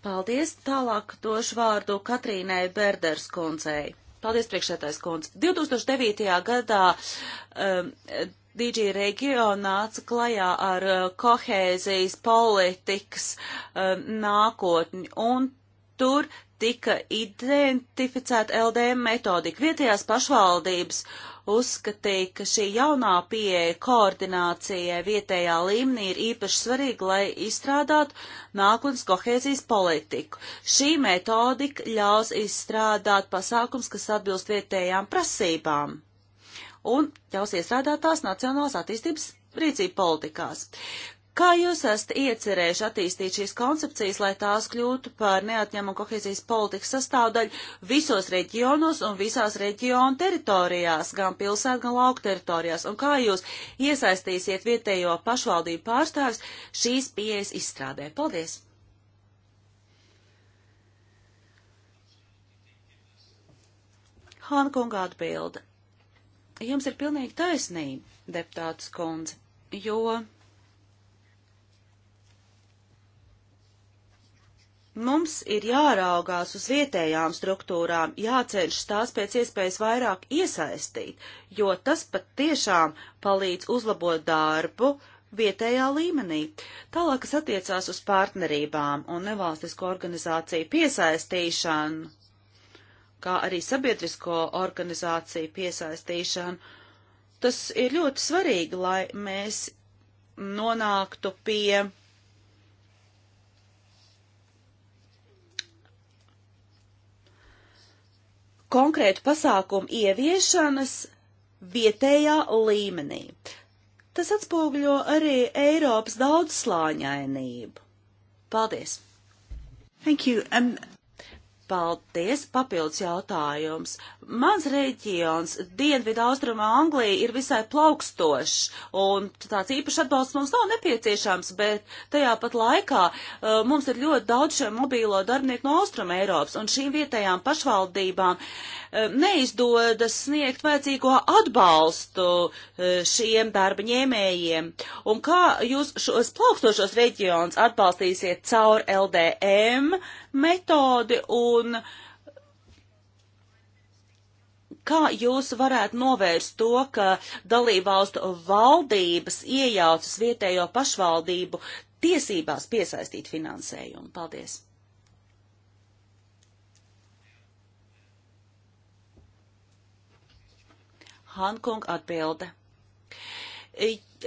Paldies, tālāk došu vārdu Katrīnai Berders koncei. Paldies, priekšētājs kundze. 2009. gadā um, DG Regio nāca klajā ar uh, kohēzijas politikas uh, nākotni, un tur tika identificēta LDM metodika. Vietējās pašvaldības uzskatīja, ka šī jaunā pieeja koordinācijai vietējā līmenī ir īpaši svarīga, lai izstrādātu nākotnes kohēzijas politiku. Šī metodika ļaus izstrādāt pasākums, kas atbilst vietējām prasībām un ļaus iestrādāt tās nacionālās attīstības rīcību politikās. Kā jūs esat iecerējuši attīstīt šīs koncepcijas, lai tās kļūtu par neatņemumu kohēzijas politikas sastāvdaļu visos reģionos un visās reģionu teritorijās, gan pilsēt, gan lauku teritorijās? Un kā jūs iesaistīsiet vietējo pašvaldību pārstāvis šīs pieejas izstrādē? Paldies! Hankungā atbilda. Jums ir pilnīgi taisnība, deputāts kundze, jo Mums ir jāraugās uz vietējām struktūrām, jācenšas tās pēc iespējas vairāk iesaistīt, jo tas pat tiešām palīdz uzlabot darbu vietējā līmenī. Tālāk, kas attiecās uz partnerībām un nevalstisko organizāciju piesaistīšanu, kā arī sabiedrisko organizāciju piesaistīšanu. Tas ir ļoti svarīgi, lai mēs nonāktu pie konkrētu pasākumu ieviešanas vietējā līmenī. Tas atspūgļo arī Eiropas daudzslāņainību. Paldies! Thank you. Um... Paldies, papildus jautājums. Mans reģions, Dienvidu austruma Anglija, ir visai plaukstošs, un tāds īpašs atbalsts mums nav nepieciešams, bet tajā pat laikā uh, mums ir ļoti daudz šo mobīlo darbinieku no austruma Eiropas, un šīm vietējām pašvaldībām uh, neizdodas sniegt vajadzīgo atbalstu uh, šiem darba ņēmējiem. Un kā jūs šos plaukstošos reģionus atbalstīsiet caur LDM? metodi un kā jūs varētu novērst to, ka dalībvalstu valdības iejaucas vietējo pašvaldību tiesībās piesaistīt finansējumu? Paldies! Hankung atbilde.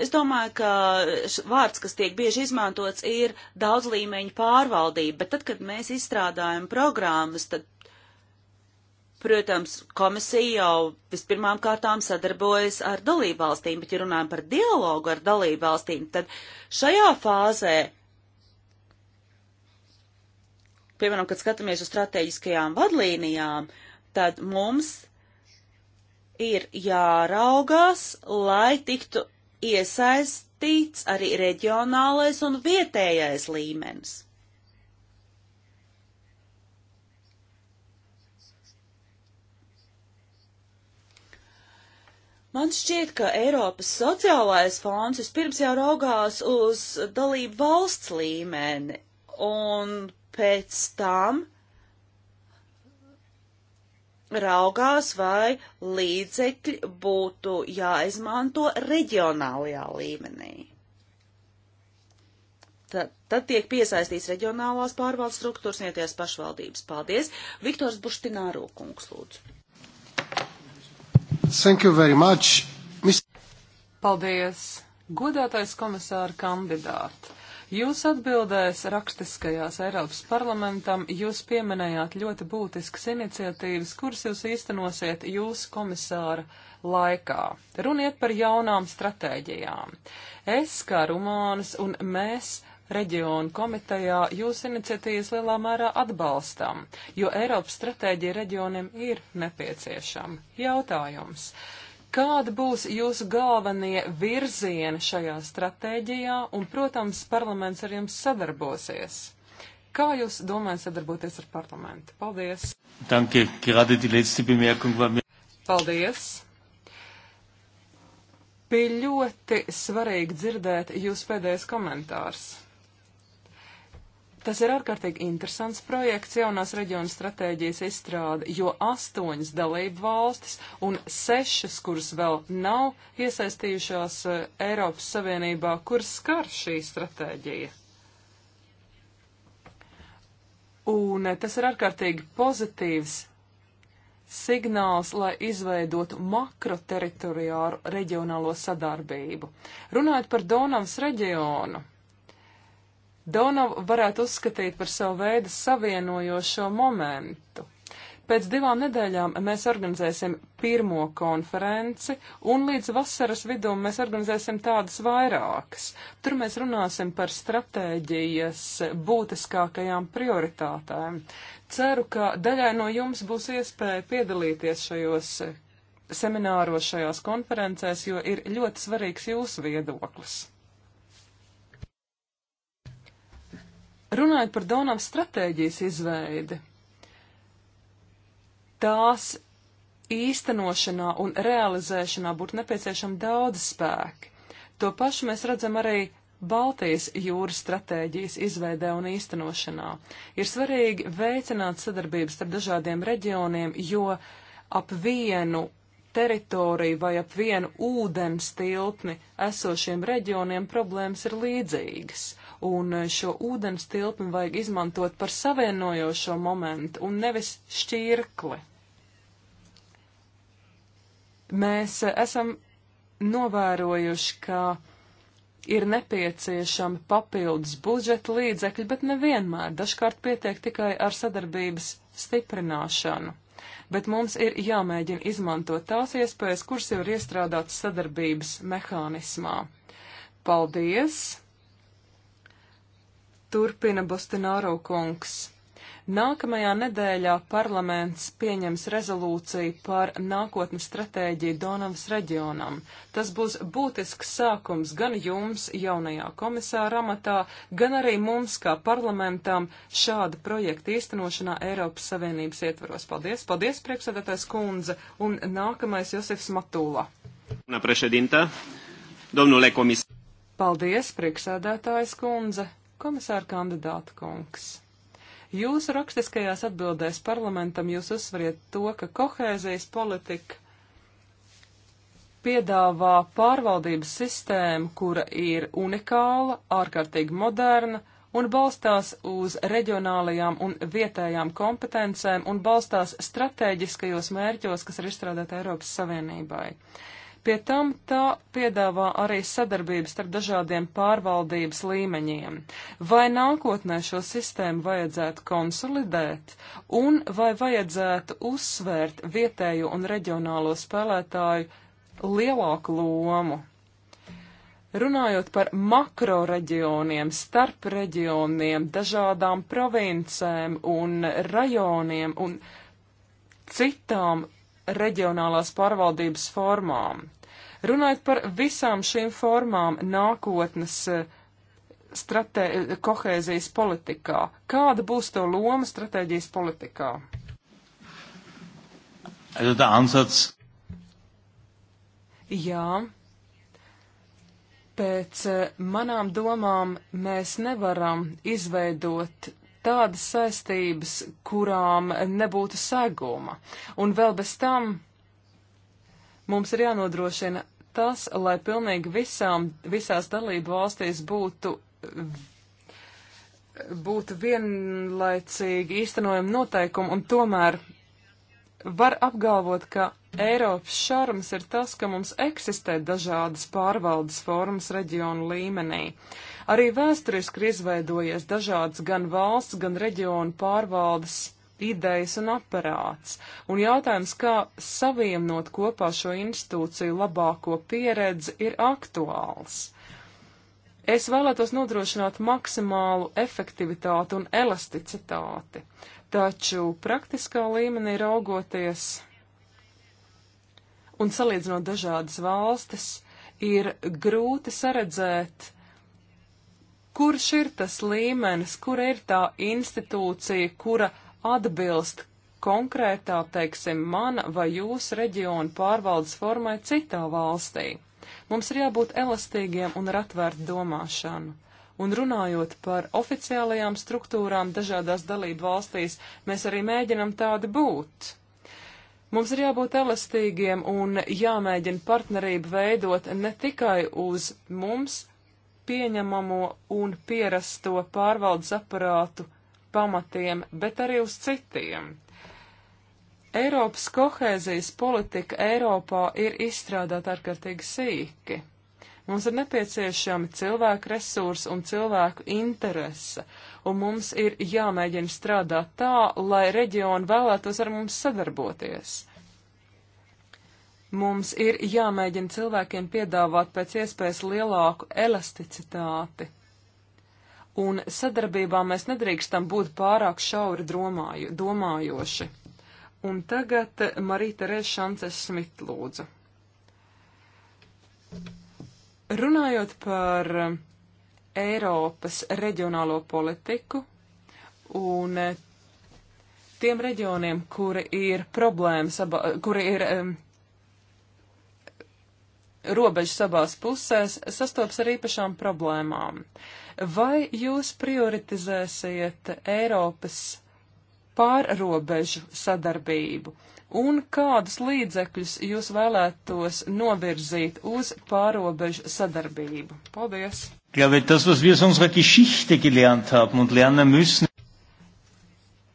Es domāju, ka vārds, kas tiek bieži izmantots, ir daudz līmeņu pārvaldība, bet tad, kad mēs izstrādājam programmas, tad, protams, komisija jau vispirmām kārtām sadarbojas ar dalībvalstīm, bet, ja runājam par dialogu ar dalībvalstīm, tad šajā fāzē, piemēram, kad skatāmies uz strateģiskajām vadlīnijām, tad mums ir jāraugās, lai tiktu iesaistīts arī reģionālais un vietējais līmenis. Man šķiet, ka Eiropas sociālais fonds vispirms jau raugās uz dalību valsts līmeni, un pēc tam raugās, vai līdzekļi būtu jāizmanto reģionālajā līmenī. Tad, tad tiek piesaistīts reģionālās pārvaldes struktūras un ieties pašvaldības. Paldies. Viktors Buštināro kungs lūdzu. Thank you very much. Mis Paldies. Godātais komisāra kandidāti. Jūs atbildēs rakstiskajās Eiropas parlamentam, jūs pieminējāt ļoti būtiskas iniciatīvas, kuras jūs īstenosiet jūsu komisāra laikā. Runiet par jaunām stratēģijām. Es, kā Rumānas un mēs, reģionu komitejā jūsu iniciatīvas lielā mērā atbalstam, jo Eiropas stratēģija reģioniem ir nepieciešama. Jautājums. Kāda būs jūsu galvenie virzieni šajā stratēģijā? Un, protams, parlaments ar jums sadarbosies. Kā jūs domājat sadarboties ar parlamentu? Paldies! Danke, gerade die letzte Bemerkung war mir. Paldies! Bija ļoti svarīgi dzirdēt jūs pēdējais komentārs. Tas ir ārkārtīgi interesants projekts jaunās reģiona stratēģijas izstrāde, jo astoņas dalību valstis un sešas, kuras vēl nav iesaistījušās eh, Eiropas Savienībā, kuras skar šī stratēģija. Un eh, tas ir ārkārtīgi pozitīvs signāls, lai izveidotu makroteritoriālu reģionālo sadarbību. Runājot par Donavas reģionu, Donavu varētu uzskatīt par savu veidu savienojošo momentu. Pēc divām nedēļām mēs organizēsim pirmo konferenci, un līdz vasaras vidū mēs organizēsim tādas vairākas. Tur mēs runāsim par stratēģijas būtiskākajām prioritātēm. Ceru, ka daļai no jums būs iespēja piedalīties šajos semināros, šajās konferencēs, jo ir ļoti svarīgs jūsu viedoklis. Runājot par Donavas stratēģijas izveidi, tās īstenošanā un realizēšanā būtu nepieciešama daudz spēki. To pašu mēs redzam arī Baltijas jūras stratēģijas izveidē un īstenošanā. Ir svarīgi veicināt sadarbības starp dažādiem reģioniem, jo ap vienu teritoriju vai ap vienu ūdens tiltni esošiem reģioniem problēmas ir līdzīgas un šo ūdens tilpni vajag izmantot par savienojošo momentu un nevis šķirkli. Mēs esam novērojuši, ka ir nepieciešami papildus budžeta līdzekļi, bet nevienmēr. Dažkārt pietiek tikai ar sadarbības stiprināšanu. Bet mums ir jāmēģina izmantot tās iespējas, kuras jau ir iestrādātas sadarbības mehānismā. Paldies! Turpina Bostināro kungs. Nākamajā nedēļā parlaments pieņems rezolūciju par nākotnes stratēģiju Donavas reģionam. Tas būs būtisks sākums gan jums, jaunajā komisāra amatā, gan arī mums, kā parlamentam, šāda projekta īstenošanā Eiropas Savienības ietvaros. Paldies, paldies, priekšsēdētājs kundze, un nākamais Josefs Matūla. Paldies, priekšsēdētājs kundze. Komisāra kandidāta kungs. Jūsu rakstiskajās atbildēs parlamentam jūs uzsvariet to, ka kohēzijas politika piedāvā pārvaldības sistēmu, kura ir unikāla, ārkārtīgi moderna un balstās uz reģionālajām un vietējām kompetencēm un balstās strateģiskajos mērķos, kas ir izstrādāti Eiropas Savienībai. Pie tam tā piedāvā arī sadarbības starp dažādiem pārvaldības līmeņiem. Vai nākotnē šo sistēmu vajadzētu konsolidēt un vai vajadzētu uzsvērt vietējo un reģionālo spēlētāju lielāku lomu? Runājot par makro reģioniem, starp reģioniem, dažādām provincēm un rajoniem un citām reģionālās pārvaldības formām. Runājot par visām šīm formām nākotnes eh, stratē, kohēzijas politikā, kāda būs to loma stratēģijas politikā? Jā, pēc eh, manām domām mēs nevaram izveidot tādas saistības, kurām nebūtu seguma. Un vēl bez tam mums ir jānodrošina tas, lai pilnīgi visām, visās dalību valstīs būtu būtu vienlaicīgi īstenojami noteikumi, un tomēr var apgalvot, ka Eiropas šarms ir tas, ka mums eksistē dažādas pārvaldes formas reģionu līmenī. Uh, Arī vēsturiski ir izveidojies dažādas gan valsts, gan reģionu pārvaldes idejas un aparāts, un jautājums, kā savienot kopā šo institūciju labāko pieredzi, ir aktuāls. Es vēlētos nodrošināt maksimālu efektivitāti un elasticitāti, taču praktiskā līmenī raugoties un salīdzinot dažādas valstis, ir grūti saredzēt Kurš ir tas līmenis, kura ir tā institūcija, kura atbilst konkrētā, teiksim, mana vai jūsu reģiona pārvaldes formai citā valstī? Mums ir jābūt elastīgiem un ar atvērtu domāšanu. Un runājot par oficiālajām struktūrām dažādās dalību valstīs, mēs arī mēģinam tādi būt. Mums ir jābūt elastīgiem un jāmēģina partnerību veidot ne tikai uz mums pieņemamo un pierasto pārvaldes aparātu pamatiem, bet arī uz citiem. Eiropas kohēzijas politika Eiropā ir izstrādāta ārkārtīgi sīki. Mums ir nepieciešami cilvēku resursi un cilvēku interese, un mums ir jāmēģina strādāt tā, lai reģioni vēlētos ar mums sadarboties. Mums ir jāmēģina cilvēkiem piedāvāt pēc iespējas lielāku elasticitāti. Un sadarbībā mēs nedrīkstam būt pārāk šauri domāju, domājoši. Un tagad Marīta Rešances Smit lūdzu. Runājot par Eiropas reģionālo politiku un tiem reģioniem, kuri ir problēmas, kuri ir robežas abās pusēs, sastops ar īpašām problēmām. Vai jūs prioritizēsiet Eiropas pārrobežu sadarbību? Un kādus līdzekļus jūs vēlētos novirzīt uz pārobežu sadarbību? Paldies!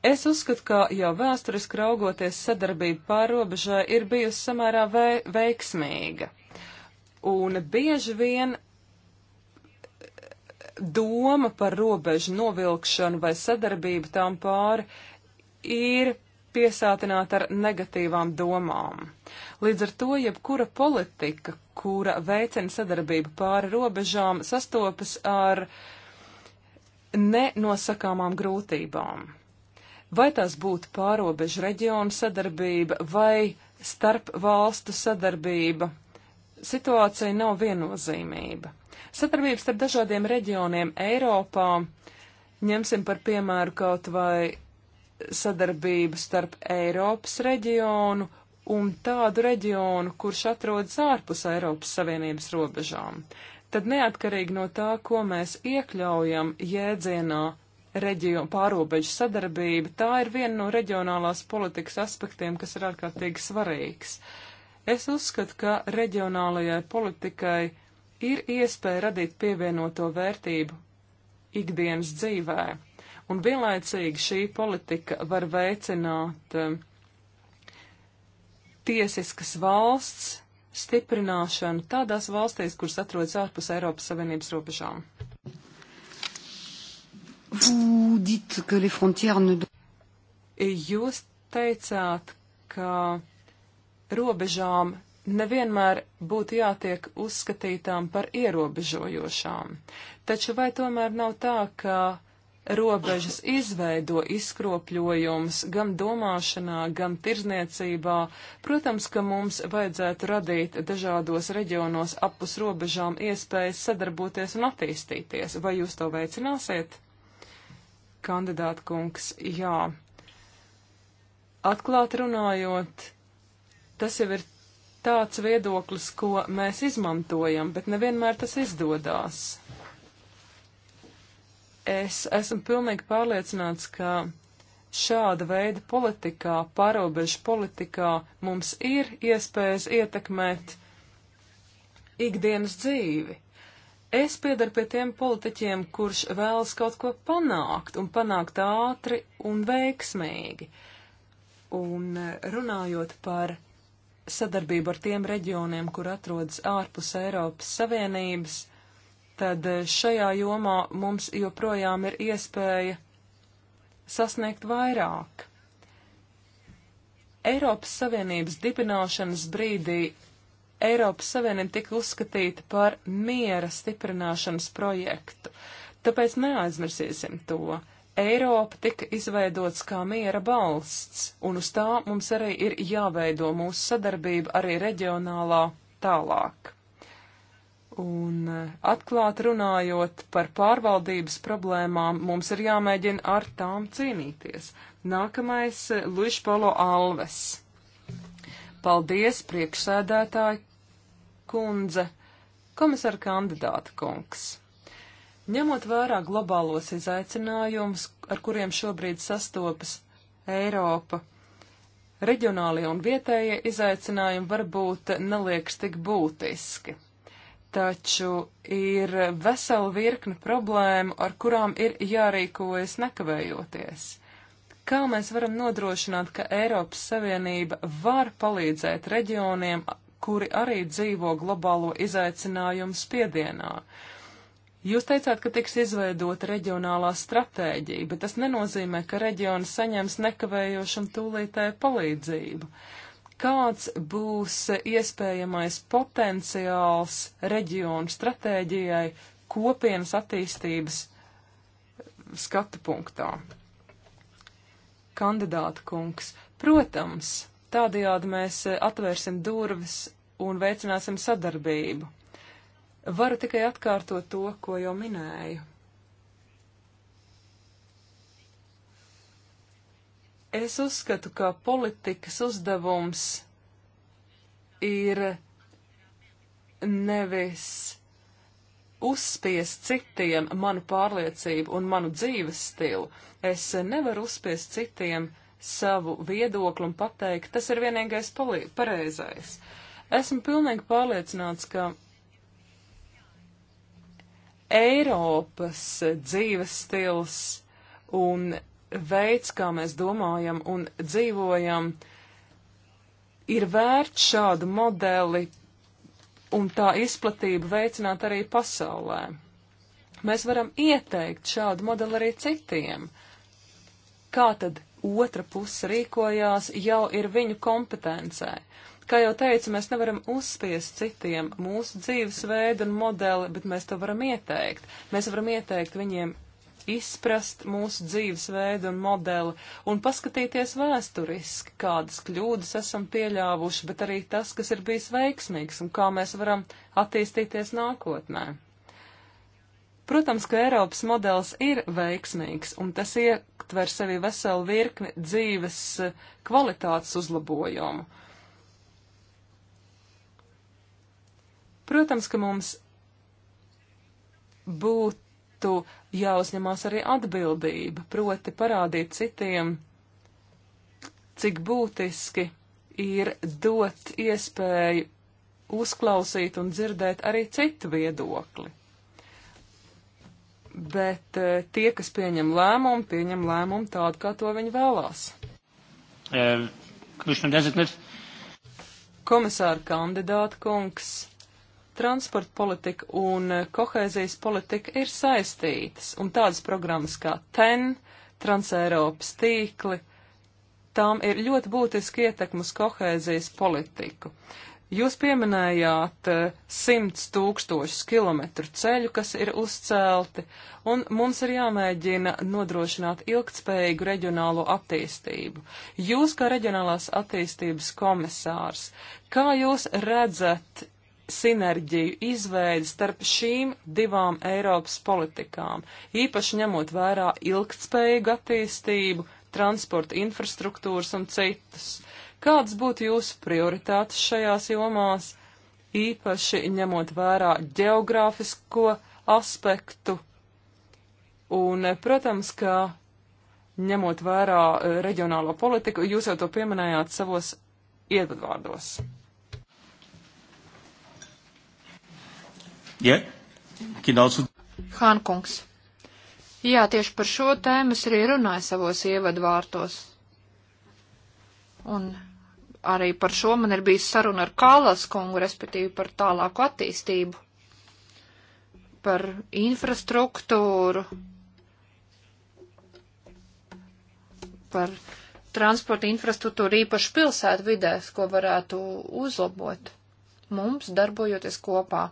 Es uzskatu, ka jau vēsturiski raugoties sadarbība pārobežai ir bijusi samērā vei veiksmīga. Un bieži vien doma par robežu novilkšanu vai sadarbību tām pāri ir piesātināta ar negatīvām domām. Līdz ar to jebkura politika, kura veicina sadarbību pāri robežām, sastopas ar nenosakāmām grūtībām. Vai tās būtu pārobežu reģionu sadarbība vai starp valstu sadarbība, situācija nav viennozīmība. Satarbības starp dažādiem reģioniem Eiropā, ņemsim par piemēru kaut vai sadarbību starp Eiropas reģionu un tādu reģionu, kurš atrodas ārpus Eiropas Savienības robežām, tad neatkarīgi no tā, ko mēs iekļaujam jēdzienā reģionu pārobežu sadarbība, tā ir viena no reģionālās politikas aspektiem, kas ir ārkārtīgi svarīgs. Uh, Es uzskatu, ka reģionālajai politikai ir iespēja radīt pievienoto vērtību ikdienas dzīvē, un vienlaicīgi šī politika var veicināt um, tiesiskas valsts stiprināšanu tādās valstīs, kuras atrodas ārpus Eiropas Savienības robežām. Jūs teicāt, ka robežām nevienmēr būtu jātiek uzskatītām par ierobežojošām. Taču vai tomēr nav tā, ka robežas izveido izkropļojums gan domāšanā, gan tirzniecībā. Protams, ka mums vajadzētu radīt dažādos reģionos apus robežām iespējas sadarboties un attīstīties. Vai jūs to veicināsiet? Kandidāta kungs, jā. Atklāt runājot, Tas jau ir tāds viedoklis, ko mēs izmantojam, bet nevienmēr tas izdodas. Es esmu pilnīgi pārliecināts, ka šāda veida politikā, pārobežu politikā mums ir iespējas ietekmēt ikdienas dzīvi. Es piedaru pie tiem politiķiem, kurš vēlas kaut ko panākt, un panākt ātri un veiksmīgi. Un eh, runājot par sadarbību ar tiem reģioniem, kur atrodas ārpus Eiropas Savienības, tad eh, šajā jomā mums joprojām ir iespēja sasniegt vairāk. Eiropas Savienības dibināšanas brīdī Eiropas Savienība tika uzskatīta par miera stiprināšanas projektu, tāpēc neaizmirsīsim to. Eiropa tika izveidots kā miera balsts, un uz tā mums arī ir jāveido mūsu sadarbība arī reģionālā tālāk. Un eh, atklāt runājot par pārvaldības problēmām, mums ir jāmēģina ar tām cīnīties. Nākamais eh, - Luis Polo Alves. Paldies, priekšsēdētāji kundze, komisāra kandidāta kungs. Ņemot vērā globālos izaicinājumus, ar kuriem šobrīd sastopas Eiropa, reģionālie un vietējie izaicinājumi varbūt neliekas tik būtiski. Taču ir vesela virkne problēmu, ar kurām ir jārīkojas nekavējoties. Kā mēs varam nodrošināt, ka Eiropas Savienība var palīdzēt reģioniem, kuri arī dzīvo globālo izaicinājumu spiedienā? Uh, Jūs teicāt, ka tiks izveidota reģionālā stratēģija, bet tas nenozīmē, ka reģioni saņems nekavējošam tūlītēju palīdzību. Kāds būs iespējamais potenciāls reģionu stratēģijai kopienas attīstības skatu punktā? Kandidāta kungs. Protams, tādajādi mēs atvērsim durvis un veicināsim sadarbību Varu tikai atkārtot to, ko jau minēju. Es uzskatu, ka politikas uzdevums ir nevis uzspiest citiem manu pārliecību un manu dzīves stilu. Es nevaru uzspiest citiem savu viedokli un pateikt, tas ir vienīgais pareizais. Esmu pilnīgi pārliecināts, ka Eiropas dzīves stils un veids, kā mēs domājam un dzīvojam, ir vērts šādu modeli un tā izplatību veicināt arī pasaulē. Mēs varam ieteikt šādu modeli arī citiem. Kā tad otra puse rīkojās, jau ir viņu kompetencē. Kā jau teicu, mēs nevaram uzspiest citiem mūsu dzīvesveidu un modeli, bet mēs to varam ieteikt. Mēs varam ieteikt viņiem izprast mūsu dzīvesveidu un modeli un paskatīties vēsturiski, kādas kļūdas esam pieļāvuši, bet arī tas, kas ir bijis veiksmīgs un kā mēs varam attīstīties nākotnē. Protams, ka Eiropas modelis ir veiksmīgs, un tas ietver sevi veselu virkni dzīves eh, kvalitātes uzlabojumu. Protams, ka mums būtu jāuzņemās arī atbildība, proti parādīt citiem, cik būtiski ir dot iespēju uzklausīt un dzirdēt arī citu viedokli. Bet eh, tie, kas pieņem lēmumu, pieņem lēmumu tādu, kā to viņi vēlās. Eh, Komisāra kandidāta kungs, transporta politika un eh, kohēzijas politika ir saistītas, un tādas programmas kā TEN, Transeiropas tīkli, tām ir ļoti būtiski ietekmas kohēzijas politiku. Jūs pieminējāt eh, simts tūkstošus kilometru ceļu, kas ir uzcelti, un mums ir jāmēģina nodrošināt ilgtspējīgu reģionālo attīstību. Jūs, kā reģionālās attīstības komisārs, kā jūs redzat sinerģiju izveidi starp šīm divām Eiropas politikām, īpaši ņemot vērā ilgtspējīgu attīstību, transporta infrastruktūras un citus. Kādas būtu jūsu prioritātes šajās jomās, īpaši ņemot vērā geogrāfisko aspektu Un, protams, ka ņemot vērā eh, reģionālo politiku, jūs jau to pieminējāt savos ievadvārdos. Ja? Genauso. Hānkungs. Jā, tieši par šo tēmu es arī runāju savos ievadvārtos. Un arī par šo man ir bijis saruna ar Kālas kungu, respektīvi par tālāku attīstību, par infrastruktūru, par transporta infrastruktūru īpaši pilsētu vidēs, ko varētu uzlabot mums, darbojoties kopā.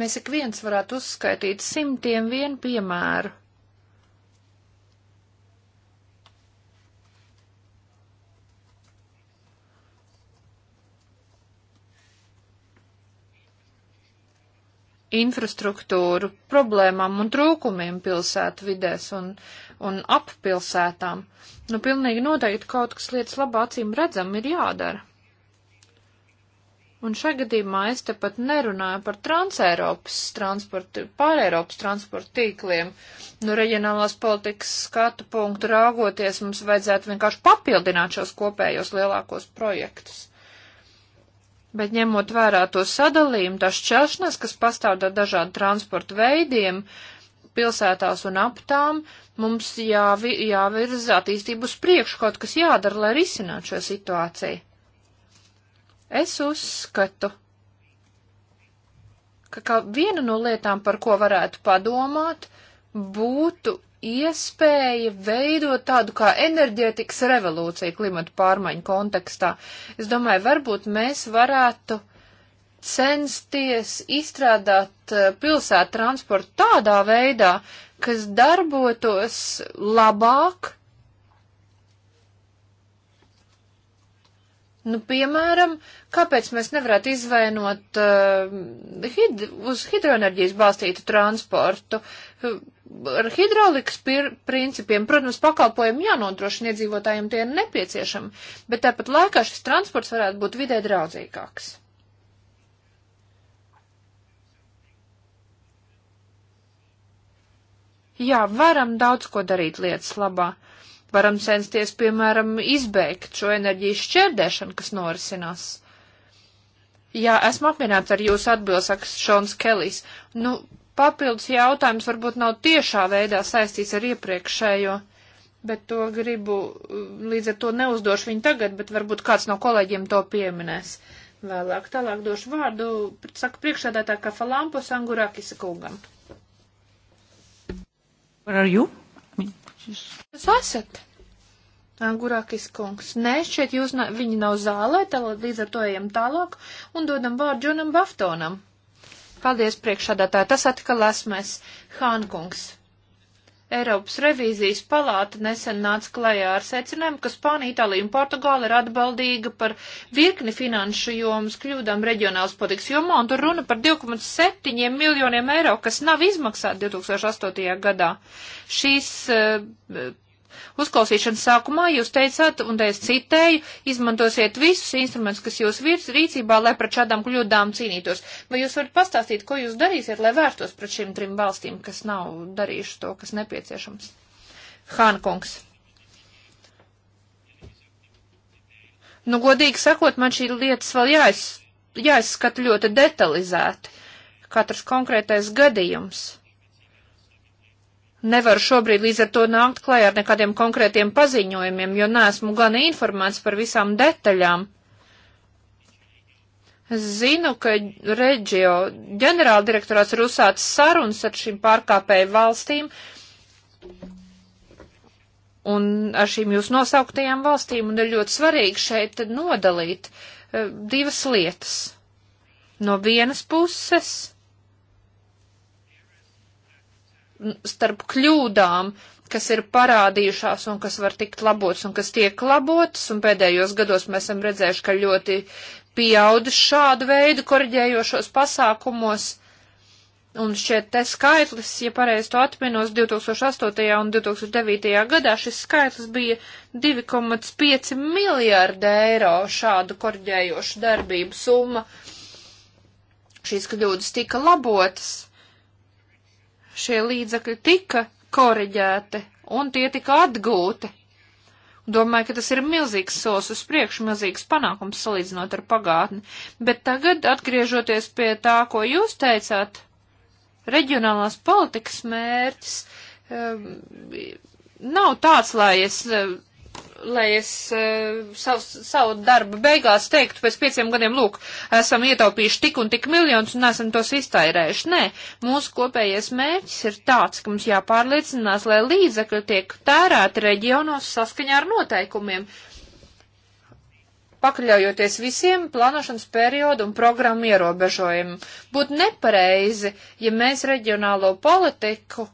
Mēs ik viens varētu uzskaitīt simtiem vienu piemēru. infrastruktūru problēmām un trūkumiem pilsētu vidēs un, un ap pilsētām. Nu, pilnīgi noteikti kaut kas lietas labā acīm redzam ir jādara. Un šajā gadījumā es te pat nerunāju par transeiropas transportu, pāreiropas transportu tīkliem. No reģionālās politikas skatu punktu raugoties mums vajadzētu vienkārši papildināt šos kopējos lielākos projektus. Bet ņemot vērā to sadalījumu, tās šķelšanas, kas pastāv dažādu transportu veidiem, pilsētās un aptām, mums jāvi, jāvirza attīstību uz priekšu, kaut kas jādara, lai risinātu šo situāciju. Es uzskatu, ka kā viena no lietām, par ko varētu padomāt, būtu iespēja veidot tādu kā enerģētikas revolūciju klimatu pārmaiņu kontekstā. Es domāju, varbūt mēs varētu censties izstrādāt eh, pilsētu transportu tādā veidā, kas darbotos labāk Nu, piemēram, kāpēc mēs nevarētu izvainot uh, hid uz hidroenerģijas balstītu transportu? Uh, ar hidrolikas principiem, protams, pakalpojumi jānodrošina iedzīvotājiem, tie ir nepieciešami, bet tāpat laikā šis transports varētu būt vidē draudzīgāks. Jā, varam daudz ko darīt lietas labā. Varam censties, piemēram, izbeigt šo enerģijas šķērdēšanu, kas norisinās. Jā, esmu apmierināts ar jūsu atbildi, saka Šons Kelijs. Nu, papildus jautājums varbūt nav tiešā veidā saistīts ar iepriekšējo, bet to gribu, līdz ar to neuzdošu viņu tagad, bet varbūt kāds no kolēģiem to pieminēs. Vēlāk tālāk došu vārdu, saka priekšādātā Kafalampo Sangurakisa kungam. Where are you? Jūs esat? Gurakis kungs. Nē, šķiet, jūs, na, viņi nav zālē, tālāk līdz ar to ejam tālāk un dodam vārdu Džonam Baftonam. Paldies priekšādātāji, tas atkal esmu es, Hānkungs. Eiropas revīzijas palāta nesen nāca klajā ar secinājumu, ka Spānija, Itālija un Portugāla ir atbaldīga par virkni finanšu jomas kļūdām reģionālas politikas jomā, un tur runa par 2,7 miljoniem eiro, kas nav izmaksāti 2008. gadā. Šīs uh, Uzklausīšanas sākumā jūs teicāt, un es citēju, izmantosiet visus instrumentus, kas jūs virs rīcībā, lai pret šādām kļūdām cīnītos. Vai jūs varat pastāstīt, ko jūs darīsiet, lai vērstos pret šīm trim valstīm, kas nav darījuši to, kas nepieciešams? Hānkungs. Nu, godīgi sakot, man šī lietas vēl jāiz, jāizskata ļoti detalizēti. Katrs konkrētais gadījums Nevaru šobrīd līdz ar to nākt klajā ar nekādiem konkrētiem paziņojumiem, jo neesmu gana informēts par visām detaļām. Es zinu, ka reģio ģenerāldirektorāts ir uzsācis sarunas ar šīm pārkāpēju valstīm un ar šīm jūs nosauktajām valstīm, un ir ļoti svarīgi šeit nodalīt eh, divas lietas. No vienas puses starp kļūdām, kas ir parādījušās un kas var tikt labots un kas tiek labotas, un pēdējos gados mēs esam redzējuši, ka ļoti pieaudzis šādu veidu korģējošos pasākumos. Un šķiet, te skaitlis, ja pareizi to atminos, 2008. un 2009. gadā šis skaitlis bija 2,5 miljārda eiro šādu korģējošu darbību summa. Šīs kļūdas tika labotas šie līdzekļi tika koriģēti un tie tika atgūti. Domāju, ka tas ir milzīgs solis uz priekšu, milzīgs panākums salīdzinot ar pagātni. Bet tagad, atgriežoties pie tā, ko jūs teicāt, reģionālās politikas mērķis um, nav tāds, lai es ehm, lai es eh, savu, savu darbu beigās teiktu pēc pieciem gadiem, lūk, esam ietaupījuši tik un tik miljonus un esam tos iztairējuši. Nē, mūsu kopējais mērķis ir tāds, ka mums jāpārliecinās, lai līdzekļi tiek tērēti reģionos saskaņā ar noteikumiem, pakļaujoties visiem plānošanas periodu un programmu ierobežojumiem. Būtu nepareizi, ja mēs reģionālo politiku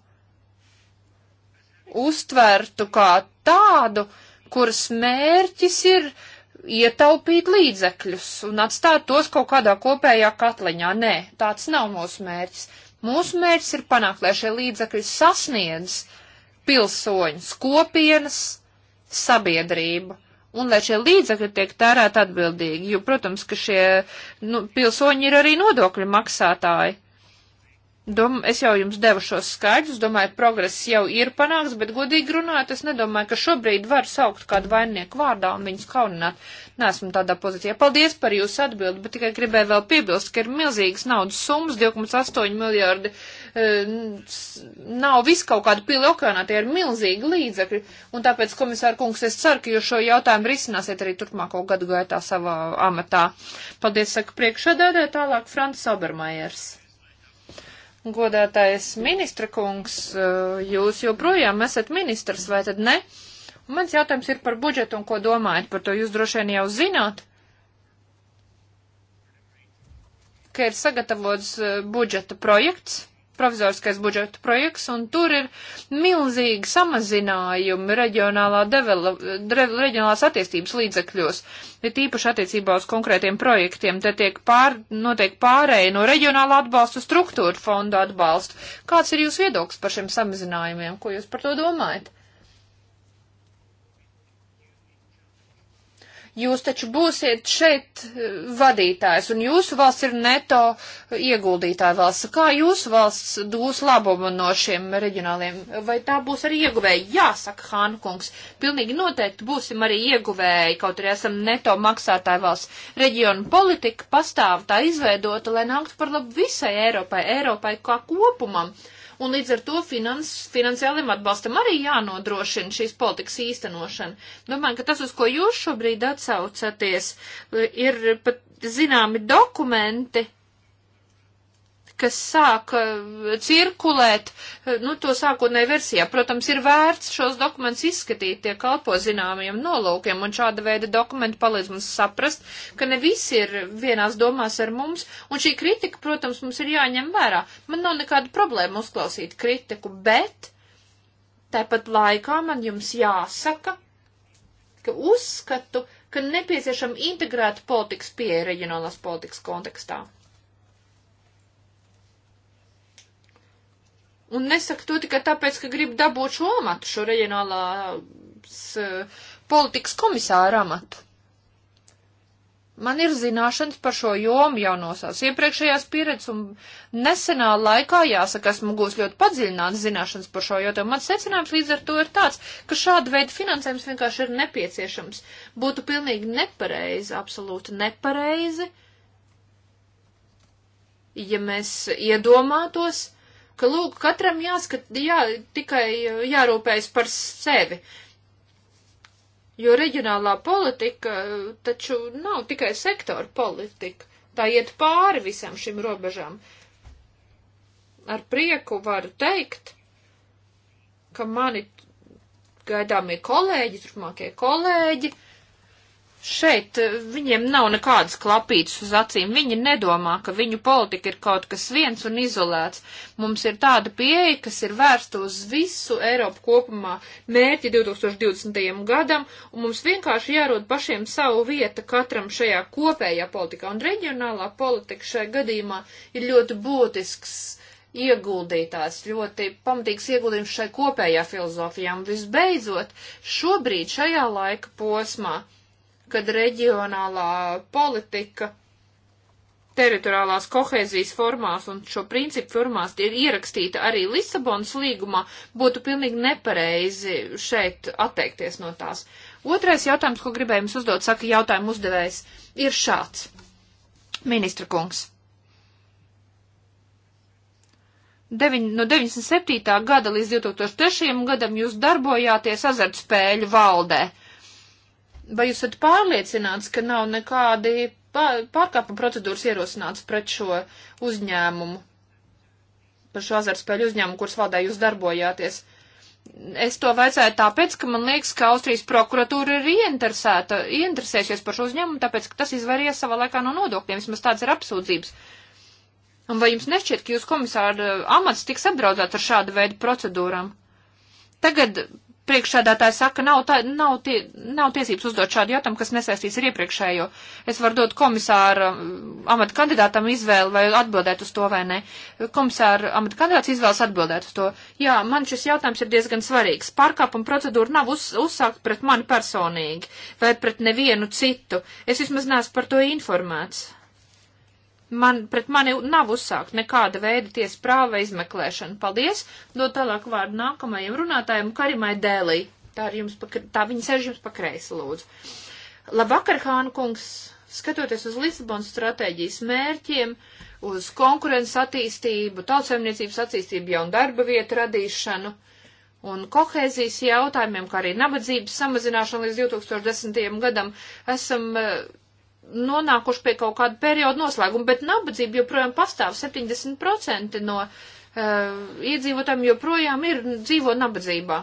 uztvertu kā tādu, kuras mērķis ir ietaupīt līdzekļus un atstāt tos kaut kādā kopējā katliņā. Nē, tāds nav mūsu mērķis. Mūsu mērķis ir panākt, lai šie līdzekļi sasniedz pilsoņus, kopienas, sabiedrību. Un lai šie līdzekļi tiek tērēti atbildīgi, jo, protams, ka šie nu, pilsoņi ir arī nodokļu maksātāji. Dom, es jau jums devu šos skaidrus, domāju, progress jau ir panāks, bet godīgi runājot, es nedomāju, ka šobrīd var saukt kādu vainnieku vārdā un viņus kaunināt. Nesmu tādā pozīcijā. Paldies par jūsu atbildi, bet tikai gribēju vēl piebilst, ka ir milzīgas naudas summas, 2,8 miljardi. E, nav viss kaut kāda pili okeānā, tie ir milzīgi līdzekļi. Un tāpēc, komisāra kungs, es ceru, ka jūs šo jautājumu risināsiet arī turpmāko gadu gaitā savā amatā. Paldies, saka priekšādēdē, tālāk Frants Obermajers godātais ministra kungs, eh, jūs joprojām esat ministrs, vai tad ne? Un mans jautājums ir par budžetu un ko domājat par to, jūs droši vien jau zināt, ka ir sagatavots eh, budžeta projekts provizoriskais budžeta projekts, un tur ir milzīgi samazinājumi reģionālā develop, re, reģionālās attīstības līdzekļos, ir tīpaši attiecībā uz konkrētiem projektiem, te tiek pār, notiek pārēja no reģionāla atbalsta struktūra fonda atbalstu. Kāds ir jūsu viedoklis par šiem samazinājumiem? Ko jūs par to domājat? Jūs taču būsiet šeit eh, vadītājs, un jūsu valsts ir neto ieguldītāja valsts. Kā jūsu valsts dūs labumu no šiem reģionāliem? Vai tā būs arī ieguvēja? Jā, saka Hānkungs, pilnīgi noteikti būsim arī ieguvēji, kaut arī esam neto maksātāja valsts. Reģionu politika pastāv tā izveidota, lai nāktu par labu visai Eiropai, Eiropai kā kopumam. Uh, un līdz ar to finans, finansiāliem atbalstam arī jānodrošina šīs politikas īstenošana. Domāju, ka tas, uz ko jūs šobrīd atsaucaties, ir pat zināmi dokumenti, kas sāk eh, cirkulēt, eh, nu, to sākotnēji versijā. Protams, ir vērts šos dokumentus izskatīt, tie kalpo zināmiem nolūkiem, un šāda veida dokumenti palīdz mums saprast, ka ne visi ir vienās domās ar mums, un šī kritika, protams, mums ir jāņem vērā. Man nav nekāda problēma uzklausīt kritiku, bet tāpat laikā man jums jāsaka, ka uzskatu, ka nepieciešama integrēta politikas pieeja reģionālās politikas kontekstā. Un nesaka to tikai tāpēc, ka grib dabūt šo amatu, šo reģionālās eh, politikas komisāra amatu. Man ir zināšanas par šo jomu jau no savas iepriekšējās pieredzes, un nesenā laikā, jāsaka, esmu gūst ļoti padziļināts zināšanas par šo jautājumu. Mans secinājums līdz ar to ir tāds, ka šāda veida finansējums vienkārši ir nepieciešams. Būtu pilnīgi nepareizi, absolūti nepareizi, ja mēs iedomātos, ka lūk, katram jāskat, jā, tikai eh, jārūpējas par sevi. Jo reģionālā politika eh, taču nav tikai sektora politika, tā iet pāri visām šīm robežām. Ar prieku varu teikt, ka mani gaidāmie kolēģi, turpmākie kolēģi, Šeit eh, viņiem nav nekādas klapītas uz acīm. Viņi nedomā, ka viņu politika ir kaut kas viens un izolēts. Mums ir tāda pieeja, kas ir vērsta uz visu Eiropu kopumā mērķi 2020. gadam, un mums vienkārši jārod pašiem savu vietu katram šajā kopējā politikā. Un reģionālā politika šajā gadījumā ir ļoti būtisks ieguldītās, ļoti pamatīgs ieguldījums šai kopējā filozofijā. Un visbeidzot, šobrīd šajā laika posmā kad reģionālā politika teritoriālās kohēzijas formās un šo principu formās ir ierakstīta arī Lisabonas līgumā, būtu pilnīgi nepareizi šeit atteikties no tās. Otrais jautājums, ko gribēju jums uzdot, saka jautājumu uzdevējs, ir šāds. Ministra kungs. Deviņ, no 97. gada līdz 2003. gadam jūs darbojāties azartspēļu valdē. Uh, Vai jūs esat pārliecināts, ka nav nekādi pārkāpuma procedūras ierosināts pret šo uzņēmumu, par šo azartspēļu uzņēmumu, kuras valdē jūs darbojāties? Es to vajadzēju tāpēc, ka man liekas, ka Austrijas prokuratūra ir ieinteresēta, ieinteresēsies par šo uzņēmumu, tāpēc, ka tas izvairījās savā laikā no nodokļiem, vismaz tāds ir apsūdzības. Un vai jums nešķiet, ka jūs komisāra amats tiks apdraudēts ar šādu veidu procedūrām? Tagad priekšsēdētāji saka, nav, tā, nav, tie, nav tiesības uzdot šādu jautājumu, kas nesaistīs ar iepriekšējo. Es varu dot komisāra um, amata kandidātam izvēli, vai atbildēt uz to vai nē. Komisāra amata kandidāts izvēlas atbildēt uz to. Jā, man šis jautājums ir diezgan svarīgs. Pārkāpuma procedūra nav uz, uzsākt pret mani personīgi vai pret nevienu citu. Es vismaz neesmu par to informēts. Man, pret mani nav uzsākt nekāda veida tiesprāva izmeklēšana. Paldies! Dod tālāk vārdu nākamajam runātājam Karimai Dēlī. Tā, pa, tā viņa sēž jums pa kreisi, lūdzu. Labvakar, Hāna kungs! Skatoties uz Lisabonas stratēģijas mērķiem, uz konkurences attīstību, tautsēmniecības attīstību, jaunu darba vietu radīšanu un kohēzijas jautājumiem, kā arī nabadzības samazināšanu līdz 2010. gadam, esam eh, nonākuši pie kaut kāda perioda noslēguma, bet nabadzība joprojām pastāv 70% no uh, iedzīvotājiem joprojām ir dzīvo nabadzībā.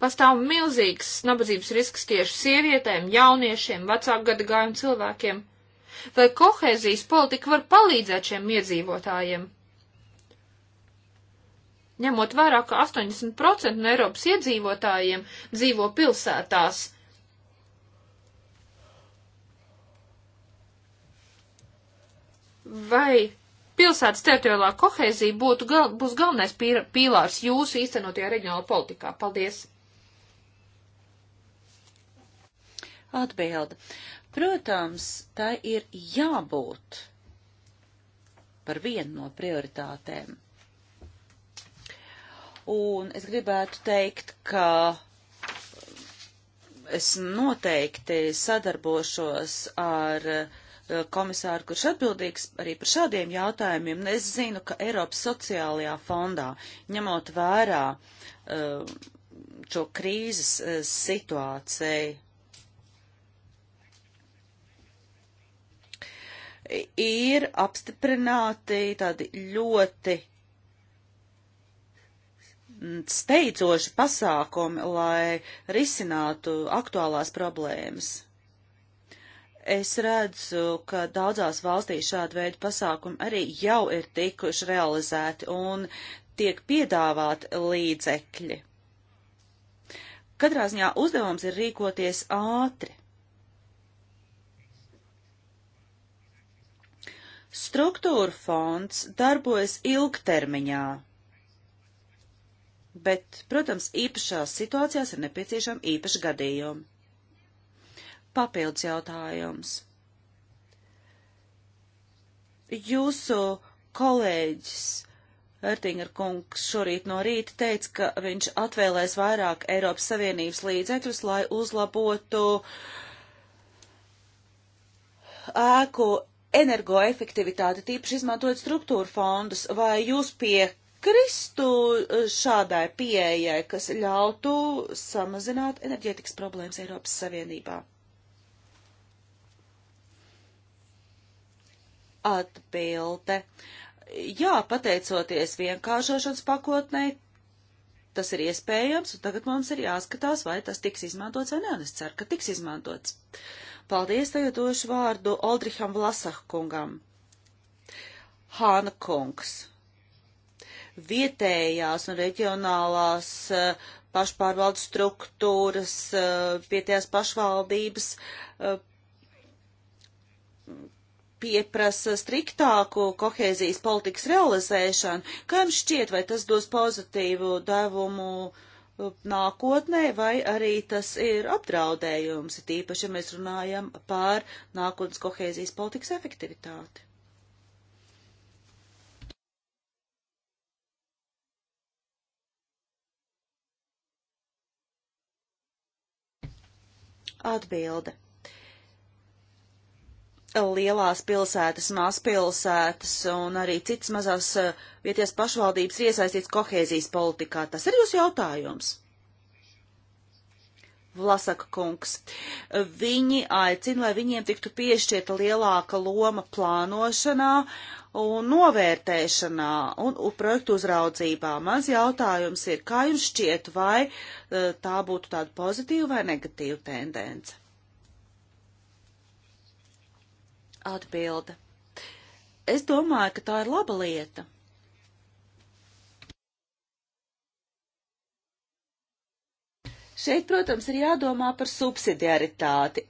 Pastāv milzīgs nabadzības risks tieši sievietēm, jauniešiem, vecāku gadu gājumu cilvēkiem. Vai kohēzijas politika var palīdzēt šiem iedzīvotājiem? Ņemot vērā, ka 80% no Eiropas iedzīvotājiem dzīvo pilsētās, vai pilsētas teritoriālā kohēzija būtu gal, būs galvenais pīr, pīlārs jūsu īstenotajā reģionāla politikā? Paldies! Atbilde. Protams, tā ir jābūt par vienu no prioritātēm. Un es gribētu teikt, ka es noteikti sadarbošos ar uh, Eh, komisāru, kurš atbildīgs arī par šādiem jautājumiem. Es zinu, ka Eiropas sociālajā fondā, ņemot vērā eh, šo krīzes eh, situāciju, ir apstiprināti tādi ļoti mm, steidzoši pasākumi, lai risinātu aktuālās problēmas. Es redzu, ka daudzās valstīs šāda veida pasākumi arī jau ir tikuši realizēti un tiek piedāvāti līdzekļi. Katrā ziņā uzdevums ir rīkoties ātri. Struktūra fonds darbojas ilgtermiņā, bet, protams, īpašās situācijās ir nepieciešama īpaša gadījuma papildus jautājums. Jūsu kolēģis Ertinger kungs šorīt no rīta teica, ka viņš atvēlēs vairāk Eiropas Savienības līdzekļus, lai uzlabotu ēku energoefektivitāti, tīpaši izmantojot struktūru fondus. Vai jūs piekristu šādai pieejai, kas ļautu samazināt enerģētikas problēmas Eiropas Savienībā? Atbilde. Jā, pateicoties vienkāršošanas pakotnē, tas ir iespējams, un tagad mums ir jāskatās, vai tas tiks izmantots vai nē, un es ceru, ka tiks izmantots. Paldies, tagad došu vārdu Oldriham Vlasahkungam. Hāna kungs. Vietējās un reģionālās eh, pašpārvaldes struktūras, eh, vietējās pašvaldības eh, pieprasa striktāku kohēzijas politikas realizēšanu, kam šķiet, vai tas dos pozitīvu devumu uh, nākotnē, vai arī tas ir apdraudējums, tīpaši, ja mēs runājam par nākotnes kohēzijas politikas efektivitāti. Atbilde lielās pilsētas, mazpilsētas un arī citas mazās eh, vietas pašvaldības ir iesaistīts kohēzijas politikā. Tas ir jūsu jautājums. Vlasaka kungs. Viņi aicina, lai viņiem tiktu piešķieta lielāka loma plānošanā un novērtēšanā un projektu uzraudzībā. Mans jautājums ir, kā jums šķiet, vai eh, tā būtu tāda pozitīva vai negatīva tendence? Atbilde. Es domāju, ka tā ir laba lieta. Šeit, protams, ir jādomā par subsidiaritāti.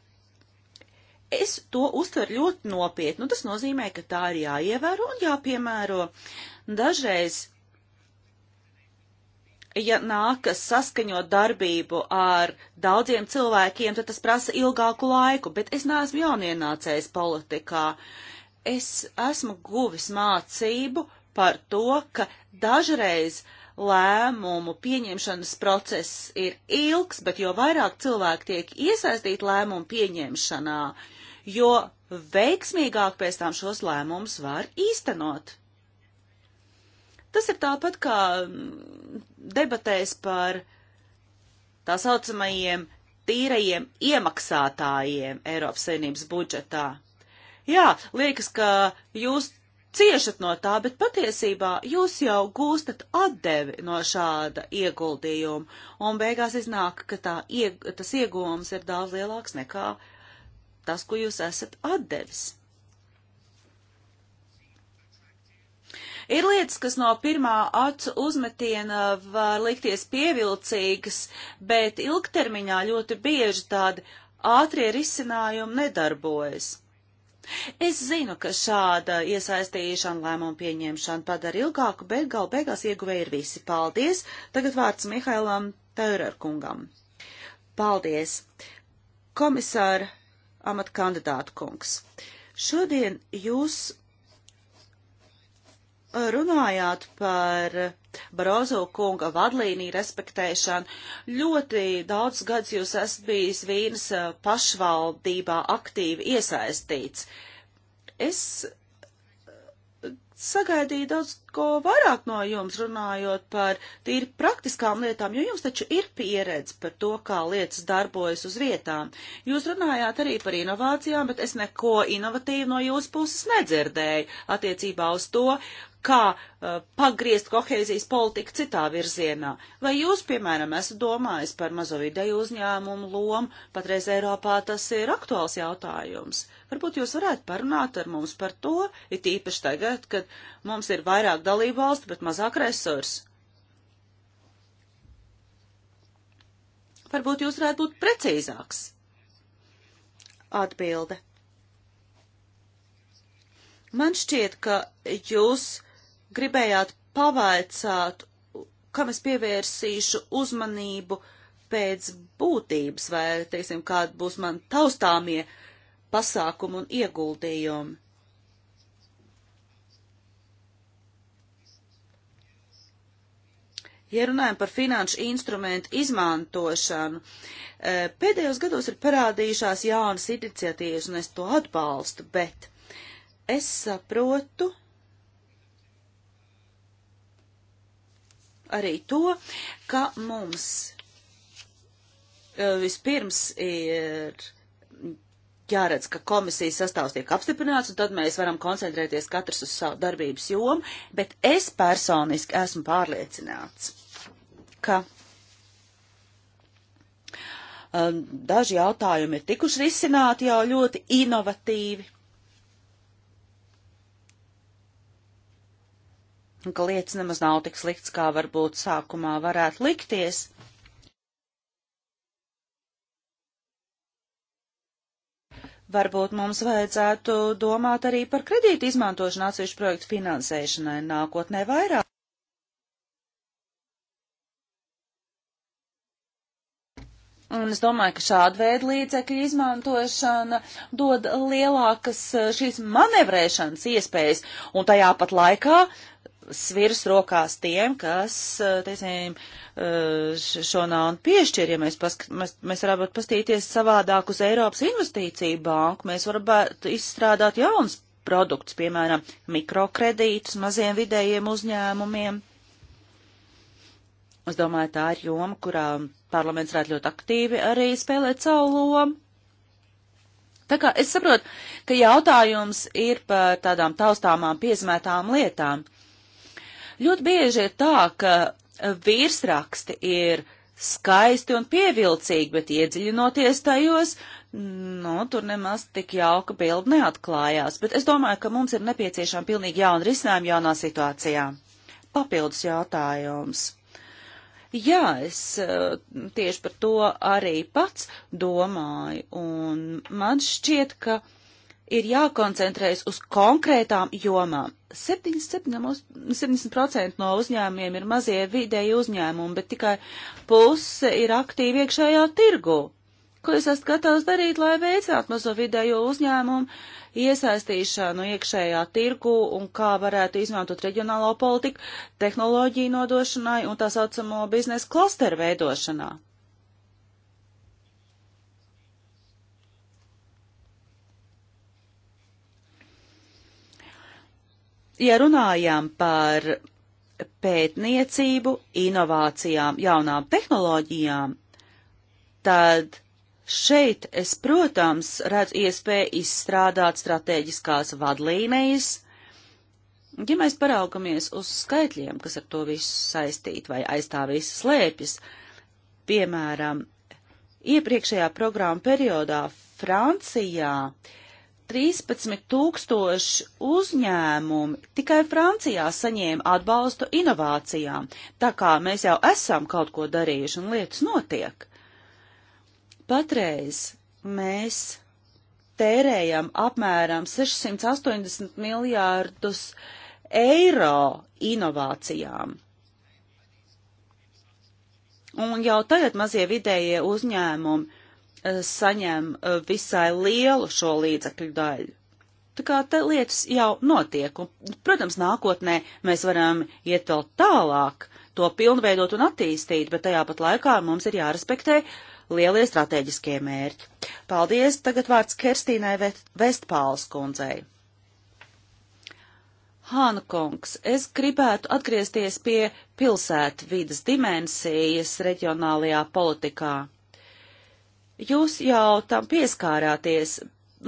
Es to uztveru ļoti nopietni, un tas nozīmē, ka tā ir jāievēro un jāpiemēro. Dažreiz ja nākas saskaņot darbību ar daudziem cilvēkiem, tad tas prasa ilgāku laiku, bet es neesmu jaunienācējis politikā. Es esmu guvis mācību par to, ka dažreiz lēmumu pieņemšanas process ir ilgs, bet jo vairāk cilvēki tiek iesaistīti lēmumu pieņemšanā, jo veiksmīgāk pēc tam šos lēmumus var īstenot. Tas ir tāpat kā mm, debatēs par tā saucamajiem tīrajiem iemaksātājiem Eiropas Savienības budžetā. Jā, liekas, ka jūs ciešat no tā, bet patiesībā jūs jau gūstat atdevi no šāda ieguldījuma, un beigās iznāk, ka tā, ieg tas iegūms ir daudz lielāks nekā tas, ko jūs esat atdevis. Ir lietas, kas no pirmā acu uzmetiena var likties pievilcīgas, bet ilgtermiņā ļoti bieži tādi ātrie risinājumi nedarbojas. Es zinu, ka šāda iesaistīšana lēmumu pieņemšana padara ilgāku, bet gal beigās ieguvēji ir visi. Paldies! Tagad vārds Mihailam Taurarkungam. Paldies! Komisāra amatkandidātu kungs. Šodien jūs runājāt par Barozo kunga vadlīniju respektēšanu. Ļoti daudz gads jūs esat bijis vīnas eh, pašvaldībā aktīvi iesaistīts. Es eh, sagaidīju daudz ko vairāk no jums runājot par tīri praktiskām lietām, jo jums taču ir pieredze par to, kā lietas darbojas uz vietām. Jūs runājāt arī par inovācijām, bet es neko inovatīvu no jūsu puses nedzirdēju attiecībā uz to, kā uh, pagriezt kohēzijas politiku citā virzienā. Vai jūs, piemēram, esat domājis par mazo vidēju uzņēmumu lomu? Patreiz Eiropā tas ir aktuāls jautājums. Varbūt jūs varētu parunāt ar mums par to, it īpaši tagad, kad mums ir vairāk vairāk dalību valstu, bet mazāk resursu. Varbūt jūs varētu būt precīzāks. Atbilde. Man šķiet, ka jūs gribējāt pavaicāt, kam es pievērsīšu uzmanību pēc būtības, vai, teiksim, kāda būs man taustāmie pasākumi un ieguldījumi. Ja runājam par finanšu instrumentu izmantošanu, eh, pēdējos gados ir parādījušās jaunas iniciatīvas, un es to atbalstu, bet es saprotu arī to, ka mums eh, vispirms ir jāredz, ka komisijas sastāvs tiek apstiprināts, un tad mēs varam koncentrēties katrs uz savu darbības jomu, bet es personiski esmu pārliecināts, ka um, daži jautājumi ir tikuši risināti jau ļoti inovatīvi, un ka lietas nemaz nav tik slikts, kā varbūt sākumā varētu likties. Varbūt mums vajadzētu domāt arī par kredītu izmantošanu atsevišķu projektu finansēšanai nākotnē vairāk. Un es domāju, ka šāda veida līdzekļu izmantošana dod lielākas eh, šīs manevrēšanas iespējas, un tajā pat laikā svirs rokās tiem, kas, eh, teiksim, eh, šo naudu piešķir. Ja mēs, pask, mēs, mēs varētu pastīties savādāk uz Eiropas investīciju banku, mēs varētu izstrādāt jaunas produkts, piemēram, mikrokredītus maziem vidējiem uzņēmumiem. Es domāju, tā ir joma, kurā parlaments varētu ļoti aktīvi arī spēlēt savu lomu. Tā kā es saprotu, ka jautājums ir par tādām taustāmām piezīmētām lietām. Ļoti bieži ir tā, ka eh, virsraksti ir skaisti un pievilcīgi, bet iedziļinoties tajos, nu, tur nemaz tik jauka bilde neatklājās. Bet es domāju, ka mums ir nepieciešama pilnīgi jauna risinājuma jaunā situācijā. Papildus jautājums. Jā, es eh, tieši par to arī pats domāju, un man šķiet, ka ir jākoncentrējas uz konkrētām jomām. 70% no uzņēmumiem ir mazie vidēji uzņēmumi, bet tikai puse ir aktīvi iekšējā tirgu. Ko jūs esat gatavs darīt, lai veicinātu mazo vidējo uzņēmumu iesaistīšanu iekšējā tirgu un kā varētu izmantot reģionālo politiku, tehnoloģiju nodošanai un tā saucamo biznesa klasteru veidošanā? Ja runājām par pētniecību, inovācijām, jaunām tehnoloģijām, tad šeit es, protams, redzu iespēju izstrādāt strateģiskās vadlīnijas, ja mēs paraugamies uz skaitļiem, kas ar to visu saistīt vai aiz tā visu slēpjas, piemēram, iepriekšējā programma periodā Francijā 13 tūkstoši uzņēmumi tikai Francijā saņēma atbalstu inovācijām, tā kā mēs jau esam kaut ko darījuši un lietas notiek. Patreiz mēs tērējam apmēram 680 miljārdus eiro inovācijām. Un jau tagad mazie vidējie uzņēmumi Eh, saņem eh, visai lielu šo līdzekļu daļu. Tā kā te lietas jau notiek, un, protams, nākotnē mēs varam iet vēl tālāk, to pilnveidot un attīstīt, bet tajā pat laikā mums ir jārespektē lielie strateģiskie mērķi. Paldies, tagad vārds Kerstīnai Vestpāls kundzei. Hāna kungs, es gribētu atgriezties pie pilsētu vidas dimensijas reģionālajā politikā jūs jau tam pieskārāties.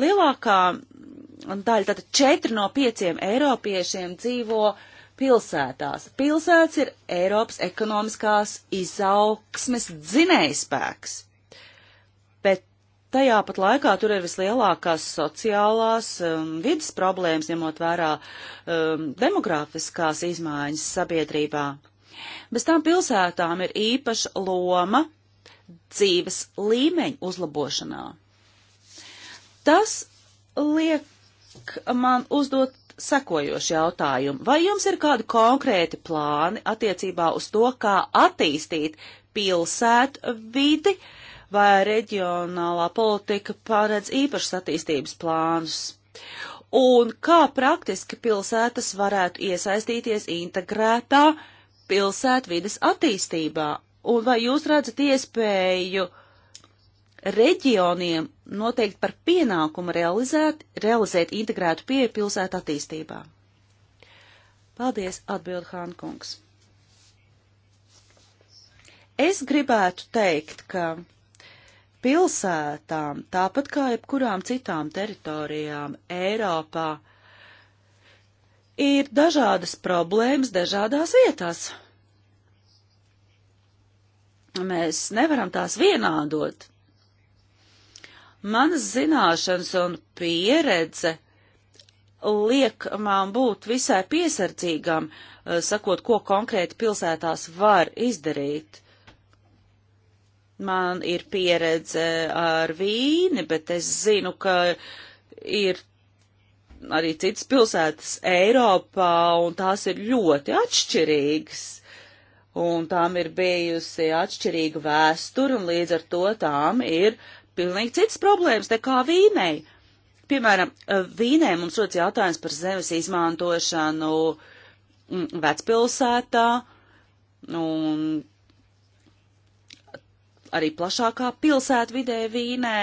Lielākā daļa, tātad 4 no 5 eiropiešiem dzīvo pilsētās. Pilsētas ir Eiropas ekonomiskās izaugsmes dzinējspēks, bet tajā pat laikā tur ir vislielākās sociālās um, vidas problēmas, ņemot vērā um, demografiskās izmaiņas sabiedrībā. Bez tām pilsētām ir īpaša loma dzīves līmeņa uzlabošanā. Tas liek man uzdot sekojošu jautājumu. Vai jums ir kādi konkrēti plāni attiecībā uz to, kā attīstīt pilsētu vidi, vai reģionālā politika paredz īpašas attīstības plānus? Un kā praktiski pilsētas varētu iesaistīties integrētā pilsētvidas attīstībā Un vai jūs redzat iespēju reģioniem noteikt par pienākumu realizēt, realizēt integrētu pieeju pilsētu attīstībā? Paldies, atbild Hānkungs. Es gribētu teikt, ka pilsētām, tāpat kā jebkurām citām teritorijām Eiropā, ir dažādas problēmas dažādās vietās mēs nevaram tās vienādot. Manas zināšanas un pieredze liek man būt visai piesardzīgam, eh, sakot, ko konkrēti pilsētās var izdarīt. Man ir pieredze ar vīni, bet es zinu, ka ir arī citas pilsētas Eiropā, un tās ir ļoti atšķirīgas un tām ir bijusi atšķirīga vēstura, un līdz ar to tām ir pilnīgi citas problēmas nekā vīnei. Piemēram, vīnē mums rodas jautājums par zemes izmantošanu mm, vecpilsētā un arī plašākā pilsētvidē vīnē.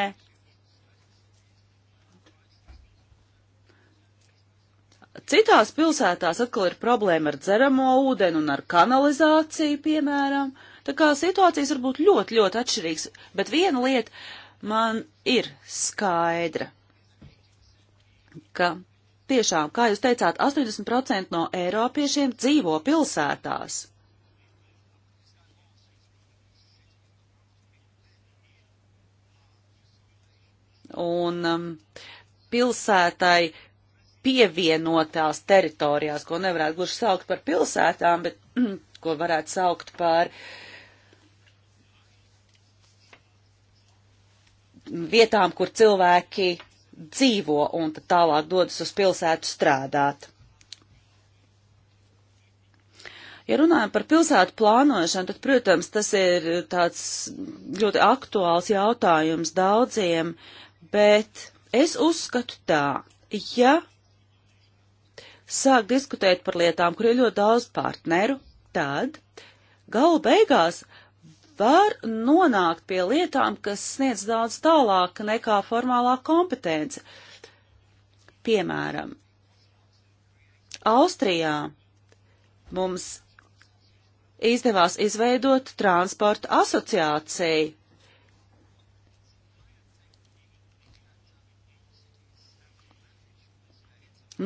Citās pilsētās atkal ir problēma ar dzeramo ūdeni un ar kanalizāciju, piemēram. Tā kā situācijas var būt ļoti, ļoti atšķirīgas, bet viena lieta man ir skaidra, ka tiešām, kā jūs teicāt, 80% no eiropiešiem dzīvo pilsētās. Un um, pilsētai pievienotās teritorijās, ko nevarētu gluži saukt par pilsētām, bet mm, ko varētu saukt par vietām, kur cilvēki dzīvo un tad tālāk dodas uz pilsētu strādāt. Ja runājam par pilsētu plānošanu, tad, protams, tas ir tāds ļoti aktuāls jautājums daudziem, bet es uzskatu tā, ja sāk diskutēt par lietām, kur ir ļoti daudz partneru, tad galu beigās var nonākt pie lietām, kas sniedz daudz tālāk nekā formālā kompetence. Piemēram, Austrijā mums izdevās izveidot transporta asociāciju,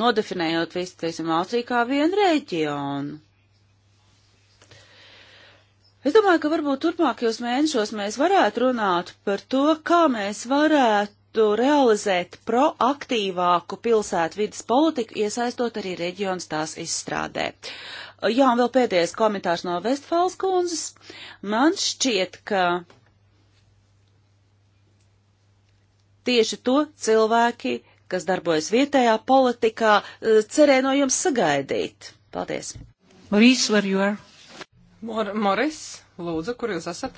nodefinējot visu, teiksim, Austriju kā vienu reģionu. Es domāju, ka varbūt turpmākajos mēnešos mēs varētu runāt par to, kā mēs varētu realizēt proaktīvāku pilsētu vidas politiku, iesaistot arī reģionus tās izstrādē. Jā, un vēl pēdējais komentārs no Vestfāls kundzes. Man šķiet, ka tieši to cilvēki kas darbojas vietējā politikā, eh, cerēju no jums sagaidīt. Paldies! Maurice, where you are? Mor Moris, lūdzu, kur jūs esat?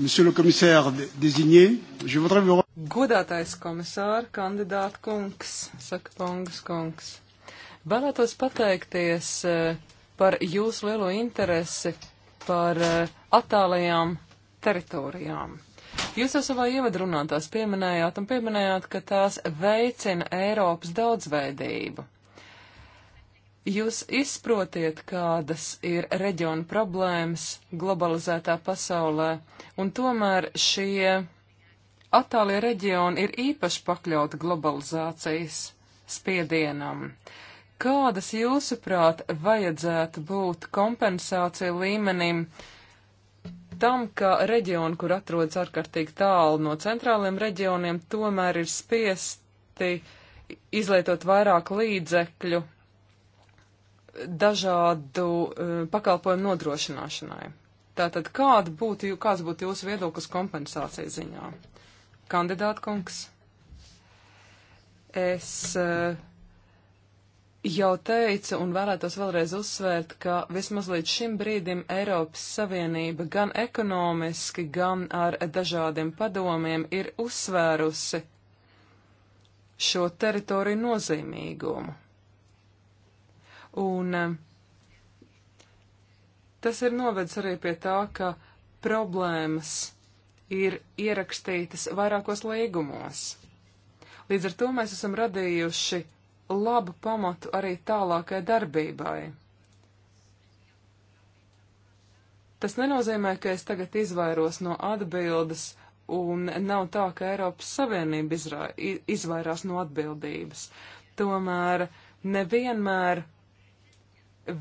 Monsieur le commissaire désigné, je voudrais vous... Godātais komisāra kandidāta kungs, saka Pongas kungs. Vēlētos pateikties eh, par jūsu lielo interesi par eh, attālajām teritorijām. Jūs jau savā ievadrunā tās pieminējāt un pieminējāt, ka tās veicina Eiropas daudzveidību. Jūs izprotiet, kādas ir reģiona problēmas globalizētā pasaulē, un tomēr šie attālie reģioni ir īpaši pakļauti globalizācijas spiedienam. Kādas jūsuprāt vajadzētu būt kompensācija līmenim? Uh, tam, ka reģioni, kur atrodas ārkārtīgi tālu no centrāliem reģioniem, tomēr ir spiesti izlietot vairāk līdzekļu dažādu uh, pakalpojumu nodrošināšanai. Tātad kāda būtu, kāds būtu jūsu viedoklis kompensācijas ziņā? Kandidātkungs? Es uh, jau teicu un vēlētos vēlreiz uzsvērt, ka vismaz līdz šim brīdim Eiropas Savienība gan ekonomiski, gan ar dažādiem padomiem ir uzsvērusi šo teritoriju nozīmīgumu. Un eh, tas ir novedis arī pie tā, ka problēmas ir ierakstītas vairākos līgumos. Līdz ar to mēs esam radījuši labu pamatu arī tālākai darbībai. Tas nenozīmē, ka es tagad izvairos no atbildes, un nav tā, ka Eiropas Savienība izrā, izvairās no atbildības. Tomēr nevienmēr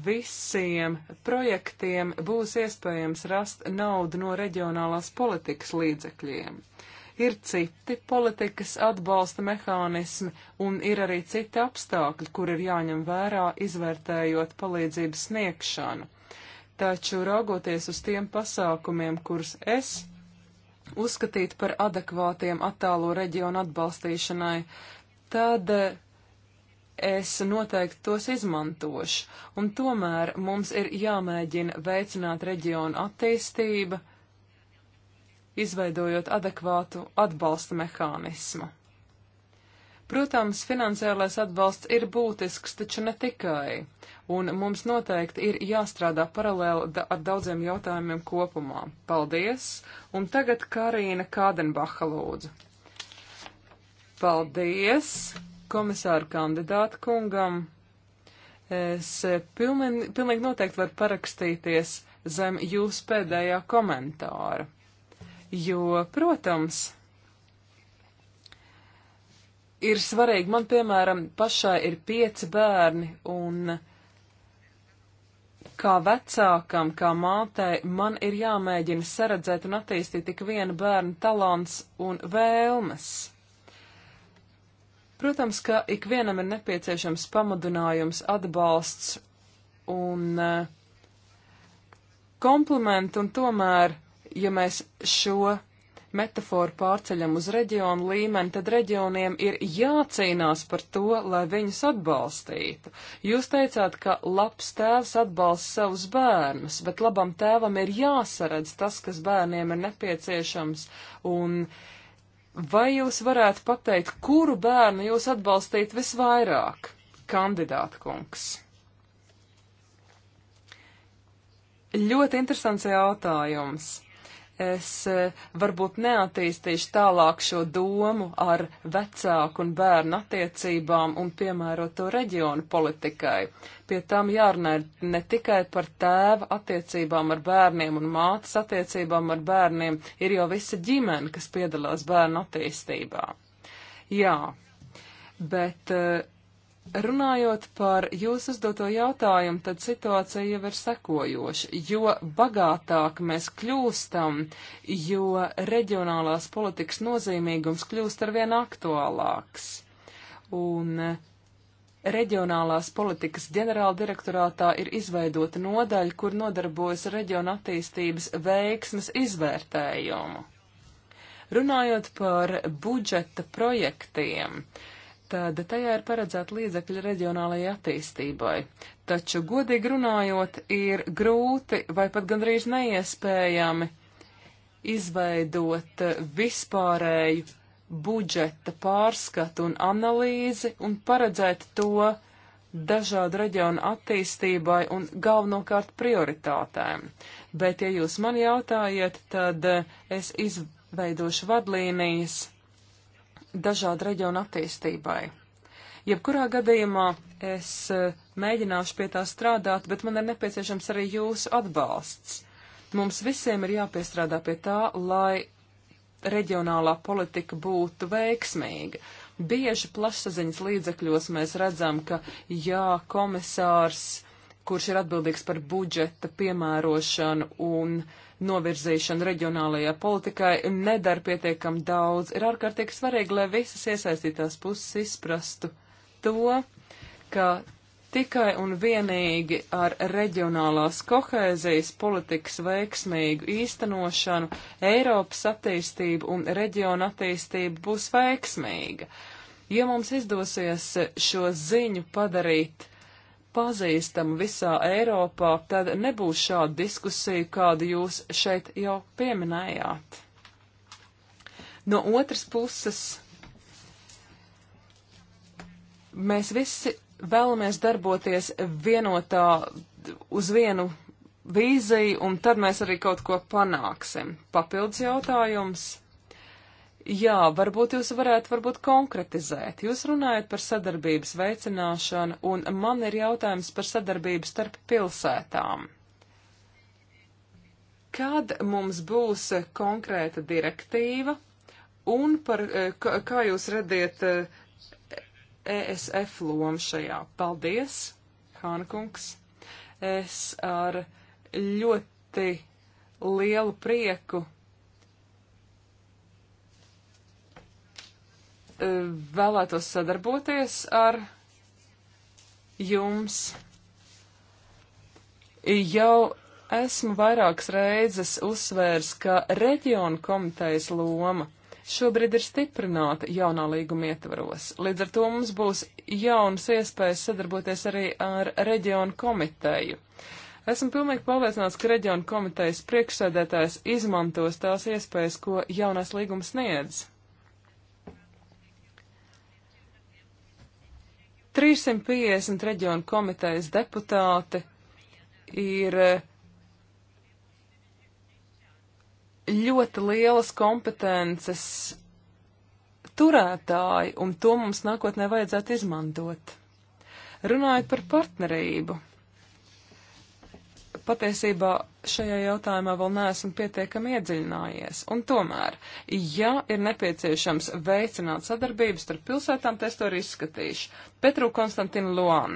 visiem projektiem būs iespējams rast naudu no reģionālās politikas līdzekļiem. Uh, Ir citi politikas atbalsta mehānismi un ir arī citi apstākļi, kur ir jāņem vērā, izvērtējot palīdzības sniegšanu. Taču raugoties uz tiem pasākumiem, kurus es uzskatītu par adekvātiem attālo reģionu atbalstīšanai, tad eh, es noteikti tos izmantošu. Un tomēr mums ir jāmēģina veicināt reģionu attīstību izveidojot adekvātu atbalsta mehānismu. Protams, finansiālais atbalsts ir būtisks, taču ne tikai, un mums noteikti ir jāstrādā paralēli da ar daudziem jautājumiem kopumā. Paldies! Un tagad Karīna Kādenbacha lūdzu. Paldies komisāru kandidātu kungam! Es eh, pilnīgi noteikti varu parakstīties zem jūsu pēdējā komentāra jo, protams, ir svarīgi, man, piemēram, pašai ir pieci bērni, un kā vecākam, kā mātei, man ir jāmēģina saredzēt un attīstīt tik vienu bērnu talants un vēlmes. Protams, ka ikvienam ir nepieciešams pamudinājums, atbalsts un eh, komplimenti, un tomēr ja mēs šo metaforu pārceļam uz reģionu līmeni, tad reģioniem ir jācīnās par to, lai viņus atbalstītu. Jūs teicāt, ka labs tēvs atbalsta savus bērnus, bet labam tēvam ir jāsaredz tas, kas bērniem ir nepieciešams, un vai jūs varētu pateikt, kuru bērnu jūs atbalstīt visvairāk, kandidātkungs? Ļoti interesants jautājums es e, varbūt neattīstīšu tālāk šo domu ar vecāku un bērnu attiecībām un piemēroto reģionu politikai. Pie tam jārunā ne tikai par tēva attiecībām ar bērniem un mātes attiecībām ar bērniem, ir jau visa ģimene, kas piedalās bērnu attīstībā. Jā, bet uh, Runājot par jūsu uzdoto jautājumu, tad situācija jau ir sekojoša. Jo bagātāk mēs kļūstam, jo reģionālās politikas nozīmīgums kļūst arvien aktuālāks. Un reģionālās politikas ģenerāldirektorātā ir izveidota nodaļa, kur nodarbojas reģiona attīstības veiksmes izvērtējumu. Runājot par budžeta projektiem, uh, tad tajā ir paredzēta līdzekļa reģionālajai attīstībai. Taču, godīgi runājot, ir grūti vai pat gandrīz neiespējami izveidot vispārēju budžeta pārskatu un analīzi un paredzēt to dažādu reģionu attīstībai un galvenokārt prioritātēm. Bet, ja jūs man jautājiet, tad es izveidošu vadlīnijas dažādu reģionu attīstībai. Jebkurā gadījumā es eh, mēģināšu pie tā strādāt, bet man ir nepieciešams arī jūsu atbalsts. Mums visiem ir jāpiestrādā pie tā, lai reģionālā politika būtu veiksmīga. Bieži plašsaziņas līdzekļos mēs redzam, ka jā, komisārs, kurš ir atbildīgs par budžeta piemērošanu un uh, novirzīšanu reģionālajā politikai nedara pietiekam daudz. Ir ārkārtīgi svarīgi, lai visas iesaistītās puses izprastu to, ka tikai un vienīgi ar reģionālās kohēzijas politikas veiksmīgu īstenošanu Eiropas attīstība un reģiona attīstība būs veiksmīga. Ja mums izdosies šo ziņu padarīt pazīstama visā Eiropā, tad nebūs šāda diskusija, kādu jūs šeit jau pieminējāt. No otras puses, mēs visi vēlamies darboties vienotā uz vienu vīziju, un tad mēs arī kaut ko panāksim. Papildus jautājums. Jā, varbūt jūs varētu varbūt konkretizēt. Jūs runājat par sadarbības veicināšanu, un man ir jautājums par sadarbību starp pilsētām. Kad mums būs konkrēta direktīva, un par, eh, kā jūs redzat ESF eh, e lomu šajā? Paldies, Hānkungs. Es ar ļoti lielu prieku vēlētos sadarboties ar jums. Jau esmu vairākas reizes uzsvērs, ka reģionu komitejas loma šobrīd ir stiprināta jaunā līguma ietvaros. Līdz ar to mums būs jaunas iespējas sadarboties arī ar reģionu komiteju. Esmu pilnīgi pārliecināts, ka reģionu komitejas priekšsēdētājs izmantos tās iespējas, ko jaunais līgums sniedz. 350 reģionu komitejas deputāti ir eh, ļoti lielas kompetences turētāji, un to mums nākotnē vajadzētu izmantot. Runājot par partnerību, Patiesībā šajā jautājumā vēl neesmu pietiekami iedziļinājies. Un tomēr, ja ir nepieciešams veicināt sadarbības starp pilsētām, es to arī izskatīšu. Petru Konstantinu Luan.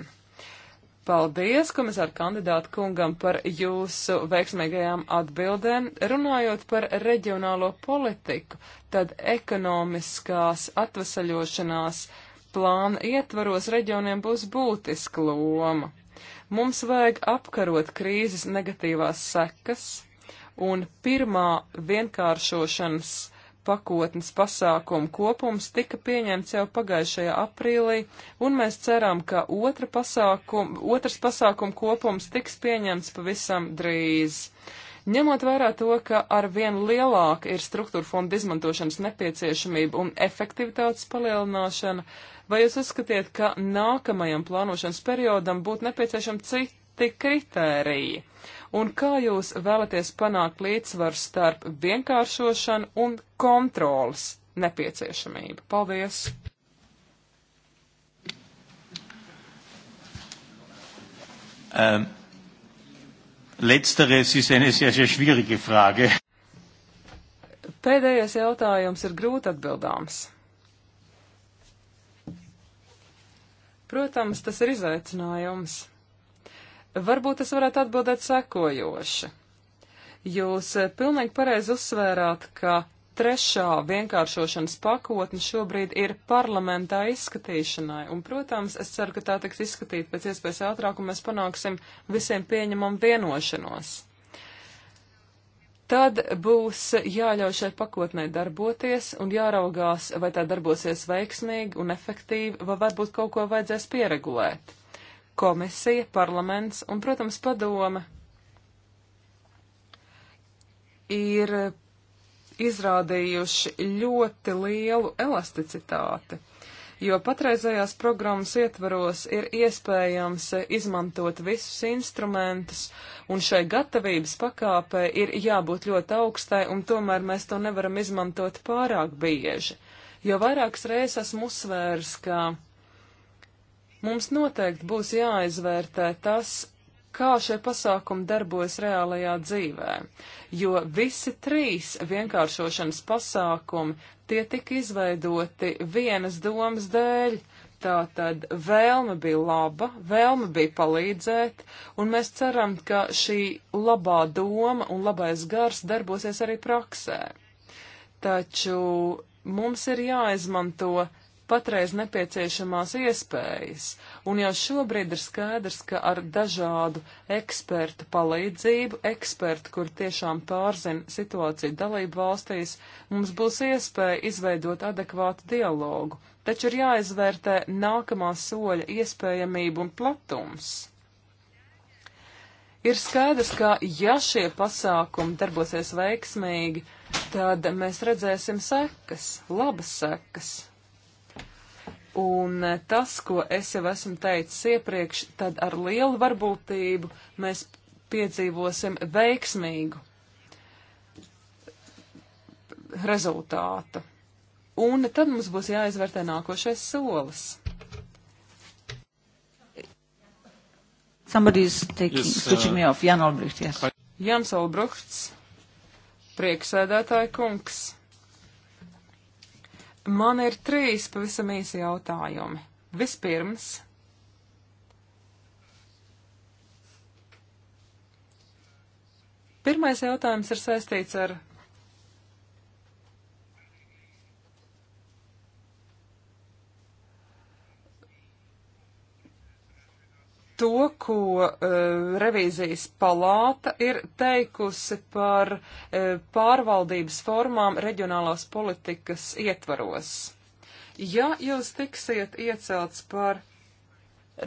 Paldies, komisāra kandidāta kungam, par jūsu veiksmīgajām atbildēm. Runājot par reģionālo politiku, tad ekonomiskās atvesaļošanās plāna ietvaros reģioniem būs būtiska loma. Mums vajag apkarot krīzes negatīvās sekas, un pirmā vienkāršošanas pakotnes pasākumu kopums tika pieņemts jau pagājušajā aprīlī, un mēs ceram, ka otra pasākum, otrs pasākumu kopums tiks pieņemts pavisam drīz. Ņemot vērā to, ka ar vien lielāka ir struktūra fonda izmantošanas nepieciešamība un efektivitātes palielināšana, uh, Vai jūs uzskatiet, ka nākamajam plānošanas periodam būtu nepieciešami citi kritēriji? Un kā jūs vēlaties panākt līdzsvaru starp vienkāršošanu un kontrolas nepieciešamību? Paldies! Um. Ähm, Letzteres ist eine sehr, sehr schwierige Frage. Pēdējais jautājums ir grūti atbildāms. Protams, tas ir izaicinājums. Varbūt es varētu atbildēt sekojoši. Jūs eh, pilnīgi pareizi uzsvērāt, ka trešā vienkāršošanas pakotne šobrīd ir parlamentā izskatīšanai, un, protams, es ceru, ka tā tiks izskatīta pēc iespējas ātrāk, un mēs panāksim visiem pieņemam vienošanos. Tad būs jāļauj šai pakotnē darboties un jāraugās, vai tā darbosies veiksmīgi un efektīvi, vai varbūt kaut ko vajadzēs pieregulēt. Komisija, parlaments un, protams, padome ir izrādījuši ļoti lielu elasticitāti jo patreizējās programmas ietvaros ir iespējams izmantot visus instrumentus, un šai gatavības pakāpē ir jābūt ļoti augstai, un tomēr mēs to nevaram izmantot pārāk bieži. Jo vairākas reizes esmu uzsvērs, ka mums noteikti būs jāizvērtē tas, kā šie pasākumi darbojas reālajā dzīvē, jo visi trīs vienkāršošanas pasākumi tie tika izveidoti vienas domas dēļ. Tā tad vēlme bija laba, vēlme bija palīdzēt, un mēs ceram, ka šī labā doma un labais gars darbosies arī praksē. Taču mums ir jāizmanto patreiz nepieciešamās iespējas, un jau šobrīd ir skaidrs, ka ar dažādu ekspertu palīdzību, ekspertu, kur tiešām pārzina situāciju dalību valstīs, mums būs iespēja izveidot adekvātu dialogu, taču ir jāizvērtē nākamā soļa iespējamība un platums. Ir skaidrs, ka ja šie pasākumi darbosies veiksmīgi, tad mēs redzēsim sekas, labas sekas, Un eh, tas, ko es jau esmu teicis iepriekš, tad ar lielu varbūtību mēs piedzīvosim veiksmīgu rezultātu. Un tad mums būs jāizvērtē nākošais solis. Somebody's taking, yes, uh, switching me off. Jan Olbricht, yes. Jans Olbrichts, prieksēdētāja kungs. Man ir trīs pavisam īsi jautājumi. Vispirms. Pirmais jautājums ir saistīts ar to, ko uh, revīzijas palāta ir teikusi par uh, pārvaldības formām reģionālās politikas ietvaros. Ja jūs tiksiet iecelts par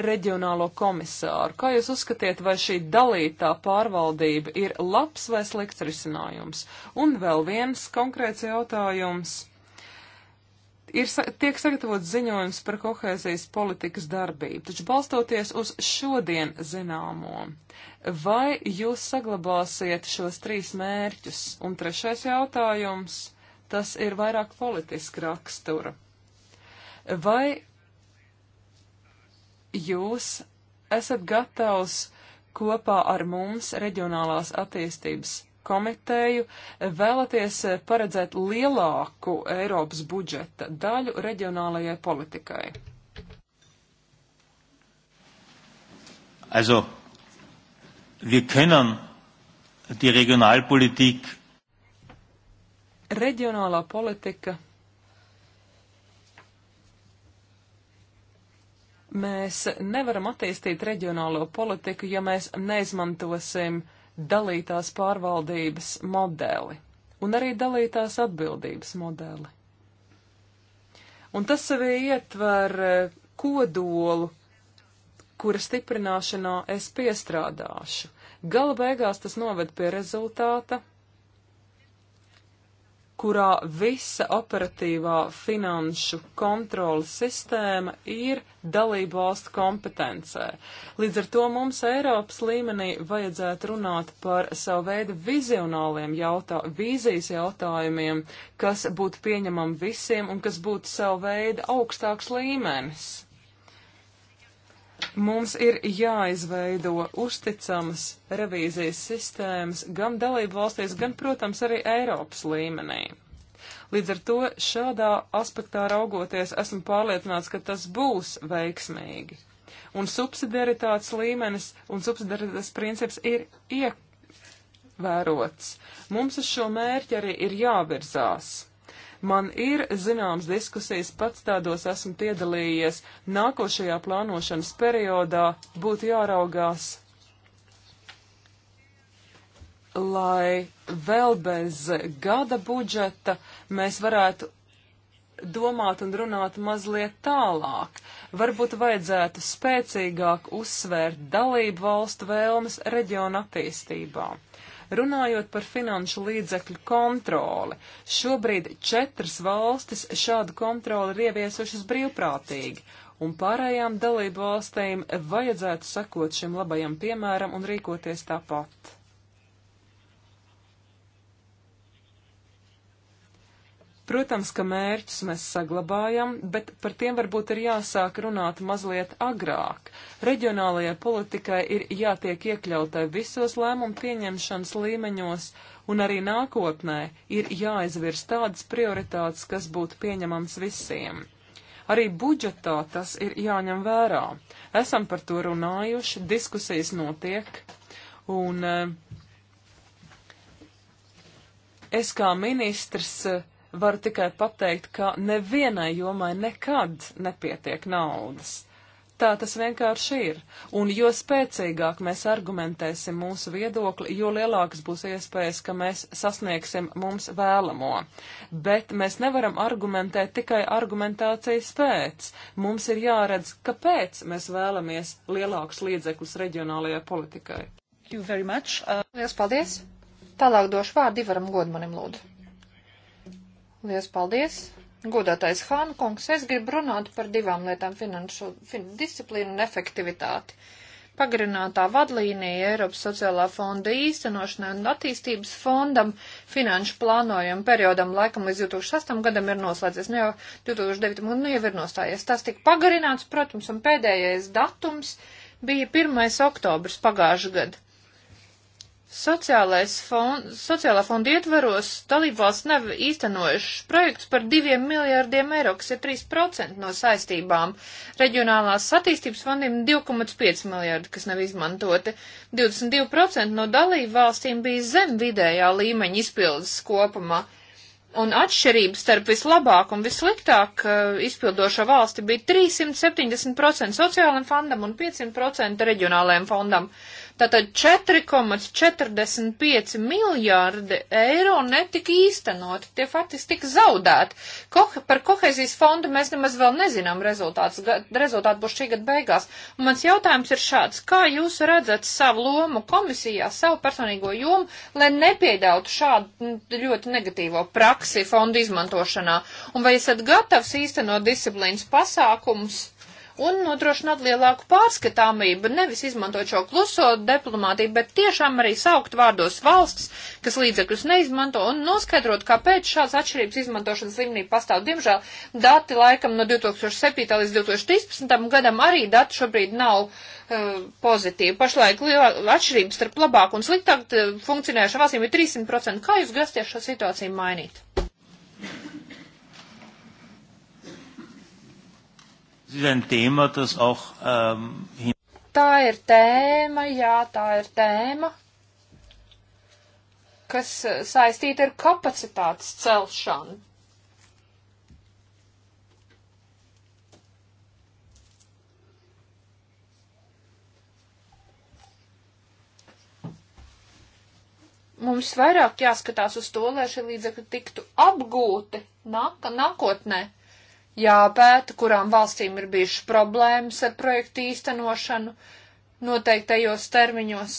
reģionālo komisāru, kā jūs uzskatiet, vai šī dalītā pārvaldība ir labs vai slikts risinājums? Un vēl viens konkrēts jautājums ir, tiek sagatavots ziņojums par kohēzijas politikas darbību, taču balstoties uz šodien zināmo, vai jūs saglabāsiet šos trīs mērķus? Un trešais jautājums, tas ir vairāk politiska rakstura. Vai jūs esat gatavs kopā ar mums reģionālās attīstības komiteju vēlaties paredzēt lielāku Eiropas budžeta daļu reģionālajai politikai? Also, wir können die Regionalpolitik. Reģionālā politika. Mēs nevaram attīstīt reģionālo politiku, ja mēs neizmantosim uh, dalītās pārvaldības modeli un arī dalītās atbildības modeli. Un tas sevī ietver e, kodolu, kura stiprināšanā es piestrādāšu. Gala beigās tas noved pie rezultāta, kurā visa operatīvā finanšu kontrolas sistēma ir dalību valstu kompetencē. Līdz ar to mums Eiropas līmenī vajadzētu runāt par savu veidu vizionāliem jautā, vīzijas jautājumiem, kas būtu pieņemam visiem un kas būtu savu veidu augstāks līmenis. Mums ir jāizveido uzticamas revīzijas sistēmas gan dalību valstīs, gan, protams, arī Eiropas līmenī. Līdz ar to šādā aspektā raugoties, esmu pārliecināts, ka tas būs veiksmīgi. Un subsidiaritātes līmenis un subsidiaritātes princips ir iekļauts vērots. Mums uz šo mērķi arī ir jāvirzās. Man ir zināms diskusijas, pats tādos esmu piedalījies. Nākošajā plānošanas periodā būtu jāraugās, lai vēl bez gada budžeta mēs varētu domāt un runāt mazliet tālāk. Varbūt vajadzētu spēcīgāk uzsvērt dalību valstu vēlmes reģionu attīstībām. Runājot par finanšu līdzekļu kontroli, šobrīd četras valstis šādu kontroli ir ieviesušas brīvprātīgi, un pārējām dalību valstīm vajadzētu sekot šim labajam piemēram un rīkoties tāpat. Protams, ka mērķus mēs saglabājam, bet par tiem varbūt ir jāsāk runāt mazliet agrāk. Reģionālajai politikai ir jātiek iekļautai visos lēmumu pieņemšanas līmeņos, un arī nākotnē ir jāizvirs tādas prioritātes, kas būtu pieņemams visiem. Arī budžetā tas ir jāņem vērā. Esam par to runājuši, diskusijas notiek, un eh, es kā ministrs eh, Varu tikai pateikt, ka nevienai jomai nekad nepietiek naudas. Tā tas vienkārši ir. Un jo spēcīgāk mēs argumentēsim mūsu viedokli, jo lielākas būs iespējas, ka mēs sasniegsim mums vēlamo. Bet mēs nevaram argumentēt tikai argumentācijas pēc. Mums ir jāredz, kāpēc mēs vēlamies lielākus līdzekļus reģionālajai politikai. Lielas paldies! Tālāk došu vārdu Ivaram Godmanim lūdzu. Lielas paldies! Godātais Hānkungs, es gribu runāt par divām lietām - finanšu fin, disciplīnu un efektivitāti. Pagarinātā vadlīnija Eiropas sociālā fonda īstenošanai un attīstības fondam finanšu plānojumu periodam laikam līdz 2008 gadam ir noslēdzies, ne nu jau 2009 un nu jau ir nostājies. Tas tika pagarināts, protams, un pēdējais datums bija 1. oktobrs pagājušajā gadā. Sociālais fond, sociālā fonda ietvaros dalībvalsts nav īstenojuši projekts par diviem miljārdiem eiro, kas ir 3% no saistībām. Reģionālās attīstības fondiem 2,5 miljārdi, kas nav izmantoti. 22% no dalībvalstīm bija zem vidējā līmeņa izpildes kopumā. Un atšķirības starp vislabāk un vissliktāk uh, izpildošo valsti bija 370% sociālajiem fondam un 500% reģionālajiem fondam. Uh, Tātad 4,45 miljārdi eiro netika īstenoti, tie faktiski tika zaudēti. Kohe, par kohezijas fondu mēs nemaz vēl nezinām rezultātus, rezultāti būs šī gada beigās. Un mans jautājums ir šāds, kā jūs redzat savu lomu komisijā, savu personīgo jomu, lai nepieļautu šādu ļoti negatīvo praksi fondu izmantošanā? Un vai esat gatavs īstenot disciplīnas pasākumus? un nodrošināt lielāku pārskatāmību, nevis izmantot šo kluso diplomātiju, bet tiešām arī saukt vārdos valsts, kas līdzekļus neizmanto un noskaidrot, kāpēc šāds atšķirības izmantošanas līmenī pastāv. Diemžēl dati laikam no 2007. līdz 2013. gadam arī dati šobrīd nav uh, pozitīvi. Pašlaik atšķirības starp labāk un sliktāk uh, funkcionējušām valstīm ir 300%. Kā jūs grasties šo situāciju mainīt? ein Thema, das auch ähm, Tā ir tēma, jā, tā ir tēma, kas uh, saistīta ar kapacitātes celšanu. mums vairāk jāskatās uz to, lai šie līdzekļi tiktu apgūti nāk, nākotnē jāpēta, kurām valstīm ir bijušas problēmas ar projektu īstenošanu noteiktajos termiņos,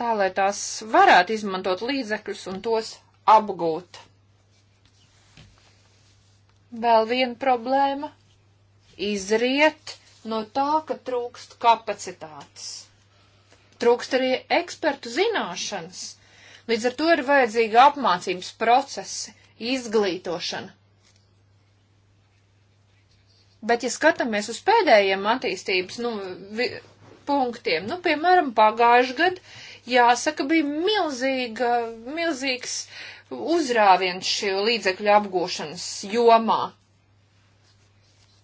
tā lai tās varētu izmantot līdzekļus un tos apgūt. Vēl viena problēma izriet no tā, ka trūkst kapacitātes. Trūkst arī ekspertu zināšanas. Līdz ar to ir vajadzīga apmācības procesi, izglītošana. Bet, ja skatāmies uz pēdējiem attīstības nu, vi, punktiem, nu, piemēram, pagājuši gadu, jāsaka, bija milzīga, milzīgs uzrāviens šī līdzekļu apgūšanas jomā.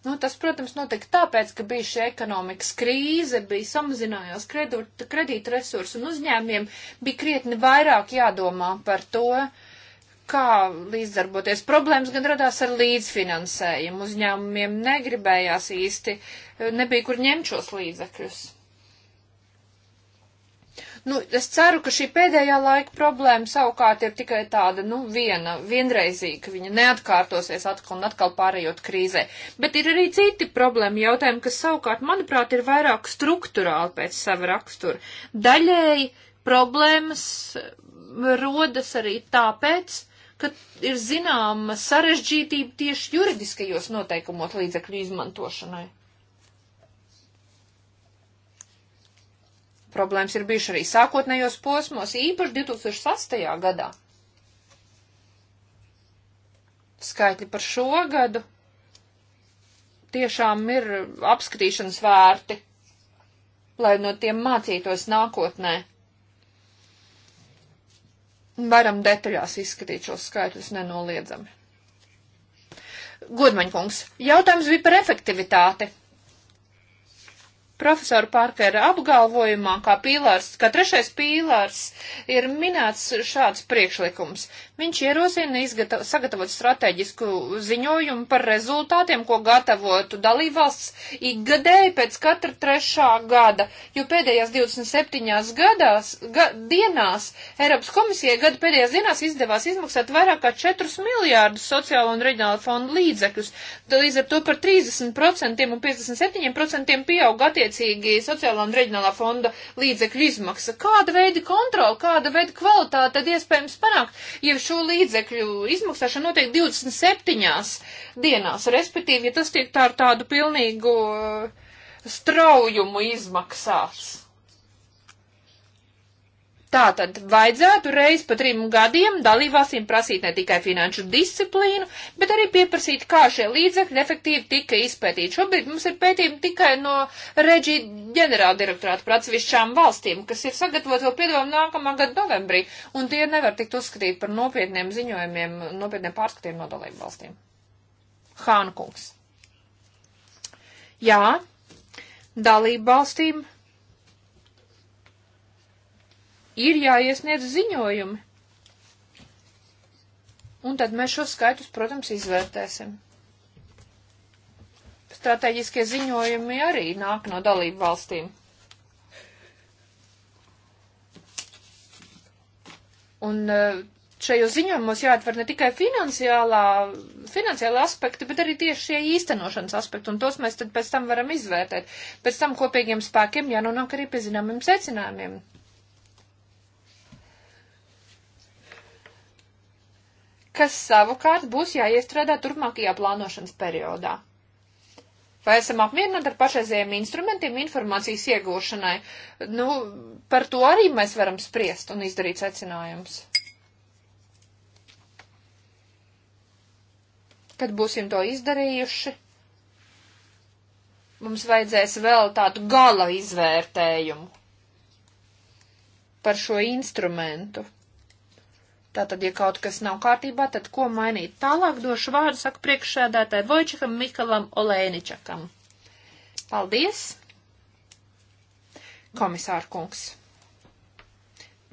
Nu, tas, protams, notika tāpēc, ka bija šī ekonomikas krīze, bija samazinājās kredītresursi un uzņēmiem bija krietni vairāk jādomā par to, uh, kā līdzdarboties. Problēmas gan radās ar līdzfinansējumu. Uzņēmumiem negribējās īsti, nebija kur ņemt šos līdzekļus. Nu, es ceru, ka šī pēdējā laika problēma savukārt ir tikai tāda, nu, viena, vienreizīga, viņa neatkārtosies atkal un atkal pārējot krīzē. Bet ir arī citi problēma jautājumi, kas savukārt, manuprāt, ir vairāk struktūrāli pēc sava rakstura. Daļēji problēmas rodas arī tāpēc, ka ir zināma sarežģītība tieši juridiskajos noteikumos līdzekļu izmantošanai. Problēmas ir bijušas arī sākotnējos posmos, īpaši 2008. gadā. Skaitļi par šo gadu tiešām ir apskatīšanas vērti, lai no tiem mācītos nākotnē varam detaļās izskatīt šos skaitļus nenoliedzami. Godmaņkungs, jautājums bija par efektivitāti profesoru Parkera apgalvojumā, kā pīlārs, kā trešais pīlārs, ir minēts šāds priekšlikums. Viņš ierosina izgatav, sagatavot strateģisku ziņojumu par rezultātiem, ko gatavotu dalībvalsts ikgadēji pēc katra trešā gada, jo pēdējās 27 gadās, ga, dienās Eiropas komisijai gada pēdējās dienās izdevās izmaksāt vairāk kā 4 miljārdus sociālo un reģionālo fondu līdzekļus, līdz ar to par 30% un 57% pieaug attiecībā attiecīgi sociālā un reģionālā fonda līdzekļu izmaksa. Kāda veida kontrola, kāda veida kvalitāte tad iespējams panākt, ja šo līdzekļu izmaksāšana notiek 27 dienās, respektīvi, ja tas tiek tā ar tādu pilnīgu uh, straujumu izmaksās? Tātad vajadzētu reiz pa trim gadiem dalībvalstīm prasīt ne tikai finanšu disciplīnu, bet arī pieprasīt, kā šie līdzekļi efektīvi tika izpētīti. Šobrīd mums ir pētījumi tikai no reģi ģenerāla direktorāta par atsevišķām valstīm, kas ir sagatavot vēl piedāvājumu nākamā gada novembrī, un tie nevar tikt uzskatīti par nopietniem ziņojumiem, nopietniem pārskatiem no dalībvalstīm. Hānkungs. Jā, dalībvalstīm ir jāiesniedz ziņojumi. Un tad mēs šos skaitus, protams, izvērtēsim. Stratēģiskie ziņojumi arī nāk no dalību valstīm. Un eh, šajos ziņojumos jāatver ne tikai finansiālā, finansiālā aspekta, bet arī tieši šie īstenošanas aspekti, un tos mēs tad pēc tam varam izvērtēt. Pēc tam kopīgiem spēkiem jānonāk arī pie zināmiem secinājumiem. kas savukārt būs jāiestrādā turpmākajā plānošanas periodā. Vai esam apmierināti ar pašreizējiem instrumentiem informācijas iegūšanai? Nu, par to arī mēs varam spriest un izdarīt secinājumus. Kad būsim to izdarījuši, mums vajadzēs vēl tādu gala izvērtējumu par šo instrumentu. Tātad, ja kaut kas nav kārtībā, tad ko mainīt? Tālāk došu vārdu, saka priekšsēdētāji Vojčikam Mikalam Olēničakam. Paldies, komisāra kungs.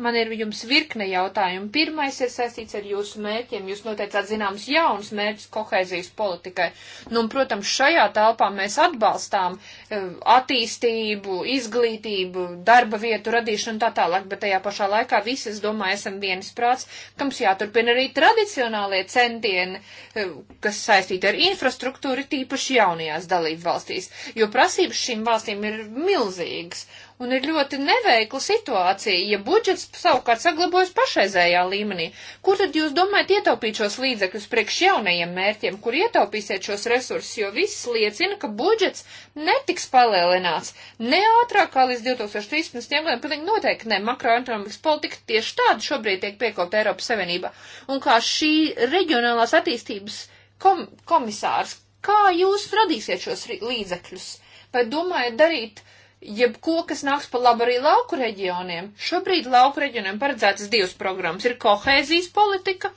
Man ir jums virkne jautājumu. Pirmais ir saistīts ar jūsu mērķiem. Jūs noteicāt zināms jauns mērķis kohēzijas politikai. Nu, un, protams, šajā telpā mēs atbalstām eh, attīstību, izglītību, darba vietu radīšanu un tā tālāk, bet tajā pašā laikā visi, es domāju, esam viensprāts, ka mums jāturpina arī tradicionālie centieni, eh, kas saistīti ar infrastruktūru, tīpaši jaunajās dalību valstīs, jo prasības šīm valstīm ir milzīgas un ir ļoti neveikla situācija, ja budžets savukārt saglabojas pašreizējā līmenī. Kur tad jūs domājat ietaupīt šos līdzekļus priekš jaunajiem mērķiem, kur ietaupīsiet šos resursus, jo viss liecina, ka budžets netiks palielināts ne ātrāk kā līdz 2013. gadam, pilnīgi noteikti ne makroekonomikas politika tieši tāda šobrīd tiek piekopta Eiropas Savienībā. Un kā šī reģionālās attīstības kom komisārs, kā jūs radīsiet šos līdzekļus? Vai domājat darīt uh, jebko, kas nāks pa labu arī lauku reģioniem. Šobrīd lauku reģioniem paredzētas divas programmas - ir kohēzijas politika,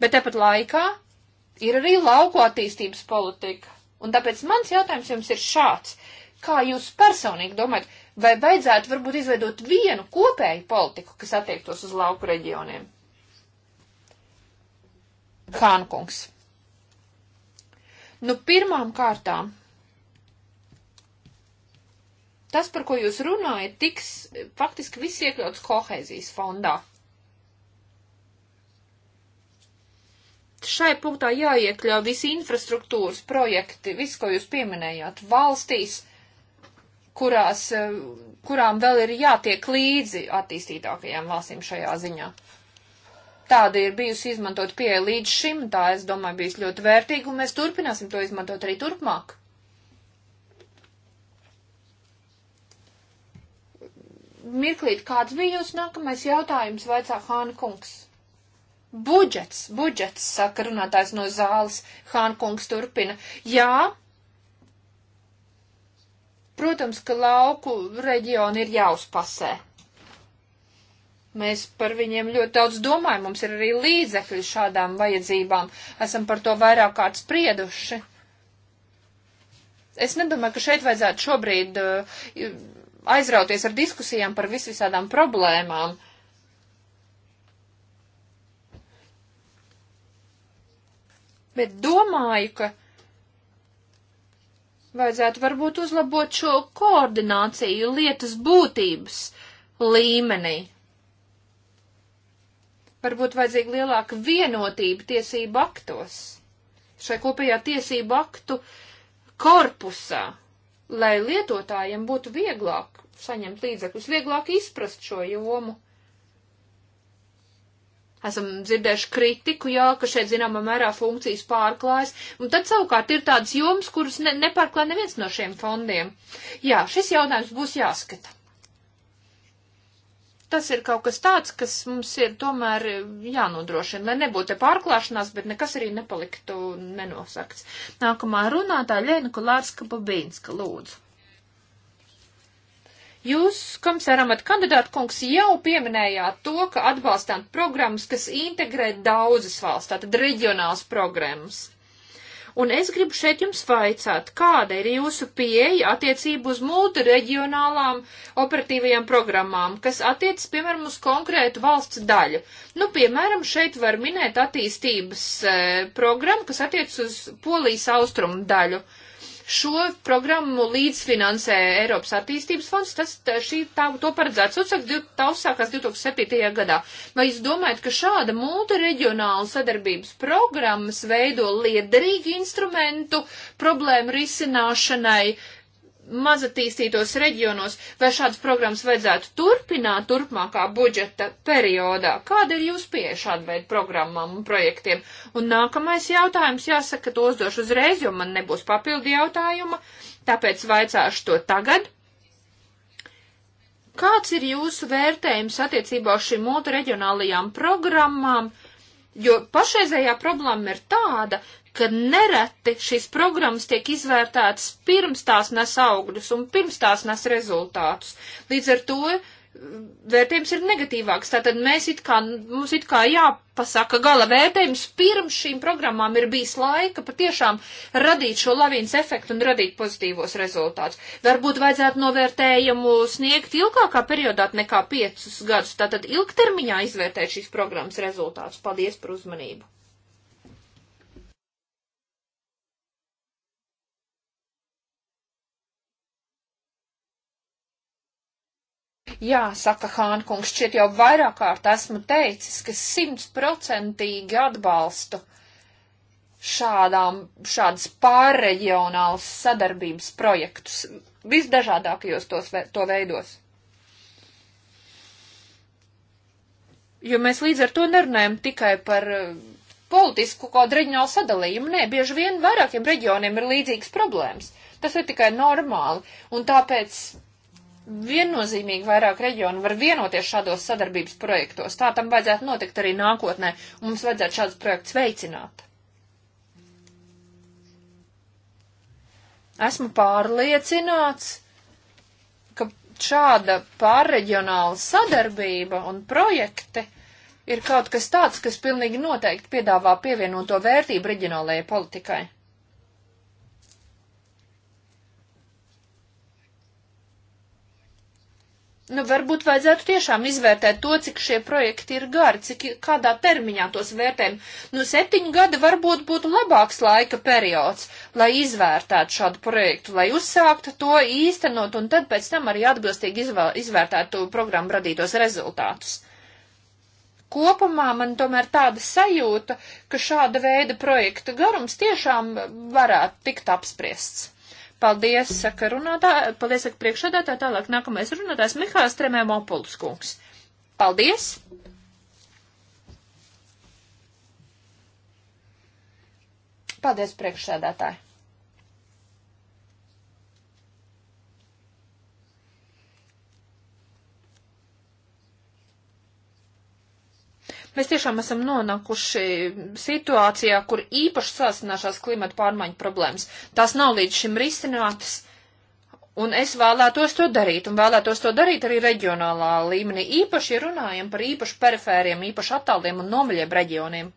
bet tepat laikā ir arī lauku attīstības politika. Un tāpēc mans jautājums jums ir šāds. Kā jūs personīgi domājat, vai vajadzētu varbūt izveidot vienu kopēju politiku, kas attiektos uz lauku reģioniem? Hānkungs. Nu, pirmām kārtām tas, par ko jūs runājat, tiks faktiski viss iekļauts kohēzijas fondā. Šai punktā jāiekļauj visi infrastruktūras projekti, viss, ko jūs pieminējāt, valstīs, kurās, kurām vēl ir jātiek līdzi attīstītākajām valstīm šajā ziņā. Tāda ir bijusi izmantot pieeja līdz šim, tā, es domāju, bijis ļoti vērtīga, un mēs turpināsim to izmantot arī turpmāk. mirklīt, kāds bija jūsu nākamais jautājums, vaicā Hānkungs? Budžets, budžets, saka runātājs no zāles, Hānkungs turpina. Jā, protams, ka lauku reģioni ir jāuzpasē. Mēs par viņiem ļoti daudz domājam, mums ir arī līdzekļi šādām vajadzībām, esam par to vairāk kārt sprieduši. Es nedomāju, ka šeit vajadzētu šobrīd uh, aizrauties ar diskusijām par visvisādām problēmām. Bet domāju, ka vajadzētu varbūt uzlabot šo koordināciju lietas būtības līmenī. Varbūt vajadzīga lielāka vienotība tiesību aktos, šai kopējā tiesību aktu korpusā lai lietotājiem būtu vieglāk saņemt līdzekļus, vieglāk izprast šo jomu. Esam dzirdējuši kritiku, jā, ka šeit zināmā mērā funkcijas pārklājas, un tad savukārt ir tādas jomas, kuras ne, nepārklāj neviens no šiem fondiem. Jā, šis jautājums būs jāskata tas ir kaut kas tāds, kas mums ir tomēr jānodrošina, lai nebūtu pārklāšanās, bet nekas arī nepaliktu nenosakts. Nākamā runātāja Lēna Kulārska Babīnska, lūdzu. Jūs, komisāramat kandidātu kungs, jau pieminējāt to, ka atbalstām programmas, kas integrē daudzas valsts, tātad reģionāls programmas. Un es gribu šeit jums vaicāt, kāda ir jūsu pieeja attiecību uz multireģionālām operatīvajām programmām, kas attiecas, piemēram, uz konkrētu valsts daļu. Nu, piemēram, šeit var minēt attīstības e, programmu, kas attiec uz Polijas austrumu daļu. Uh, Šo programmu līdzfinansē Eiropas attīstības fonds, tas šī tā, to paredzēts uzsāks, tā uzsākās 2007. gadā. Vai jūs domājat, ka šāda multireģionāla sadarbības programmas veido liederīgu instrumentu problēmu risināšanai? Uh, mazatīstītos reģionos, vai šādas programmas vajadzētu turpināt turpmākā budžeta periodā? Kāda ir jūsu pieeja šāda veida programmām un projektiem? Un nākamais jautājums, jāsaka, to uzdošu uzreiz, jo man nebūs papildi jautājuma, tāpēc vaicāšu to tagad. Kāds ir jūsu vērtējums attiecībā uz šīm multireģionālajām programmām? Uh, Jo pašreizējā problēma ir tāda, ka nereti šīs programmas tiek izvērtētas pirms tās nes augļus un pirms tās nes rezultātus. Līdz ar to vērtējums ir negatīvāks. Tātad mēs it kā, mums it kā jāpasaka gala vērtējums, pirms šīm programmām ir bijis laika patiešām radīt šo lavīnas efektu un radīt pozitīvos rezultātus. Varbūt vajadzētu novērtējumu sniegt ilgākā periodā nekā piecus gadus, tātad ilgtermiņā izvērtēt šīs programmas rezultātus. Paldies par uzmanību! Jā, saka Hānkungs, šķiet jau vairāk kārt esmu teicis, ka simtprocentīgi atbalstu šādām, šādas pārreģionālas sadarbības projektus visdažādākajos tos, to veidos. Jo mēs līdz ar to nerunājam tikai par eh, politisku kaut reģionālu sadalījumu. Nē, bieži vien vairākiem reģioniem ir līdzīgas problēmas. Tas ir tikai normāli. Un tāpēc viennozīmīgi vairāk reģionu var vienoties šādos sadarbības projektos. Tā tam vajadzētu notikt arī nākotnē, un mums vajadzētu šādus projektus veicināt. Esmu pārliecināts, ka šāda pārreģionāla sadarbība un projekti ir kaut kas tāds, kas pilnīgi noteikti piedāvā pievienoto vērtību reģionālajai politikai. nu, varbūt vajadzētu tiešām izvērtēt to, cik šie projekti ir gari, cik kādā termiņā tos vērtējam. Nu, septiņu gadi varbūt būtu labāks laika periods, lai izvērtētu šādu projektu, lai uzsāktu to īstenot un tad pēc tam arī atbilstīgi izvērtētu to programmu radītos rezultātus. Kopumā man tomēr tāda sajūta, ka šāda veida projekta garums tiešām varētu tikt apspriests. Paldies, saka runātā, paldies, saka priekšādātā, tālāk nākamais runātājs Mihāls Tremēmopuls kungs. Paldies! Paldies, priekšsēdētāji! Mēs tiešām esam nonākuši situācijā, kur īpaši sāsināšās klimata pārmaiņu problēmas. Tās nav līdz šim risinātas. Un es vēlētos to darīt, un vēlētos to darīt arī reģionālā līmenī, īpaši, ja runājam par īpaši perifēriem, īpaši attāliem un nomaļiem reģioniem.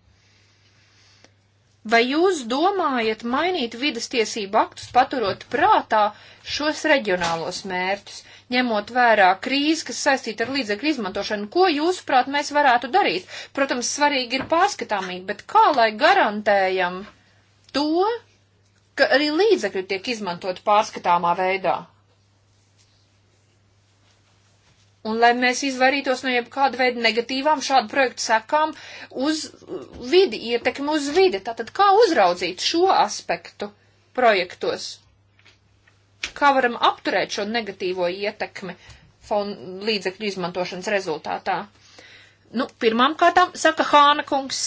Vai jūs domājat mainīt vidas tiesību aktus, paturot prātā šos reģionālos mērķus, ņemot vērā krīzi, kas saistīta ar līdzekļu izmantošanu? Ko jūsuprāt mēs varētu darīt? Protams, svarīgi ir pārskatāmība, bet kā lai garantējam to, ka arī līdzekļi tiek izmantot pārskatāmā veidā? Un lai mēs izvairītos no jebkāda veida negatīvām šādu projektu sekām uz vidi, ietekmi uz vidi. Tātad kā uzraudzīt šo aspektu projektos? Kā varam apturēt šo negatīvo ietekmi fondu līdzekļu izmantošanas rezultātā? Nu, pirmām kārtām saka Hāna kungs.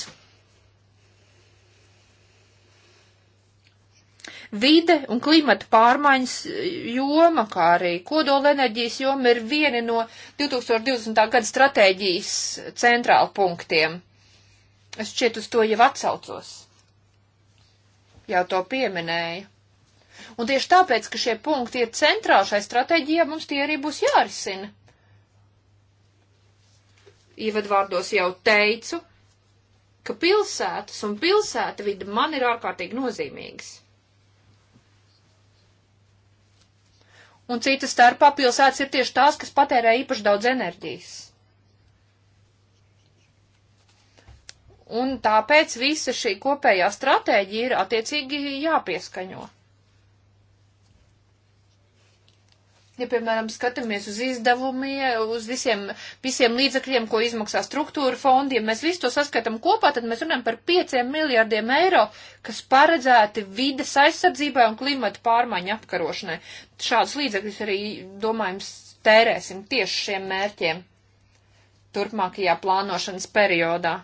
Vide un klimata pārmaiņas e, joma, kā arī kodola enerģijas joma ir vieni no 2020. gada stratēģijas centrāla punktiem. Es šķiet uz to jau atsaucos. Jau to pieminēju. Un tieši tāpēc, ka šie punkti ir centrāli šai stratēģijai, mums tie arī būs jārisina. Ievadvārdos jau teicu, ka pilsētas un pilsēta vidi man ir ārkārtīgi nozīmīgas. un citas starpā pilsētas ir tieši tās, kas patērē īpaši daudz enerģijas. Un tāpēc visa šī kopējā stratēģija ir attiecīgi jāpieskaņo. Ja, piemēram, skatāmies uz izdevumiem, uz visiem, visiem līdzekļiem, ko izmaksā struktūra fondi, ja mēs visu to saskatām kopā, tad mēs runājam par 5 miljārdiem eiro, kas paredzēti vides aizsardzībai un klimata pārmaiņu apkarošanai. Šāds līdzekļus arī, domājams, tērēsim tieši šiem mērķiem turpmākajā plānošanas periodā.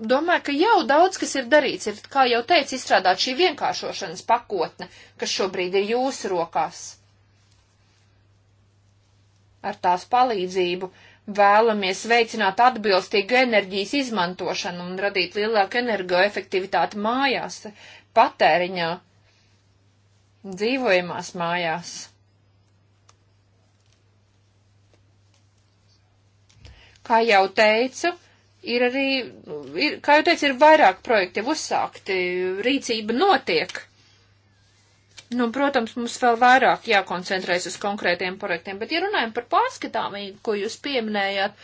Domāju, ka jau daudz kas ir darīts, ir, kā jau teicu, izstrādāt šī vienkāršošanas pakotne, kas šobrīd ir jūsu rokās. Ar tās palīdzību vēlamies veicināt atbilstīgu enerģijas izmantošanu un radīt lielāku energoefektivitāti mājās, patēriņā, dzīvojamās mājās. Kā jau teicu, ir arī, ir, kā jau teicu, ir vairāk projekti jau uzsākti, rīcība notiek. Nu, protams, mums vēl vairāk jākoncentrējas uz konkrētiem projektiem, bet, ja runājam par pārskatāmību, ko jūs pieminējāt,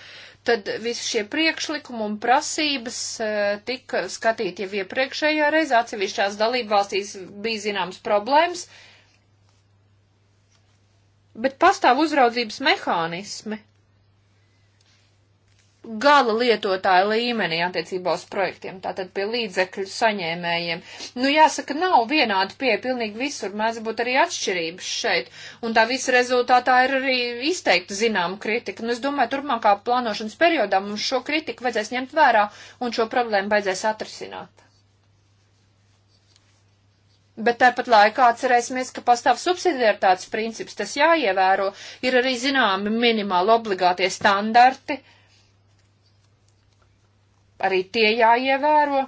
tad visi šie priekšlikumi un prasības eh, tika skatīti jau iepriekšējā reizē. Atsevišķās dalībvalstīs bija zināms problēmas, bet pastāv uzraudzības mehānismi gala lietotāja līmenī attiecībā uz projektiem, tātad pie līdzekļu saņēmējiem. Nu, jāsaka, nav vienāda pieeja pilnīgi visur, mēdz būt arī atšķirības šeit, un tā visa rezultātā ir arī izteikta zināma kritika. Nu, es domāju, turpmākā plānošanas periodā mums šo kritiku vajadzēs ņemt vērā un šo problēmu vajadzēs atrisināt. Bet tāpat laikā atcerēsimies, ka pastāv subsidiaritātes princips, tas jāievēro, ir arī zināmi minimāli obligātie standarti, uh, Arī tie jāievēro.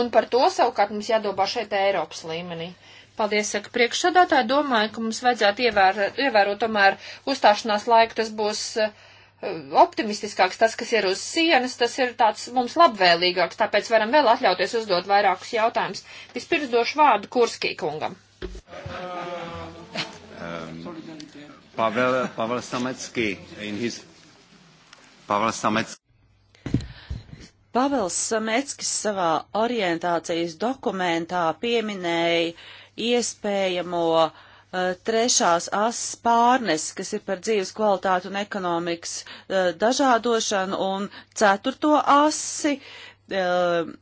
Un par to savukārt mums jādomā šeit Eiropas līmenī. Paldies, saka priekšsādātāji. Domāju, ka mums vajadzētu ievērot ievēro tomēr uzstāšanās laiku. Tas būs uh, optimistiskāks, tas, kas ir uz sienas, tas ir tāds mums labvēlīgāks, tāpēc varam vēl atļauties uzdot vairākus jautājumus. Vispirms došu vārdu Kurskī kungam. Um, Pavel, Pavel Sametski, in his Pāvils Samets. Pavels Sametskis savā orientācijas dokumentā pieminēja iespējamo uh, trešās asas pārnes, kas ir par dzīves kvalitātu un ekonomikas uh, dažādošanu, un ceturto asi, uh,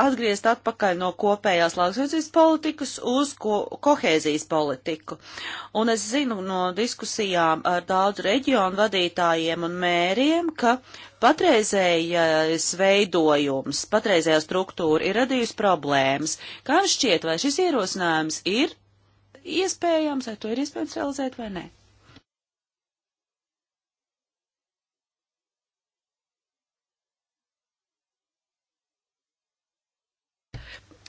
atgriezt atpakaļ no kopējās lauksaimniecības politikas uz ko kohēzijas politiku. Un es zinu no diskusijām ar daudzu reģionu vadītājiem un mēriem, ka patreizējais veidojums, patreizējā struktūra ir radījusi problēmas. Kā jums šķiet, vai šis ierosinājums ir iespējams, vai to ir iespējams realizēt vai nē?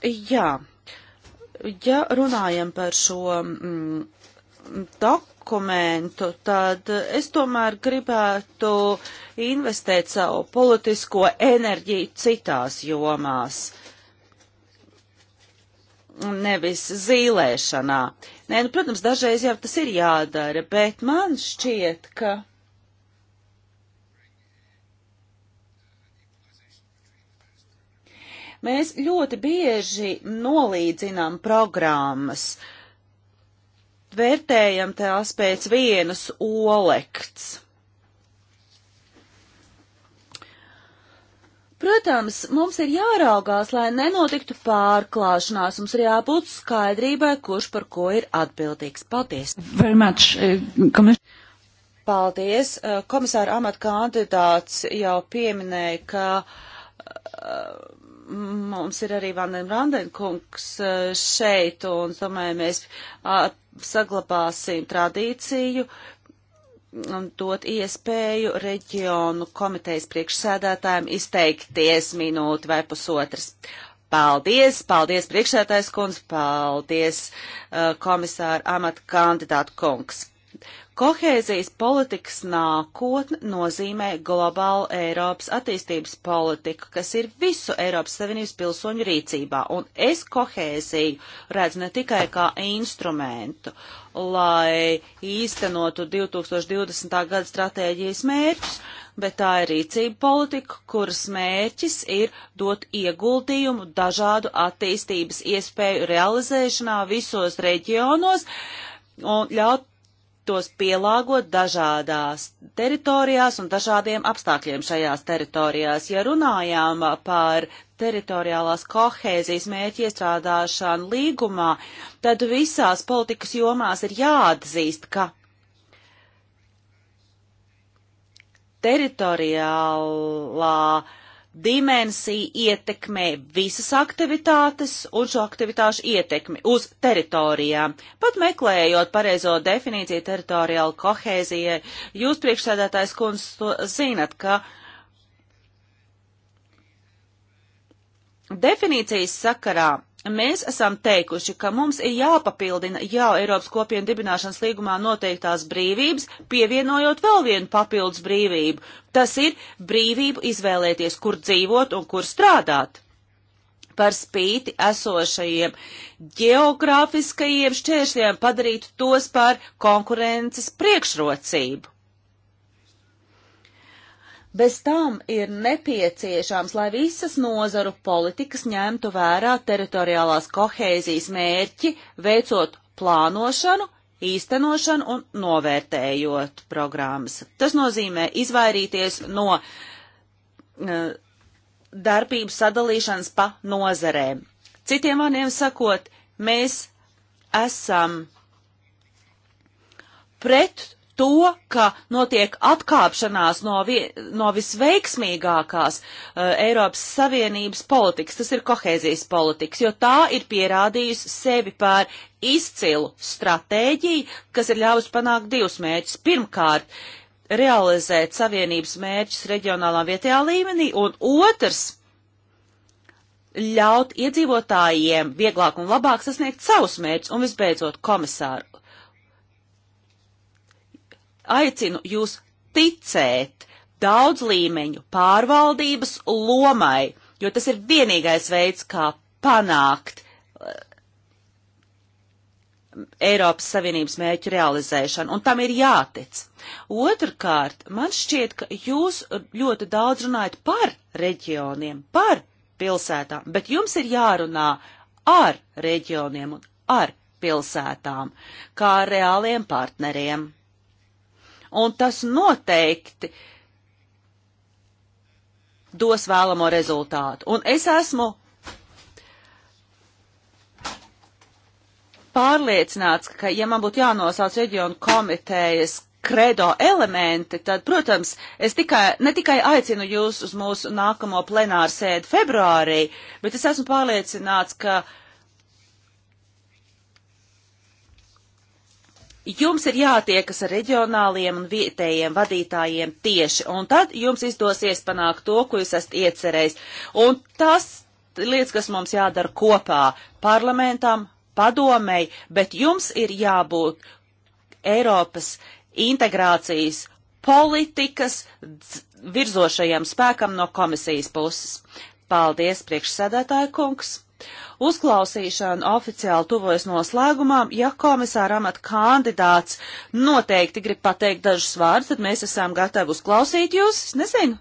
Jā, ja runājam par šo mm, dokumentu, tad es tomēr gribētu investēt savu politisko enerģiju citās jomās nevis zīlēšanā. Nē, nu, protams, dažreiz jau tas ir jādara, bet man šķiet, ka Mēs ļoti bieži nolīdzinām programmas, vērtējam tās pēc vienas olekts. Protams, mums ir jāraugās, lai nenotiktu pārklāšanās. Mums ir jābūt skaidrībai, kurš par ko ir atbildīgs. Paldies! Very much, uh, Paldies! Eh, komisāra amata kandidāts jau pieminēja, ka uh, mums ir arī Vanden Randenkungs eh, šeit, un domāju, mēs saglabāsim tradīciju un dot iespēju reģionu komitejas priekšsēdētājiem izteikties minūti vai pusotras. Paldies, paldies priekšsētājs kungs, paldies eh, komisāra amata kandidāta kungs. Kohēzijas politikas nākotne nozīmē globālu Eiropas attīstības politiku, kas ir visu Eiropas Savienības pilsoņu rīcībā, un es kohēziju redzu ne tikai kā instrumentu, lai īstenotu 2020. gada stratēģijas mērķus, bet tā ir rīcība politika, kuras mērķis ir dot ieguldījumu dažādu attīstības iespēju realizēšanā visos reģionos un ļaut tos pielāgot dažādās teritorijās un dažādiem apstākļiem šajās teritorijās. Ja runājām par teritoriālās kohēzijas mērķi iestrādāšanu līgumā, tad visās politikas jomās ir jāatzīst, ka teritoriālā dimensija ietekmē visas aktivitātes un šo aktivitāšu ietekmi uz teritorijām. Pat meklējot pareizo definīciju teritoriāla kohēzijai, jūs priekšsēdētājs kundz to zinat, ka definīcijas sakarā Mēs esam teikuši, ka mums ir jāpapildina jau Eiropas kopienu dibināšanas līgumā noteiktās brīvības, pievienojot vēl vienu papildus brīvību. Tas ir brīvību izvēlēties, kur dzīvot un kur strādāt. Par spīti esošajiem geogrāfiskajiem šķēršļiem padarīt tos par konkurences priekšrocību. Bez tam ir nepieciešams, lai visas nozaru politikas ņemtu vērā teritoriālās kohēzijas mērķi, veicot plānošanu, īstenošanu un novērtējot programmas. Tas nozīmē izvairīties no uh, darbības sadalīšanas pa nozarēm. Citiem vārdiem sakot, mēs esam pret to, ka notiek atkāpšanās no, vi, no visveiksmīgākās uh, Eiropas Savienības politikas, tas ir kohēzijas politikas, jo tā ir pierādījusi sevi par izcilu stratēģiju, kas ir ļāvusi panākt divus mērķus. Pirmkārt, realizēt Savienības mērķus reģionālā vietējā līmenī, un otrs, ļaut iedzīvotājiem vieglāk un labāk sasniegt savus mērķus, un visbeidzot, komisāru aicinu jūs ticēt daudz līmeņu pārvaldības lomai, jo tas ir vienīgais veids, kā panākt eh, Eiropas Savienības mērķu realizēšanu, un tam ir jātic. Otrkārt, man šķiet, ka jūs ļoti daudz runājat par reģioniem, par pilsētām, bet jums ir jārunā ar reģioniem un ar pilsētām, kā reāliem partneriem un tas noteikti dos vēlamo rezultātu. Un es esmu pārliecināts, ka, ja man būtu jānosauc reģionu komitejas kredo elementi, tad, protams, es tikai, ne tikai aicinu jūs uz mūsu nākamo plenāru sēdi februārī, bet es esmu pārliecināts, ka uh, Jums ir jātiekas ar reģionāliem un vietējiem vadītājiem tieši, un tad jums izdosies panākt to, ko jūs esat iecerējis. Un tas lietas, kas mums jādara kopā parlamentam, padomēji, bet jums ir jābūt Eiropas integrācijas politikas virzošajam spēkam no komisijas puses. Paldies, priekšsēdētāja kungs! Uzklausīšana oficiāli tuvojas noslēgumām. Ja komisāra amata kandidāts noteikti grib pateikt dažus vārdus, tad mēs esam gatavi uzklausīt jūs. Es nezinu.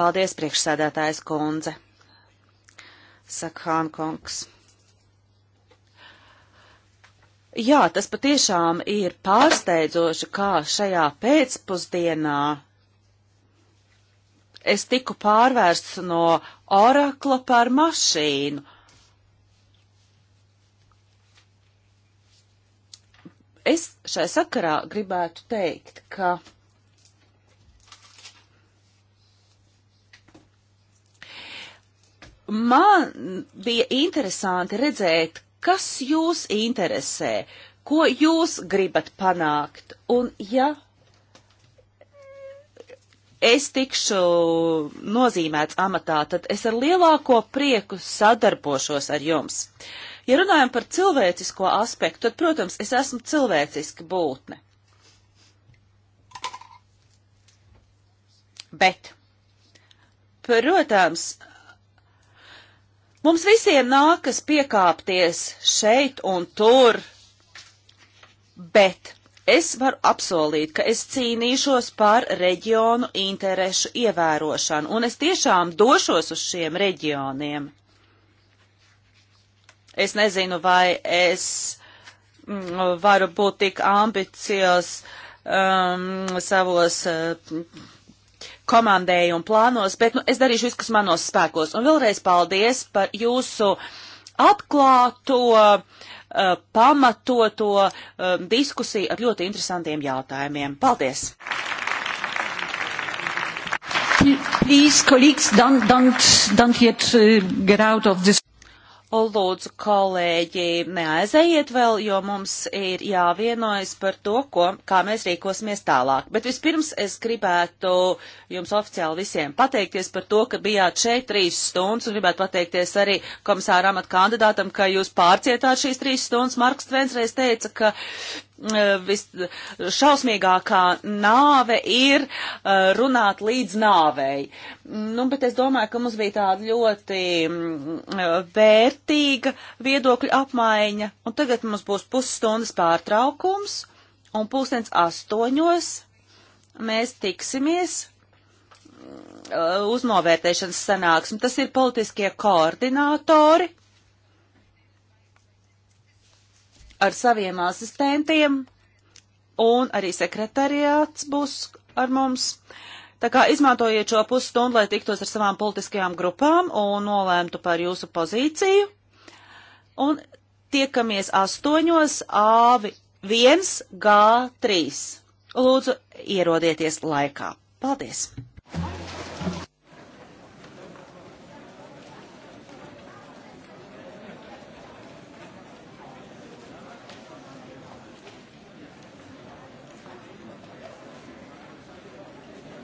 Paldies, priekšsēdētājs kundze. Saka Hānkongs. Jā, tas patiešām ir pārsteidzoši, kā šajā pēcpusdienā es tiku pārvērsts no orakla par mašīnu. Es šai sakarā gribētu teikt, ka man bija interesanti redzēt, kas jūs interesē, ko jūs gribat panākt, un ja es tikšu nozīmēts amatā, tad es ar lielāko prieku sadarbošos ar jums. Ja runājam par cilvēcisko aspektu, tad, protams, es esmu cilvēciska būtne. Bet, protams, mums visiem nākas piekāpties šeit un tur, bet Es varu apsolīt, ka es cīnīšos par reģionu interešu ievērošanu, un es tiešām došos uz šiem reģioniem. Es nezinu, vai es mm, varu būt tik ambicios um, savos uh, komandējumu plānos, bet nu, es darīšu visu, kas manos spēkos. Un vēlreiz paldies par jūsu atklāto uh, uh, pamatoto uh, diskusiju ar ļoti interesantiem jautājumiem. Paldies! Please, colleagues, don't, don't, don't yet uh, get out of this. Lūdzu, kolēģi, neaizejiet vēl, jo mums ir jāvienojas par to, ko, kā mēs rīkosimies tālāk. Bet vispirms es gribētu jums oficiāli visiem pateikties par to, ka bijāt šeit trīs stundas un gribētu pateikties arī komisāra amata kandidātam, ka jūs pārcietāt šīs trīs stundas. Marks Tvens reiz teica, ka Eh, visšausmīgākā nāve ir eh, runāt līdz nāvei. Nu, bet es domāju, ka mums bija tāda ļoti mm, eh, vērtīga viedokļa apmaiņa, un tagad mums būs pusstundas pārtraukums, un pulkstens astoņos mēs tiksimies uz novērtēšanas sanāksmi. Tas ir politiskie koordinātori ar saviem asistentiem, un arī sekretariāts būs ar mums. Tā kā izmantojiet šo pusstundu, lai tiktos ar savām politiskajām grupām un nolēmtu par jūsu pozīciju. Un tiekamies astoņos A1G3. Lūdzu, ierodieties laikā. Paldies!